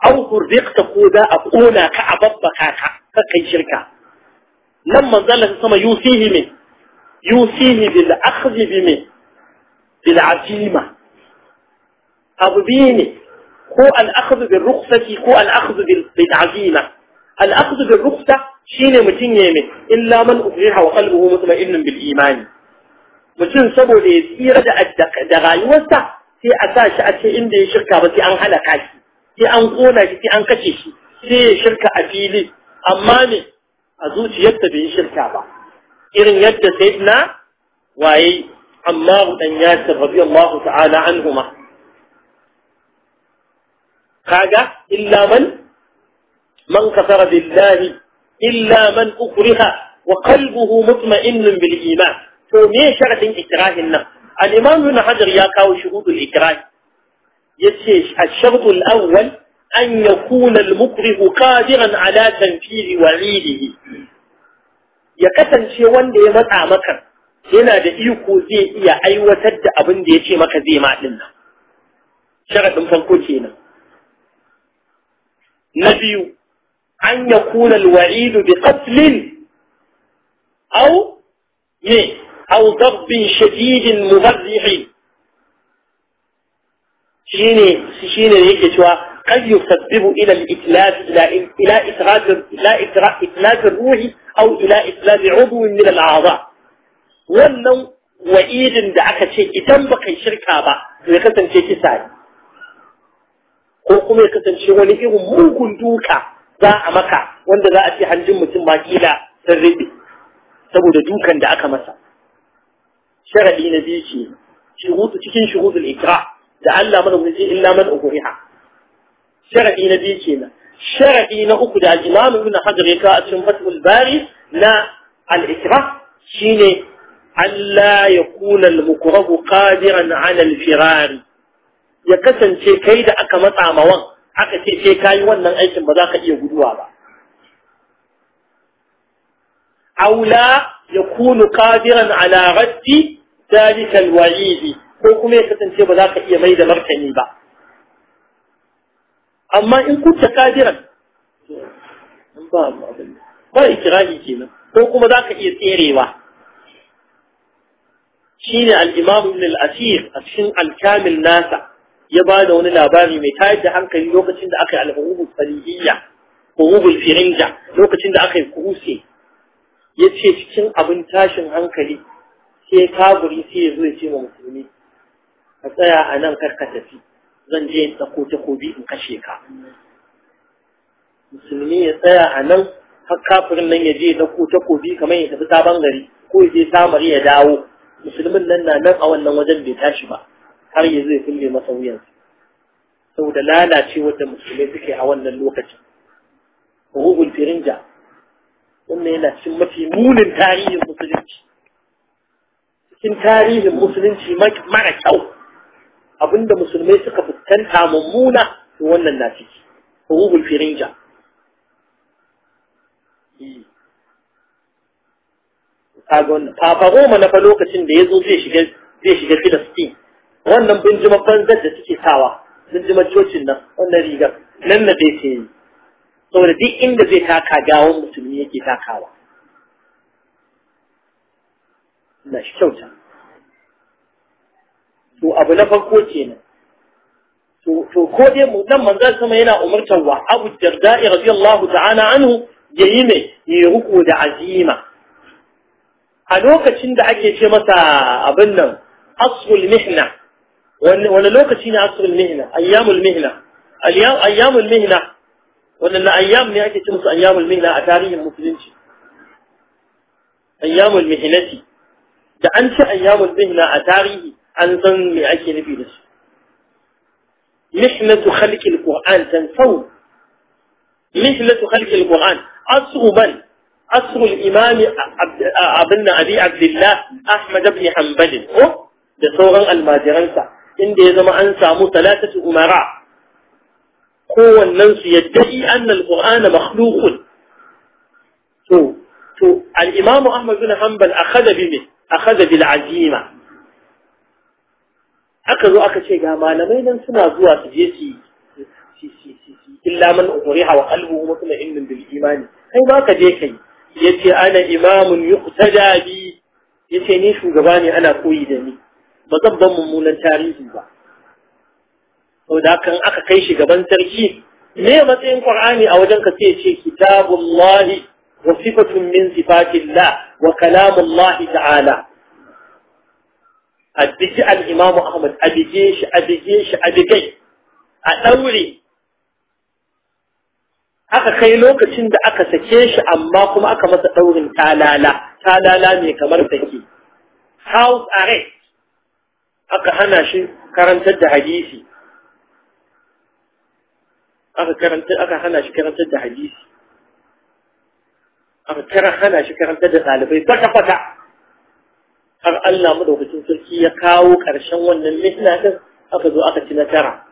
aw hurriqta ko da a kona ka a ka ka kai shirka لما ذل السماء يوسيه من يوسيه بالأخذ بمن بالعزيمة أبيني هو الأخذ بالرخصة هو الأخذ بالعزيمة الأخذ بالرخصة شين متين يمن إلا من أبرح وقلبه مطمئن بالإيمان متين صبوا لي سيرد الدق دغاي وسط في أساس اتي إندي شركة بس أن هذا في أن قولا في أن كاشي في شركة أفيلي اماني a zuciyarsa bai yi shirka ba irin yadda sayyidina waye amma dan yasir radiyallahu ta'ala anhuma kaga illa man man kafara billahi illa man ukriha wa qalbuhu mutma'innun bil iman to me sharadin ikrahin nan al-imam ibn hajar ya kawo shuhudul ikrah yace ash-shart al-awwal an yakuna al-mukrihu qadiran ala tanfizi wa'idihi ya kasance wanda ya matsa maka yana da iko zai iya aiwatar da abin da ya ce maka zai ma ɗin nan sharaɗin farko kenan na biyu an ya kuna alwa'idu bi qatlin aw ne aw dabbin shadidin mubarrihi shine shine yake cewa قد يسبب إلى الإثلاث إلى إثلاث إلى إثلاث الروحي أو إلى إثلاث عضو من الأعضاء ولو وإيد دعك شيء تنبق الشركة لقد تنشيك سعي قلقم يقد تنشي ونفيه ممكن دوكا ذا أمكا وان ذا أتي حنجم مثم ما إلى الرب سبود دوكا دعك مسا شغل إنا بيشي شغوط تكين شغوط الإكراء تعلى من أبنزي إلا من أبنزي شرعي نبيكينا شرعي نأخذ الإمام ابن حجر يكاء سنفته الباري لا الإكره شيني ألا يكون المكره قادرا على الفرار يكسن شي كيدا أكمت عموان حقا شي كاي وانا أي سنبداك يهدوها با أو لا يكون قادرا على رد ذلك الوعيد حكمي كتن شي بداك يميد إيه مركني با amma in kunta kadiran ba ba ikirahi kenan ko kuma za ka iya tserewa shine al-imam ibn al-asir a cikin al-kamil nasa ya ba da wani labari mai tayar da hankali lokacin da aka yi al-hurubul ko hubu firinja lokacin da aka yi kuruse ya ce cikin abin tashin hankali sai kaburi sai ya zo ya ce ma musulmi ka tsaya a nan kar ka tafi zan je in ɗauko takobi in kashe ka musulmi ya tsaya a nan har kafirin nan ya je ya ɗauko takobi kamar ya tafi sabon gari ko ya je samari ya dawo musulmin nan na nan a wannan wajen bai tashi ba har ya zai kulle masa wuyansa saboda lalace da musulmai suke a wannan lokacin ruhun firinja wannan yana cikin mafi munin tarihin musulunci cikin tarihin musulunci mara kyau abinda musulmai suka fuskanta mummuna to wannan na ciki ruhul firinja Papa goma na fa lokacin da ya zo zai shiga zai shiga Filistin wannan binjimar banza da suke sawa binjimar cocin nan wannan rigar nan na dai ce yi saboda duk inda zai taka gawon musulmi yake takawa. Na shi kyauta. to abu na farko kenan to ko dai mu dan manzon sama yana umurtar wa Abu Darda radiyallahu ta'ala anhu yayi ne ya ruku da azima a lokacin da ake ce masa abin nan asrul mihna wani lokaci ne asrul mihna ayyamul mihna ayyamul mihna wannan ayyam ne ake ce musu ayyamul mihna a tarihin musulunci ayyamul mihnati da an ce ayyamul mihna a tarihi أن تنمي عكي نبي نفسه محنة خلق القرآن تنفو محنة خلق القرآن أصغ من أصغ الإمام عبدنا أبي عبد الله أحمد بن حنبل بصورا المادرنسة إن دي زمان أنسى مثلاثة أمراء هو الناس يدعي أن القرآن مخلوق تو تو الإمام أحمد بن حنبل أخذ بمه أخذ بالعزيمة aka zo aka ce ga malamai nan suna zuwa su je su illa man ukriha wa qalbuhu mutma'innun bil imani kai ba ka je kai yace ana imamun yuqtada bi yace ni shugaba ne ana koyi da ni ba zan ban mummunan tarihi ba saboda kan aka kai shi gaban sarki me matsayin qur'ani a wajen ka sai ce kitabullahi wa sifatun min sifatillah wa kalamullahi ta'ala أدج الإمام أحمد أدجيش أدجيش أدجي أدوري أكا خيلوك تند أكا سكيش أماكم أكا ما تدورين تالالا تالالا ميكا مرتكي حاوط أغيت أكا هناشي كرنتد حديثي أكا كرنتد أكا هناشي كرنتد حديثي أكا كرنتد غالبي بكا بكا أكا ألا مدوكي sarki ya kawo ƙarshen wannan mihna din aka zo aka ci nasara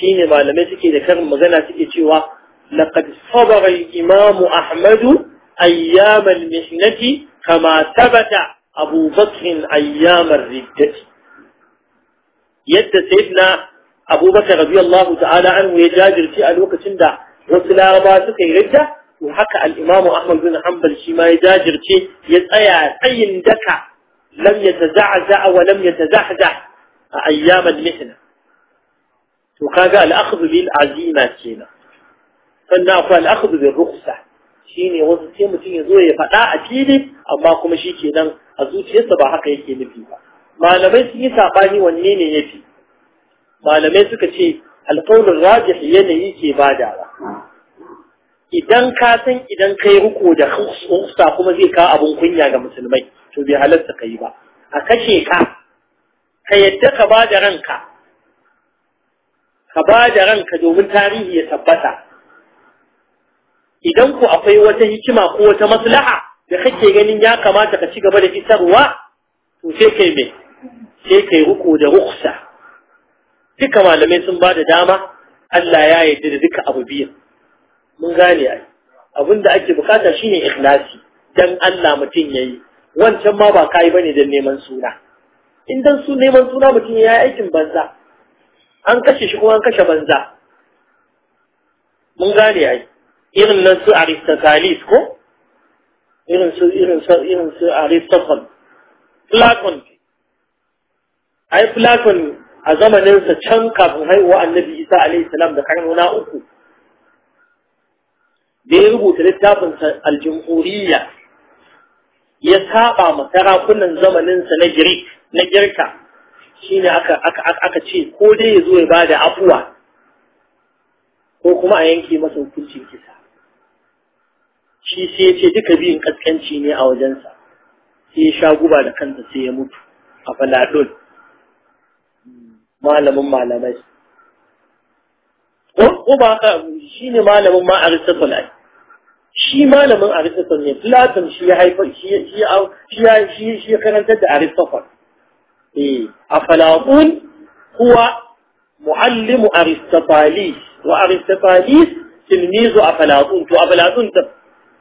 shine malamai suke da karin magana suke cewa laqad sabara al-imam ahmad ayyam al-mihnati kama thabata abu bakr ayyam ar-riddati yadda sayyidina abubakar radiyallahu ta'ala anhu ya jajirce a lokacin da wasu laraba suka yi ridda to haka al-imam ahmad bin hanbal shi ma ya jajirce ya tsaya tsayin daka lam yataza'za wa lam yatazahzah a ayyam mihna to kaga al-akhdh bil azima kenan sannan akwai al-akhdh bil rukhsa wasu sai mutum ya zo ya faɗa a fili amma kuma shi kenan a zuciyarsa ba haka yake nufi ba malamai sun yi saɓani wanne ne yafi malamai suka ce alƙawlin rajih yanayi ke bada ba idan ka san idan kai ruko da kuma zai kawo abun kunya ga musulmai to bai halatta ka yi ba a kashe ka ka yadda ka ba da ranka ka ba da ranka domin tarihi ya tabbata idan ku akwai wata hikima ko wata maslaha da kake ganin ya kamata ka ci gaba da isarwa to sai kai me sai kai ruku da ruksa duka malamai sun ba da dama Allah ya yarda da duka abu biyan mun gane ai abin da ake bukata shine ikhlasi dan Allah mutum yayi wancan ma ba kai bane dan neman suna in dan su neman suna mutum ya aikin banza an kashe shi kuma an kashe banza mun gane ai irin nan su aristotelis ko irin su irin su irin su aristotle platon ai platon a zamaninsa can kafin haihuwa annabi isa alaihi salam da na uku da ya rubuta littafinsa aljumhuriyya ya saba ma sarakunan zamaninsa na Girik na Girka shine aka aka aka ce ko dai ya zo ya bada afuwa ko kuma a yanke masa hukuncin kisa shi sai ya ce duka biyun kaskanci ne a wajensa sai ya sha guba da kansa sai ya mutu a Faladol malamin malamai ko ba shi ne malamin ma Aristotle shi malamin Aristotle ne Platon shi ya haifar shi ya shi ya shi shi ya karantar da Aristotle eh Aflatun huwa muallimu Aristotle wa Aristotelis tilmizu Aflatun to Aflatun ta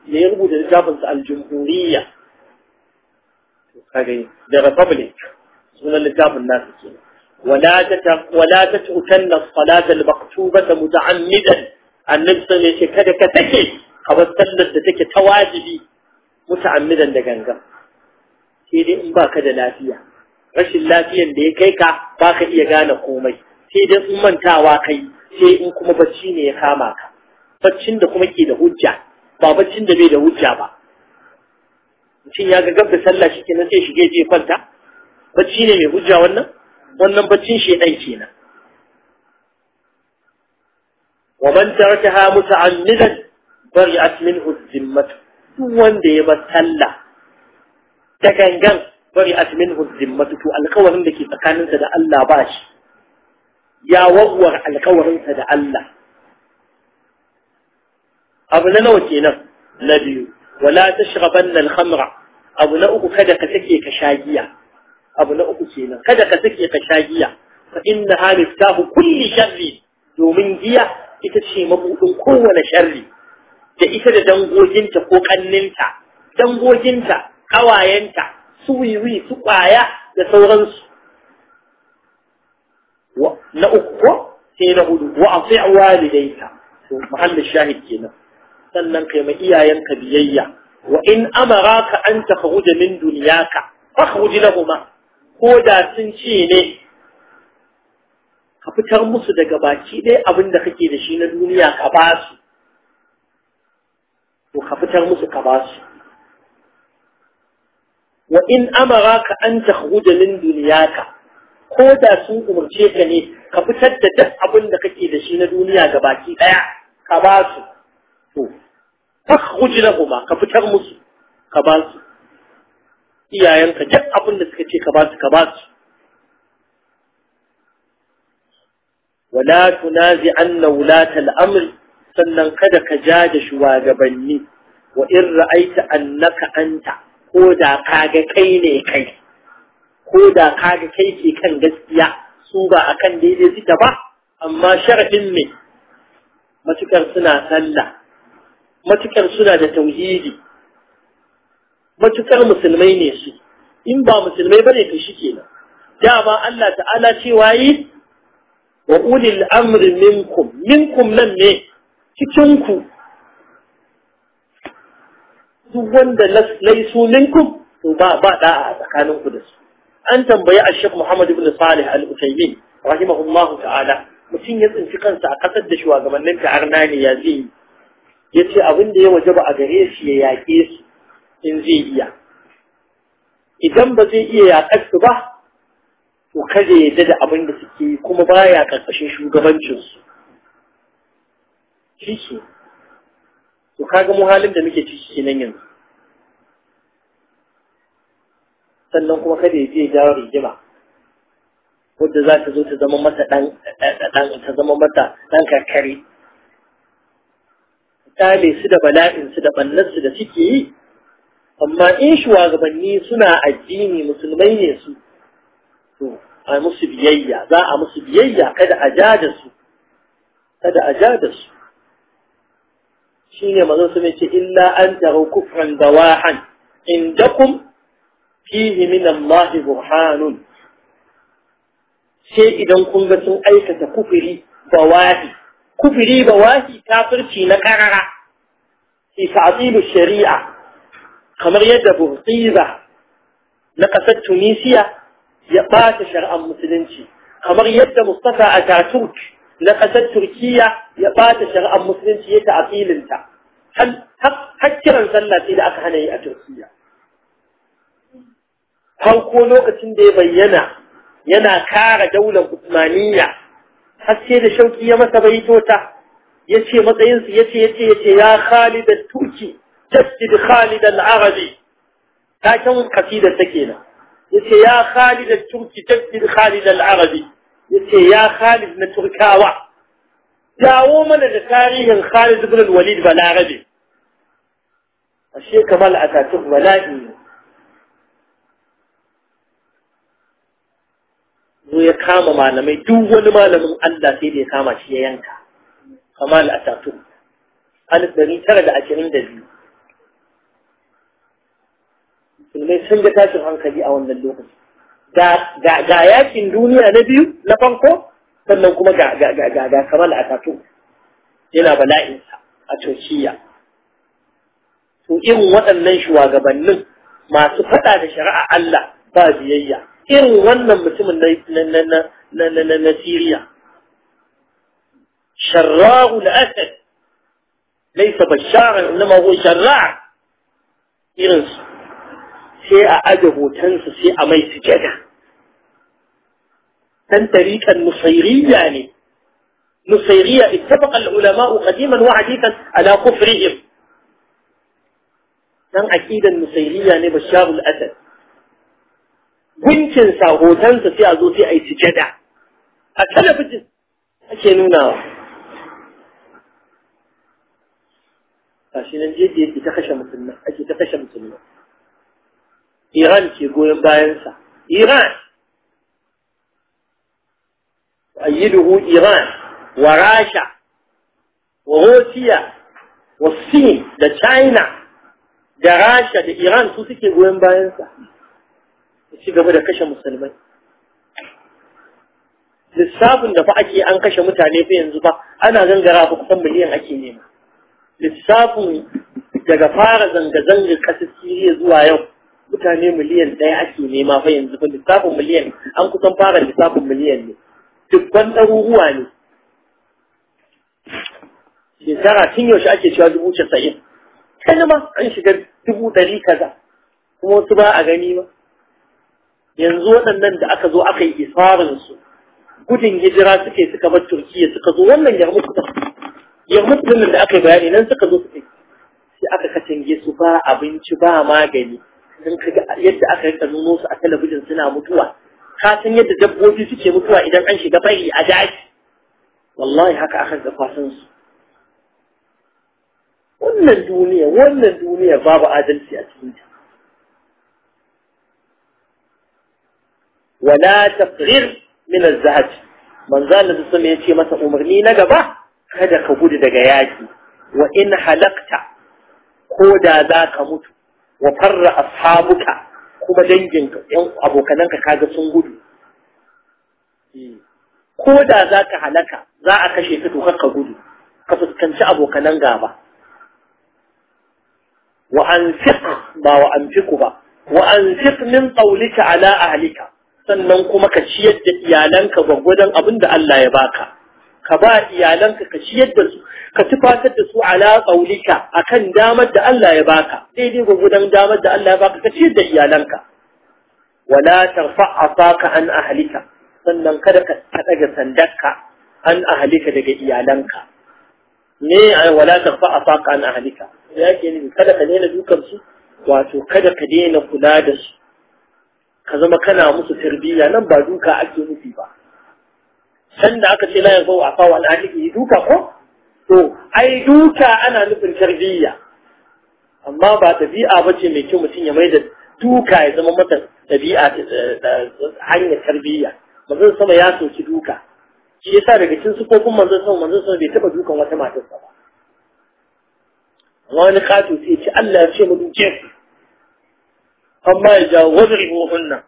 ne ya rubuta littafin sa al-Jumhuriyya kare da Republic sunan littafin nasu kenan ولا ولا تتركن الصلاة المكتوبة متعمدا النبي صلى الله كذا ka sallar da take ta wajibi muta'ammidan da gangan sai dai in baka da lafiya rashin lafiyan da ya kai ka baka iya gane komai sai dai in mantawa kai sai in kuma bacci ne ya kama ka baccin da kuma ke da hujja ba baccin da bai da hujja ba mutum ya ga gab da sallah shi kenan sai shige je kwanta bacci ne mai hujja wannan wannan baccin shi dan kenan wa man tarakaha muta'ammidan bari'at minhu zimmatu duk wanda ya bar sallah da gangan bari'at minhu zimmatu to alƙawarin da ke tsakaninsa da Allah ba shi ya wawwar sa da Allah abu na nawa kenan na biyu wala tashrabanna al-khamra abu na uku kada ka take ka sha giya abu na uku kenan kada ka take ka sha giya fa inna ha miftahu kulli sharri domin giya ita ce mabudin kowane sharri da ita da dangoginta ko kanninta dangoginta ƙawayenta su wiwi su ƙwaya da sauransu na uku ko sai na hudu wa afi walidaita to mahalli shahid kenan sannan kai mai iyayenka biyayya wa in amara ka an takhruja min dunyaka na kuma. ko da sun ce ne ka fitar musu daga baki dai abin da kake da shi na duniya ka basu. to ka fitar musu ka ba su wa in amara ka an takhruja min duniyaka ko da sun umarce ka ne ka fitar da duk abin da kake da shi na duniya ga baki daya ka ba su to ka na lahuma ka fitar musu ka ba su iyayenka duk abin da suka ce ka ba su ka ba su ولا تنازعن ولاة الأمر sannan kada ka ja da shugabanni wa in ra'aita annaka anta ko da kaga kai ne kai ko da kaga kai ke kan gaskiya su ba akan daidai suka ba amma sharhin ne matukar suna sallah matukar suna da tauhidi matukar musulmai ne su in ba musulmai bane to kenan dama Allah ta'ala cewa yi wa ulil amri minkum minkum nan ne cikinku duk wanda laisu minkum to ba ba da'a a tsakaninku da su an tambayi Sheikh Muhammad ibn Salih Al-Utaymin rahimahullah ta'ala mutum ya tsinci kansa a kasar da shugabannin ta'arna ne ya zai yace abin da ya wajaba a gare shi ya yaƙe su in zai iya idan ba zai iya yaƙar su ba to kada ya da abin da suke kuma baya karkashin shugabancinsu Ciki, to kaga mu halin da muke ciki kenan yanzu sannan kuma kada ya je jawo rigima wadda za ta zo ta zama mata dan ta zama mata dan tale su da bala'in su da bannan su da suke yi amma in shugabanni suna addini musulmai ne su to a musu biyayya za a musu biyayya kada a ja da su kada a ja su shine manzon sun ce illa an taru kufran Inda indakum fihi min mahi burhanun sai idan kun ga sun aikata kufiri bawahi kufiri bawahi kafirci na karara fi ta'dilu shari'a kamar yadda burtiza na ƙasar Tunisia ya ɓata shari'ar musulunci kamar yadda Mustafa Ataturk na ƙasar Turkiyya ya ɓata shari'ar musulunci ya ta'afilinta har kiran sallah sai da aka hana yi a Turkiyya har ko lokacin da ya bayyana yana kara daular Usmaniyya har sai da shauki ya masa baitota ya ce matsayinsu ya ce ya ce ya ce ya Khalidar Turki tasjid Khalidar Arabi taken kasidar ta kenan ya ce ya Khalidar Turki tasjid Khalidar Arabi yace ya Khalid na Turkawa dawo mana da tarihin Khalid ibn al-Walid Balarabe ashe kamal Atatürk bala'i zo ya kama malamai duk wani malamin Allah sai da ya kama shi ya yanka kamal Atatürk alif dari tara da ashirin da biyu musulmai sun ga tashin hankali a wannan lokacin ga yakin duniya na biyu na farko sannan kuma ga kamar a yana bala'insa a cociya. to irin waɗannan shugabannin masu faɗa da shari'a Allah ba biyayya irin wannan mutumin na na Siriya sharra'u al-asad laysa na inma huwa irin su sai a aje hotonsa sai a mai sujada dan tariqan nusairiyya ne nusairiyya ittafaqa al-ulama qadiman wa hadithan ala kufrihim dan aqidan nusairiyya ne bashar al-asad gunkin sa hotonsa sai a zo sai a yi sujada a talabijin ake nunawa gashi nan jeji yake ta kashe musulman ake ta kashe musulman Iran ke goyon bayansa. Iran, ayyiduhu Iran, wa Rasha, wa Rosiya, wa Sin da China, da Rasha da Iran su suke goyon bayansa. Ci gaba da kashe musulmai. Lissafin da fa ake an kashe mutane fa yanzu ba ana gangara fa kusan miliyan ake nema. Lissafin daga fara zanga-zangar ƙasar Siriya zuwa yau mutane miliyan ɗaya ake nema fa yanzu ba lissafin miliyan an kusan fara lissafin miliyan ne dubban ɗaruruwa ne shekara tun yaushe ake cewa dubu casa'in kan ma an shiga dubu ɗari kaza kuma wasu ba a gani ba yanzu waɗannan da aka zo aka yi isarin su gudun hijira suke suka bar turkiya suka zo wannan yarmuk yarmuk da aka yi bayani nan suka zo suke sai aka katange su ba abinci ba magani sun kaga yadda aka rika nuno su a talabijin suna mutuwa ka san yadda dabbobi suke mutuwa idan an shiga bari a daji wallahi haka aka ga fasan su wannan duniya wannan duniya babu adalci a cikin ta wala taqrir min az-zahab manzo Allah sun yace masa umarni na gaba kada ka gudu daga yaki wa in halakta ko da za ka mutu wa farra ashabuka kuma dangin yan abokananka kaga sun gudu hmm. ko da za ka halaka za a kashe ka tokar ka gudu ka fuskanci abokanan gaba wa ba wa anfiqu ba wa anfiq min qawlika ala ahlika sannan kuma ka ciyar da iyalanka gwaggwadon abin da Allah ya baka ka ba iyalanka ka ciyar da su ka tufatar da su ala qaulika akan damar da Allah ya baka daidai gudan damar da Allah ya baka ka ciyar da iyalanka wala tarfa asaka an ahlika sannan kada ka daga sandarka an ahlika daga iyalanka ne ai wala tarfa asaka an ahlika yake ne kada ka daina dukan su wato kada ka daina kula da su ka zama kana musu tarbiyya nan ba duka ake nufi ba dan da aka ce la yanzu a fawa al'aliki duka ko to ai duka ana nufin tarbiyya amma ba tabi'a bace mai kyau mutum ya mai da duka ya zama mata tabi'a eh, hanyar tarbiyya manzon sama ya soki duka shi yasa daga cikin sufofin manzon sama manzon sama bai taba dukan wata matar ba amma wani kato sai ce Allah ya ce mu duke amma ya jawo wazrihu hunna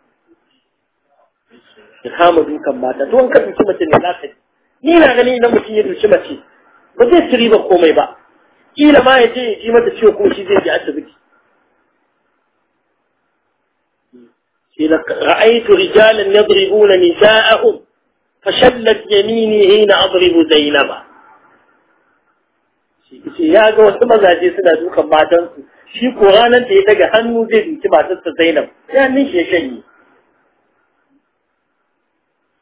ya kama dukan mata to an ka duki mace ne lafi ni na gani idan mutum ya duki mace ba zai ci riba komai ba kila ma ya je ya ji mata ciwo kuma shi zai je asibiti kila ra'aytu rijalan yadribuna nisa'ahum shallat yamini hina adribu zainaba shi ya ga wasu mazaje suna dukan matansu shi ko ranar da ya daga hannu zai duki sa zainab ya nin shi ya shanye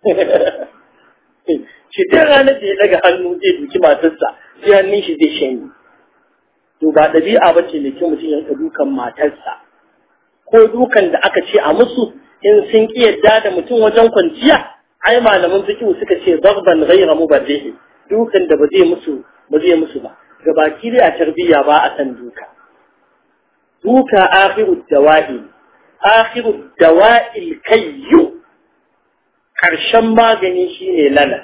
shi ranar da ya daga hannu zai duki matarsa sai hannun shi zai shanye to ba ɗabi'a ba ce mai kyau mutum ya dukan matarsa ko dukan da aka ce a musu in sun ƙi yadda da mutum wajen kwanciya ai malaman fikihu suka ce zarban ghayra mubarrihi dukan da ba zai musu ba zai musu ba gabaki dai a tarbiyya ba a san duka duka akhiru dawa'i akhiru dawa'il kayyu karshen magani shine lana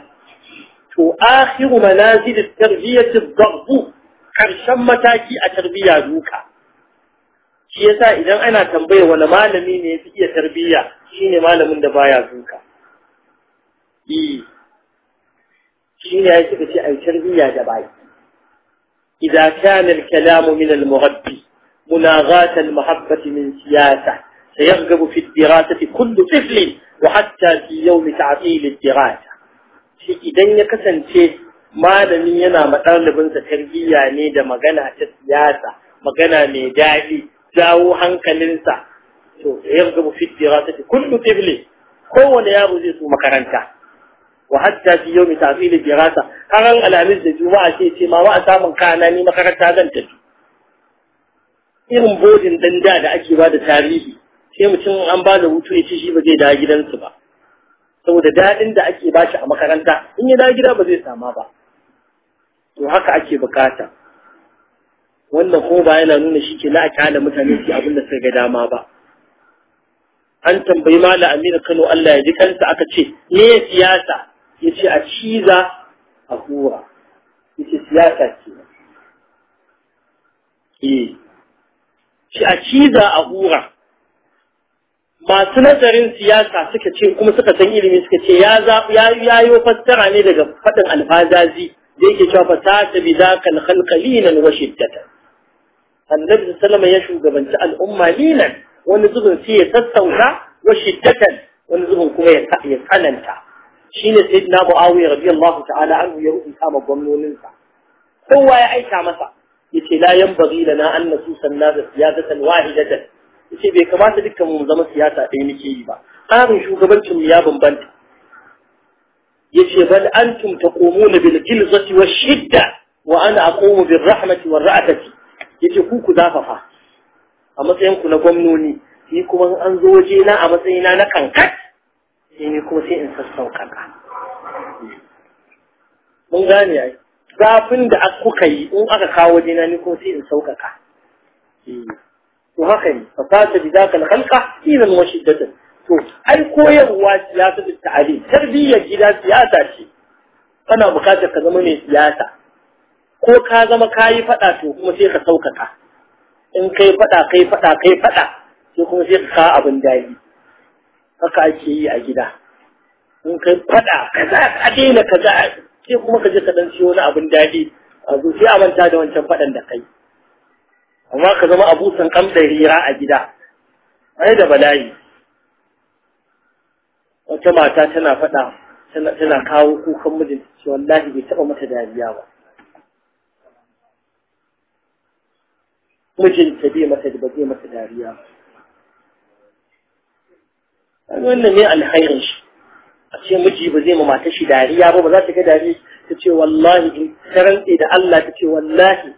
to akhiru manazil tarbiyyati dabbu karshen mataki a tarbiya duka shi yasa idan ana tambaye wani malami ne yafi iya tarbiya shine malamin da baya duka eh shine yake kace ai tarbiya da baki إذا كان الكلام من المغبي مناغاة المحبة من سياسة سيرغب في الدراسة كل طفل وحتى في يوم تعطيل الدراسة shi idan ya kasance malamin yana ma ɗalibinsa tarbiyya ne da magana ta siyasa magana mai daɗi jawo hankalinsa to yarghabu fi dirasati kullu kowane yaro zai so makaranta wa hatta fi yawmi ta'til dirasa har an alamis da juma'a ce ce ma wa a samun kana makaranta zan tafi irin bodin dan da da ake ba da tarihi sai mutum an ba da hutu ya ce shi ba zai dawo gidansu ba saboda daɗin da ake bashi a makaranta in ya dawo gida ba zai sama ba to haka ake bukata wannan ko ba yana nuna shi ke na a kyala mutane su abin da suka ga dama ba an tambayi mala amina kano allah ya ji kansa aka ce me siyasa ya ce a ciza a hura ya ce siyasa ce eh. shi a ciza a hura masu nazarin siyasa suka ce kuma suka san ilimi suka ce ya ya yi fassara ne daga faɗin alfazazi da yake cewa fa ta ta bi zakal khalqa linan wa shiddata annabi sallama ya shugabanci al'umma linan wani zubin sai ya sassauta wa shiddata wani zubin kuma ya tsananta shine sai sayyidina muawiya radiyallahu ta'ala anhu ya rubuta ma sa kowa ya aika masa yace la yanbaghi lana an nasusa an-nas siyasatan wahidatan yace bai kamata dukkan mu zama siyasa ɗaya muke yi ba tsarin shugabancin mu ya bambanta yace bal antum taqumuna bil jilzati wash shidda wa ana aqumu bir rahmati war ra'atati yace ku ku zafafa a matsayin ku na gwamnoni ni kuma an zo waje na a matsayina na kankat sai ni kuma sai in sassauka mun gane ai zafin da kuka yi in aka kawo waje na ni kuma sai in sauƙaƙa وهكذا فساد بذاك الخلق إذا وشدة to ai koyarwa siyasa da ta'ali tarbiyyar gida siyasa ce kana bukatar ka zama mai siyasa ko ka zama kayi fada to kuma sai ka saukaka in kai fada kai fada kai fada sai kuma sai ka kawo abin dadi haka ake yi a gida in kai fada kaza a daina kaza sai kuma ka je ka dan siyo na abin dadi a zuciya manta da wancan fadan da kai amma ka zama abusan kamdar hira a gida ai da bala'i wata mata tana faɗa tana kawo kukan mijin, ce wallahi bai taɓa mata dariya ba Mijin ta bai mata ba zai mata dariya ba. wannan ne alhairin shi a ce miji ba zai ma mata shi dariya ba ba za ta ga dariya ta ce wallahi in ta rantse da Allah ta ce wallahi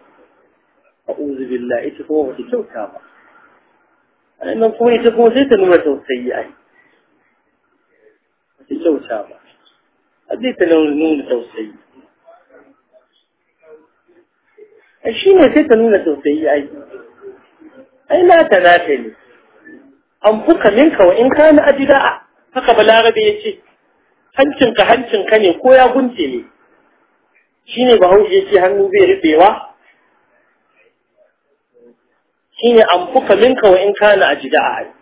a'udhu billahi ita kuma wata kyauta ba nan kuma ita kuma sai ta nuna tausayi ai wata kyauta ba a zai ta nuna tausayi a shi ne sai ta nuna tausayi ai ai na ta na ta minka wa in ka na ajida haka balarabe ya ce hancinka hancinka ne ko ya gunce ne shi ne bahaushe ya ce hannu zai rufewa shine an fuka minka wa in kana ajda'a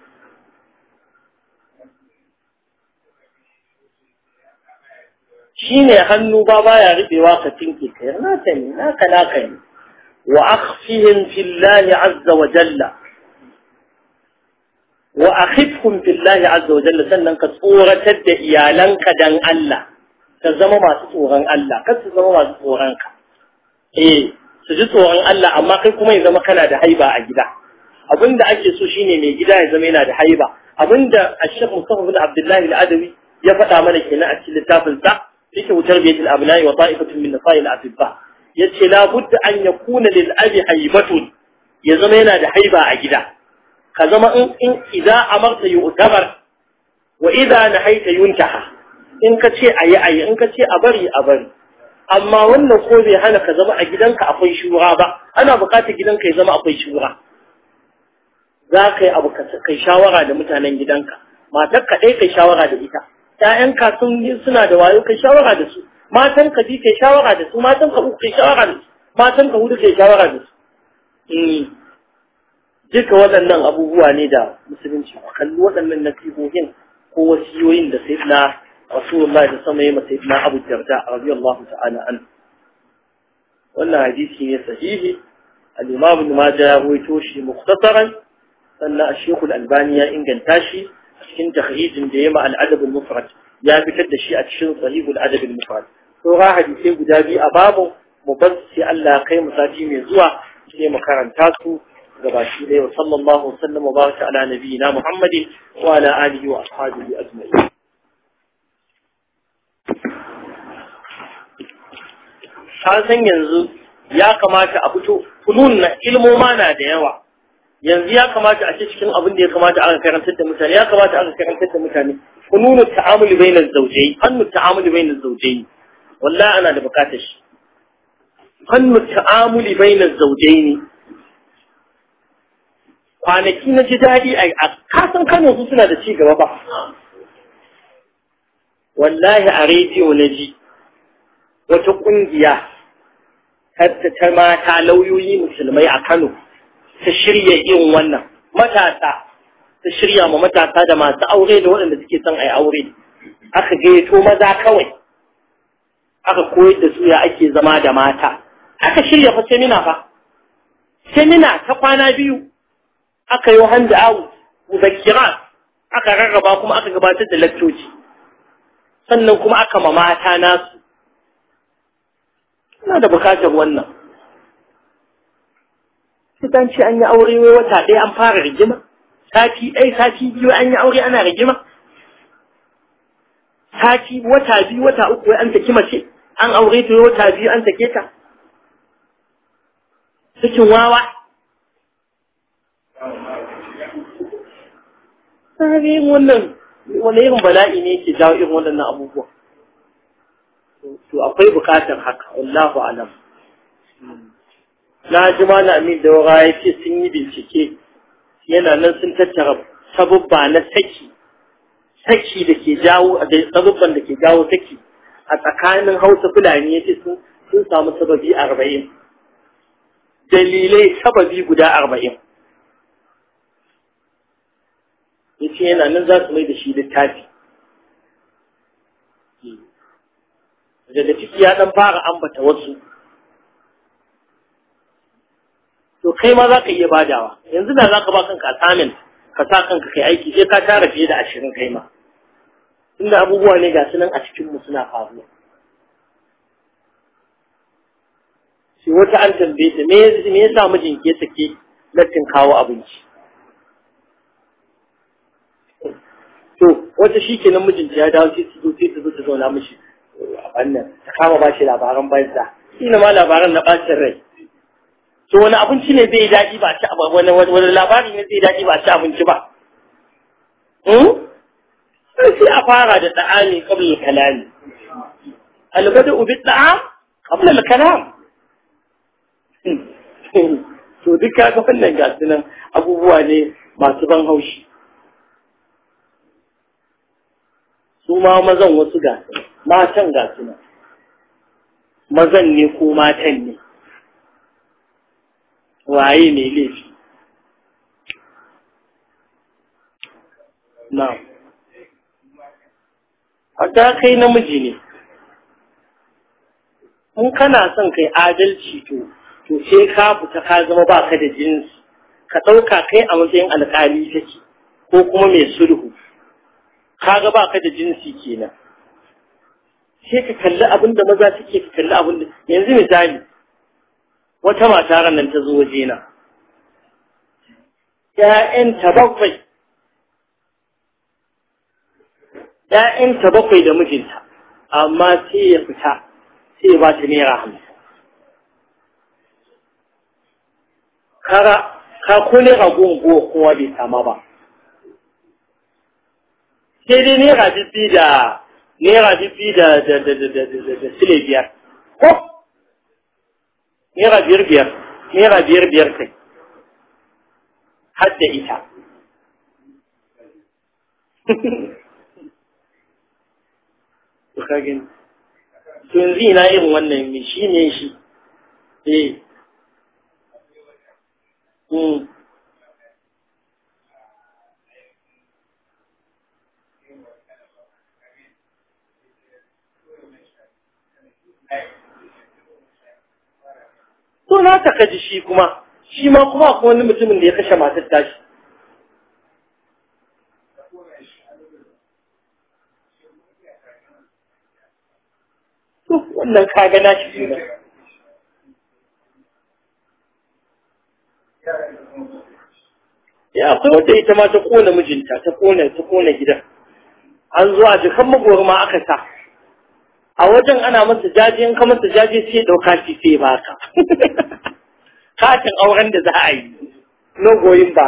shine hannu ba baya rubewa ka tinke kai na ta ne na kana kai wa akhfihim fillahi azza wa jalla wa akhifhum fillahi azza wa jalla sannan ka tsoratar da iyalanka dan Allah ka zama masu tsoron Allah kar su zama masu tsoron ka eh su ji tsoron Allah amma kai kuma ya zama kana da haiba a gida abin da ake so shine mai gida ya zama yana da haiba abin da Ashaf Mustafa bin Abdullahi al-Adawi ya faɗa mana kenan a cikin littafin sa fi wutar baitul abnai wa ta'ifatun min nasa'il atibba yace la budda an yakuna lil abi haibatun ya zama yana da haiba a gida ka zama in in idza amarta yu'tabar wa idza nahaita yuntaha in ka ce ayi ayi in ka ce a bari a bari amma wannan ko bai hana ka zama a gidanka akwai shura ba ana bukatar gidanka ya zama akwai shura za ka yi abu kai shawara da mutanen gidanka matar ka ɗai kai shawara da ita ƴaƴanka sun suna da wayo kai shawara da su matan ka bi kai shawara da su matan ka uku kai shawara da su matan ka hudu kai shawara da su hmm. duka waɗannan abubuwa ne da musulunci kalli waɗannan nasihohin ko wasiyoyin da sai na رسول الله صلى الله عليه وسلم سيدنا أبو الدرداء رضي الله تعالى عنه ولا حديثه صحيح الإمام ابن ماجه هو رويتوشي مختصرا أن الشيخ الألباني إن جنتاشي كن تخريج ديما العدب المفرد يا بكد شيء أتشن صحيح العدب المفرد سورة حديثي قدابي أبابه مبسي ألا قيم ساتي من زوا في مكان تاسو وصلى الله وسلم وبارك على نبينا محمد وعلى آله وأصحابه أجمعين ka san yanzu ya kamata a fito funun na ilmoma na da yawa yanzu ya kamata a ce cikin abin da ya kamata aka karantar da mutane ya kamata aka karantar da mutane fununu ta'amuli bainal zawjayn hannu ta'amuli bainal zawjayn wallahi ana da bukatar shi hannu ta'amuli bainal ne. kwanaki na ji daɗi a kasan Kano su suna da ci gaba ba wallahi a rediyo na ji wata ƙungiya ta mata lauyoyi musulmai a Kano ta shirya yin wannan matasa ta shirya ma matasa da masu aure da waɗanda suke son a yi aure aka gaito maza kawai aka koyar da su ya ake zama da mata aka shirya fa semina fa semina ta kwana biyu aka yi wahanda awu muzakirat aka rarraba kuma aka gabatar da lakcoci sannan kuma aka ma mata nasu suna da bukatar wannan sitan ce an yi aure wai wata ɗaya an fara rigima sati ɗaya sati biyu an yi aure ana rigima sati wata biyu wata uku wai an saki mace an aure ta wata biyu an sake ta Sakin wawa Sari wannan wani irin bala'i ne ke jawo irin waɗannan abubuwa to akwai bukatar haka wallahu alam na ji malami da wura ya ce sun yi bincike yana nan sun tattara sabubba na saki saki da ke jawo da sabubban da ke jawo saki a tsakanin hausa fulani ya ce sun samu sababi arba'in dalilai sababi guda arba'in ya ce yana nan za su mai da shi littafi daga ciki ya dan fara ambata wasu to kai ma za ka iya badawa yanzu da za ka ba kanka assignment ka sa kanka kai aiki sai ka tara fiye da ashirin kai ma inda abubuwa ne ga sunan a cikinmu suna faruwa shi wata an tambaye ta me yasa mijin ke sake lattin kawo abinci to wata shi kenan mijinta ya dawo sai su zo sai su zo ta zauna mishi wannan ta kama ba shi labaran banza ina ma labaran na bacin rai to wani abinci ne zai daɗi ba ci wani wani labari ne zai daɗi ba ci abinci ba hmm? sai a fara da da'ami qabla kalami albada ubi da'am qabla kalam [laughs] to duk kaga wannan gasu nan abubuwa ne masu ban haushi su ma mazan wasu gasu matan ga suna mazan ne ko matan ne waye ne laifi na hatta kai namiji ne in kana son kai adalci to to sai ka fita ka zama baka da jinsi ka ɗauka kai a matsayin alƙali take ko kuma mai sulhu kaga baka da jinsi kenan Ke ka kalli abin da maza suke ka kalli abin da yanzu misali wata mata ranar ta zo waje na ta bakwai ta bakwai da mijinta amma sai ya fita sai ba ta naira hamsin kara ka kone a gongo kowa bai sama ba sai dai naira bibbi da naira dubu da da da da da da da sile biyar ko naira biyar biyar naira biyar biyar kai har da ita [laughs] to ka to yanzu ina irin wannan me shi ne shi eh hmm. to na ta kaji shi kuma shi ma kuma akwai wani mutumin da ya kashe matar tashi to wannan kaga shi ne ya akwai wata ita ma ta kona mijinta ta kona ta kona gidan an zo a jikan magoro ma aka sa a wajen ana masa jaje in ka masa jaje sai dauka shi sai baka [laughs] katin auren da za a yi no goyin ba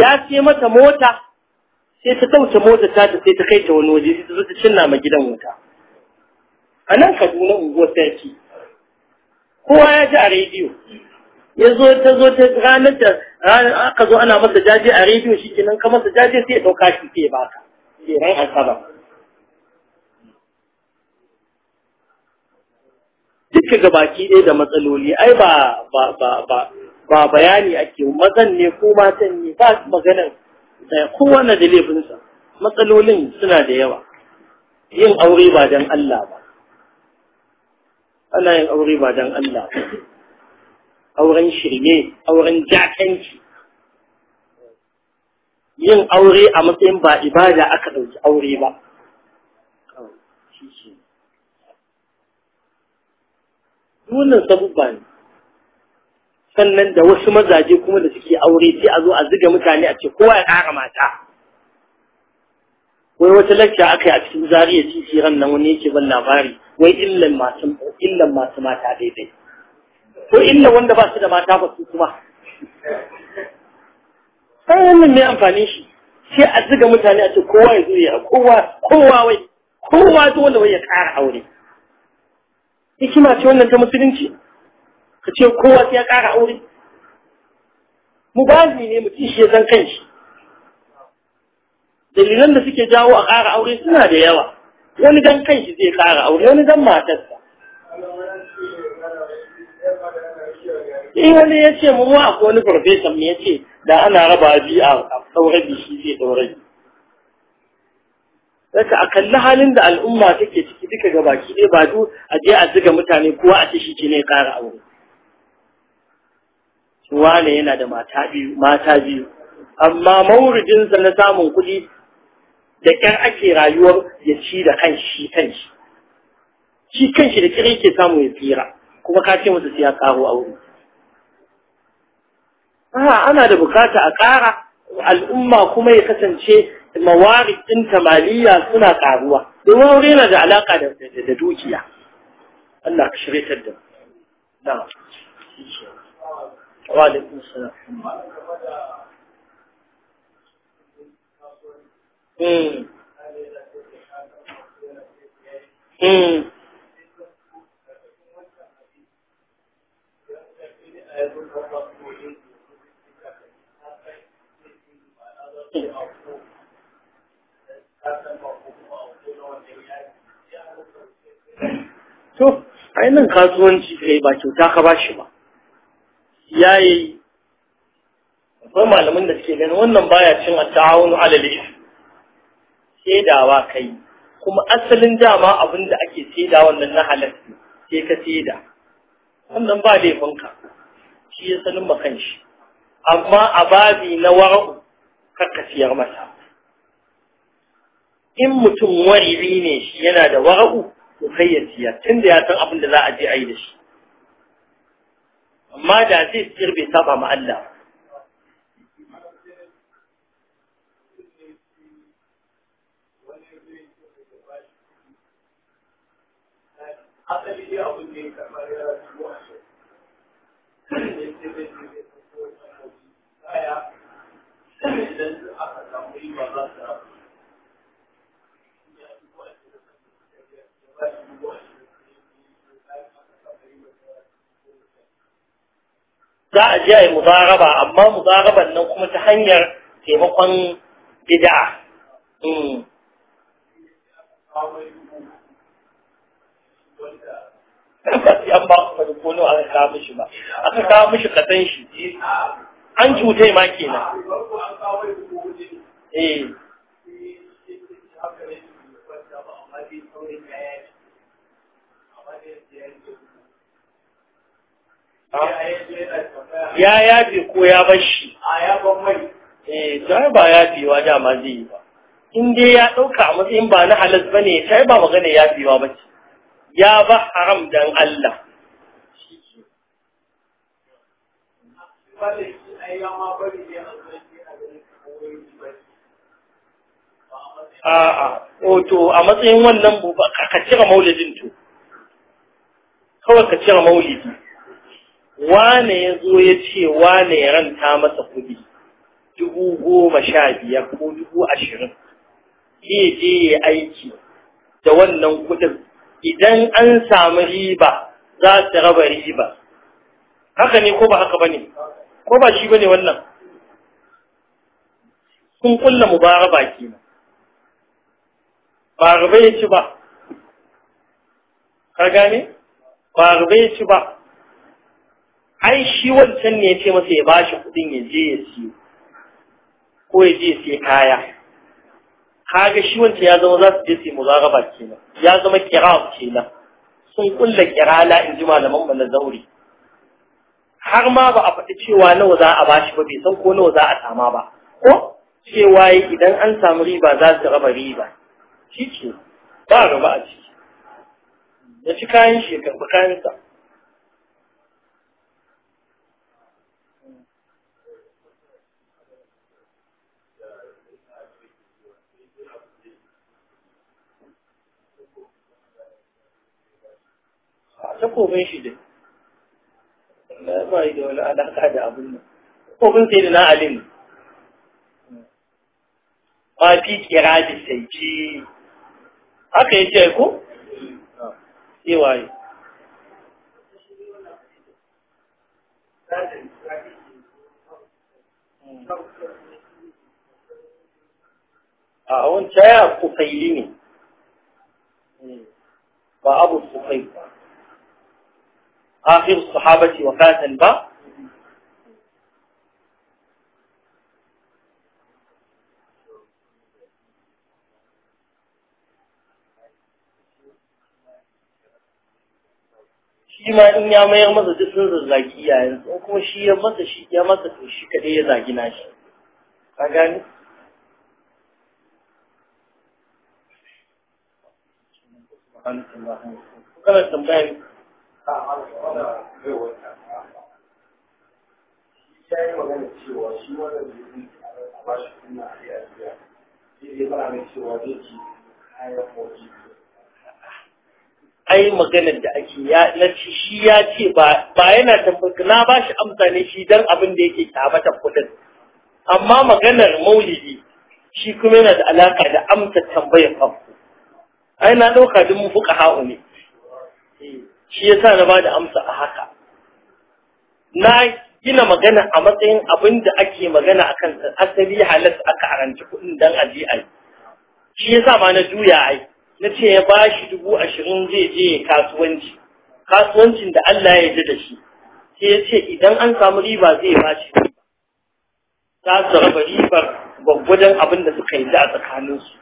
ya ce mata mota sai ta tauta mota ta ta sai ta kai ta wani waje sai ta zo ta cinna ma gidan wuta a nan kaduna unguwar sarki kowa ya ji a rediyo ya zo ta zo ta ranar da aka zo ana masa jaje a rediyo shi kenan ka masa jaje sai ya dauka shi sai baka ka ran duka ga baki ɗaya da matsaloli ai ba ba ba bayani ake mazan ne ko matan ne ba maganar eh, kowane da laifinsa matsalolin suna da yawa yin aure ba don Allah ba ana yin aure ba don Allah ba auren shirme auren jakanci yin aure a matsayin ba ibada aka ɗauki aure ba wannan sabubba ne sannan da wasu mazaje kuma da suke aure sai a zo a ziga mutane a ce kowa ya ƙara mata wai wata lacca aka yi a cikin zariya titi ran nan wani yake ban labari wai illan masu illan masu mata daidai ko illa wanda ba su da mata ba su kuma sai wannan mai amfani shi sai a ziga mutane a ce kowa ya zo ya kowa kowa wai kowa zo wanda wai ya ƙara aure hikima ce wannan ta musulunci ka ce kowa sai ya ƙara aure Mu mubazi ne ci shi zan san kanshi dalilan da suke jawo a ƙara aure suna da yawa wani dan kanshi zai ƙara aure wani dan matarsa in eh, wani ya ce mu wa akwai wani farfesan mu ya ce da ana raba biyu a saurabi shi zai saurabi Saka a kalli halin da al'umma take ciki duka ga baki ne ba du a je a ziga mutane kowa a tashi shi ya kara ƙara aure. Wane yana da mata biyu, mata biyu. Amma mauridinsa na samun kuɗi da ƙyar ake rayuwar ya ci da kan shi kan shi. Shi kan shi da ƙyar yake samu ya tsira, kuma ka ce masa sai ya ƙaro aure. A'a ana da bukata a ƙara al'umma kuma ya kasance mawari ɗin tamaliya suna ƙaruwa domin wuri yana da alaƙa da dukiya Allah ka shirya ta da na wa alaikum to a kasuwanci kai ba kyauta ka ba shi ba ya yi akwai malamin da suke ganin wannan baya cin a ta'awunu alal saidawa kai kuma asalin dama abin da ake saida wannan na halatta sai ka saida wannan ba laifinka shi ya sanin ma shi amma a babi na wara'u karka siyar masa in mutum wari ne shi yana da wara'u to ya siya tun da ya san abin da za a je a yi da shi amma da zai siyar bai saba ma Allah Thank you. za a je a yi mudaraba amma mudaraban nan kuma ta hanyar taimakon bid'a hmm. an ba ku fadi kono aka kawo mishi ba aka kawo mishi katan shi an cutai ma kenan eh ya yafe ko ya bashi eh ya ba yafewa dama zai yi ba in dai ya ɗauka a matsayin ba na halas ba ne kai ba magana ya fi ba ce ya ba haram dan Allah A'a, oto a matsayin wannan ka cire maulidin to, kawai ka cire maulidin. wane ya zo ya ce wane ya ranta masa kuɗi dubu goma sha biyar ko dubu ashirin zai je ya aiki da wannan kuɗin idan an samu riba za su raba riba haka ne ko ba haka ba ne ko ba shi ba ne wannan sun kulla mubaraba kenan ba riba ya ci ba ka gane ba ya ci ba ai shi wancan ne ya ce masa ya bashi kuɗin ya je ya siyo ko ya je ya siya kaya kaga shi wancan ya zama za su je su yi muzaraba kenan ya zama kira kenan sun kulla kirala in ji malaman na zauri har ma ba a faɗi cewa nawa za a bashi ba bai san ko nawa za a sama ba ko cewa idan an samu riba za su raba riba shi ce ba raba a ciki ya ci kayan shekaru kayansa takobin shi din na ba yi da wani alaƙa da abin nan takobin sai da na fi kira da ce ko a kufaili ne ba abu kufai ba آخر الصحابة وفاة با shi ma in ya mayar masa duk sun zazzaki yayin in kuma shi ya masa shi ya masa to shi ya zagi na shi ka gani kana ai maganar da ake ya na ci shi ya ce ba yana tabbata na ba shi amsa ne shi dan abin da yake kyamata kudin amma maganar maulidi shi kuma yana da alaka da amsa tambayar farko ai na dauka duk mu fuka ha'u ne shi ya sa na ba da amsa a haka na gina magana a matsayin abin da ake magana a kan asali halas a karanci kuɗin don aji a yi shi sa ma na juya ai na ce ya ba shi dubu ashirin zai je kasuwanci kasuwancin da Allah ya ji da shi sai ya ce idan an samu riba zai ba shi za su raba ribar gwaggwajen abin da suka yi da a tsakaninsu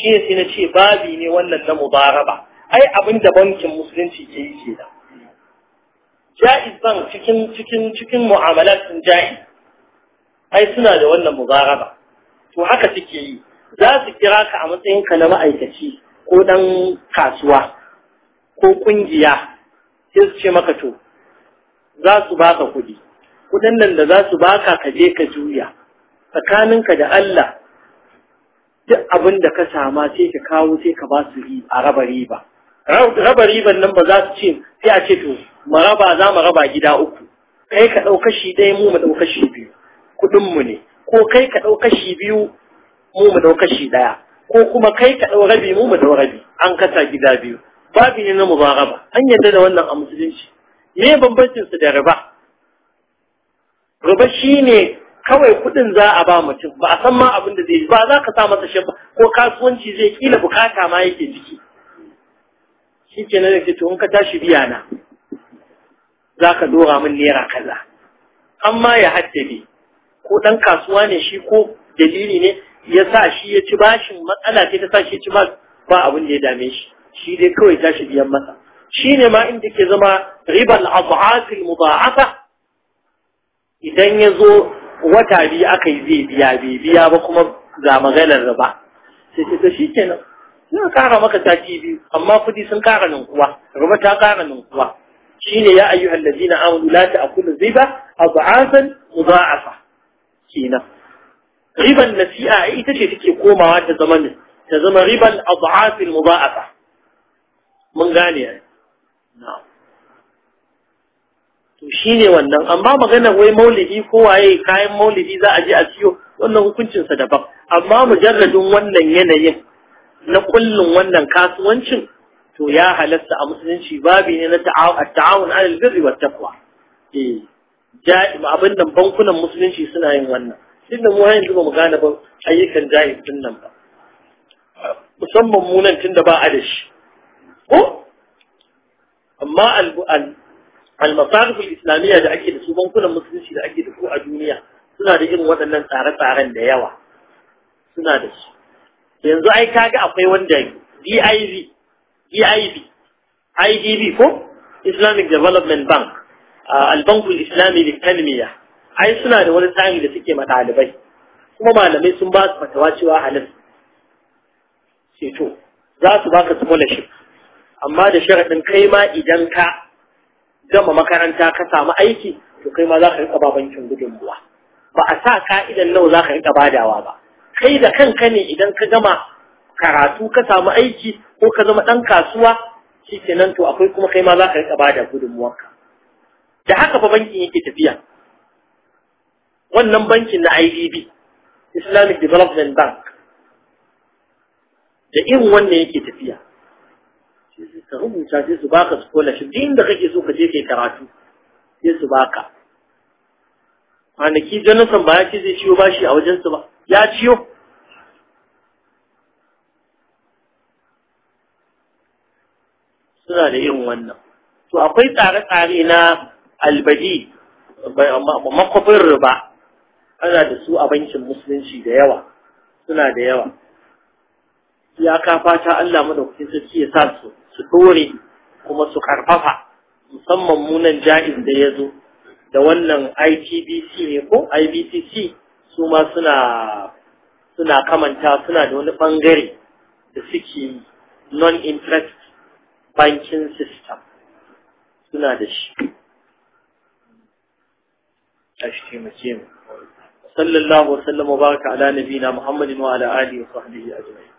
shi ne sai na ce babi ne wannan na mubaraba ai abin da bankin musulunci ke yi ke da. jaiz ban cikin cikin cikin mu'amalat sun jaiz ai suna da wannan mubaraba to haka suke yi za su kira ka a matsayinka na ma'aikaci ko dan kasuwa ko ƙungiya? sai su ce maka to za su baka kuɗi kuɗin nan da za su baka ka je ka juya tsakaninka da Allah duk abin da ka sama sai ka kawo sai ka ba su a raba riba raba riban nan ba za su ce sai a ce to mu raba za mu raba gida uku kai ka dauka shi ɗaya mu mu dauka shi biyu kuɗin mu ne ko kai ka dauka shi biyu mu mu dauka shi ɗaya ko kuma kai ka ɗau rabi mu mu ɗau rabi an kasa gida biyu babu ne na mubaraba an yarda da wannan a musulunci me bambancin su da riba riba shine kawai kuɗin za a ba mutum ba a san ma abin da zai ba za ka sa masa shi ko kasuwanci zai kila bukata ma yake ciki shi ke nan yake to in ka tashi biya na za ka dora min naira kaza amma ya haddabi ko ɗan kasuwa ne shi ko dalili ne ya sa shi ya ci bashin matsala ce ta sa shi ci ba abin da ya dame shi shi dai kawai tashi biyan masa shi ne ma inda ke zama ribal abu'afil mudha'afa idan ya zo wata biyu aka yi zai biya bai biya ba kuma ga maganar ba sai ce to kenan. zan kara maka sati biyu amma kudi sun kara ninkuwa riba ta kara ninkuwa shine ya ayyuhal ladina amanu la ta'kulu riba ad'afan mudha'afa kenan riban nasi'a ita ce take komawa ta zama ta zama riban ad'afil mudha'afa mun gane na'am to shine wannan amma magana wai maulidi ko waye kayan maulidi za a je a siyo wannan hukuncin sa daban amma mujarradin wannan yanayin na kullun wannan kasuwancin to ya halatta a musulunci babi ne na ta'awun alal birri wa taqwa eh ja'im abin nan bankunan musulunci suna yin wannan tunda mu har yanzu ba mu gane ba ayyukan ja'im din nan ba musamman mu nan tunda ba a da shi ko amma al al-masarif al-islamiyya da ake da su bankunan musulunci da ake da su a duniya suna da irin waɗannan tsare-tsaren da yawa suna da su yanzu ai kaga akwai wanda DIB DIB IDB ko Islamic Development Bank al banku Islami lil-Tanmiya ai suna da wani tsari da suke ma ɗalibai kuma malamai sun ba su fatawa cewa halin ceto za su baka scholarship amma da sharaɗin kai ma idan ka gama makaranta ka samu aiki to kai ma za ka riƙa babancin gudunmuwa ba a sa ka'idan nawa za ka riƙa badawa ba kai da kanka ne idan ka gama karatu ka samu aiki ko ka zama ɗan kasuwa shi kenan to akwai kuma kai ma za ka riƙa ba da gudunmuwanka. da haka fa bankin yake tafiya wannan bankin na IDB Islamic Development Bank da irin wannan yake tafiya ka rubuta sai su baka scholarship duk inda kake so ka je kai karatu sai su baka kwanaki Jonathan ba ya ce zai ciyo bashi a wajensu ba ya ciyo suna da yin wannan to akwai tsare-tsare na albadi makwafin riba ana da su a bankin musulunci da yawa suna da yawa ya ka fata Allah madaukakin sarki ya sa su su dore kuma su karfafa musamman munan ja'iz da ya zo da wannan ITBC ne ko IBCC su ma suna suna kamanta suna da wani bangare da suke non-interest banking system suna da shi mu. sallallahu wasallam wa baraka ala nabina muhammadin wa ala alihi wa sahbihi ajma'in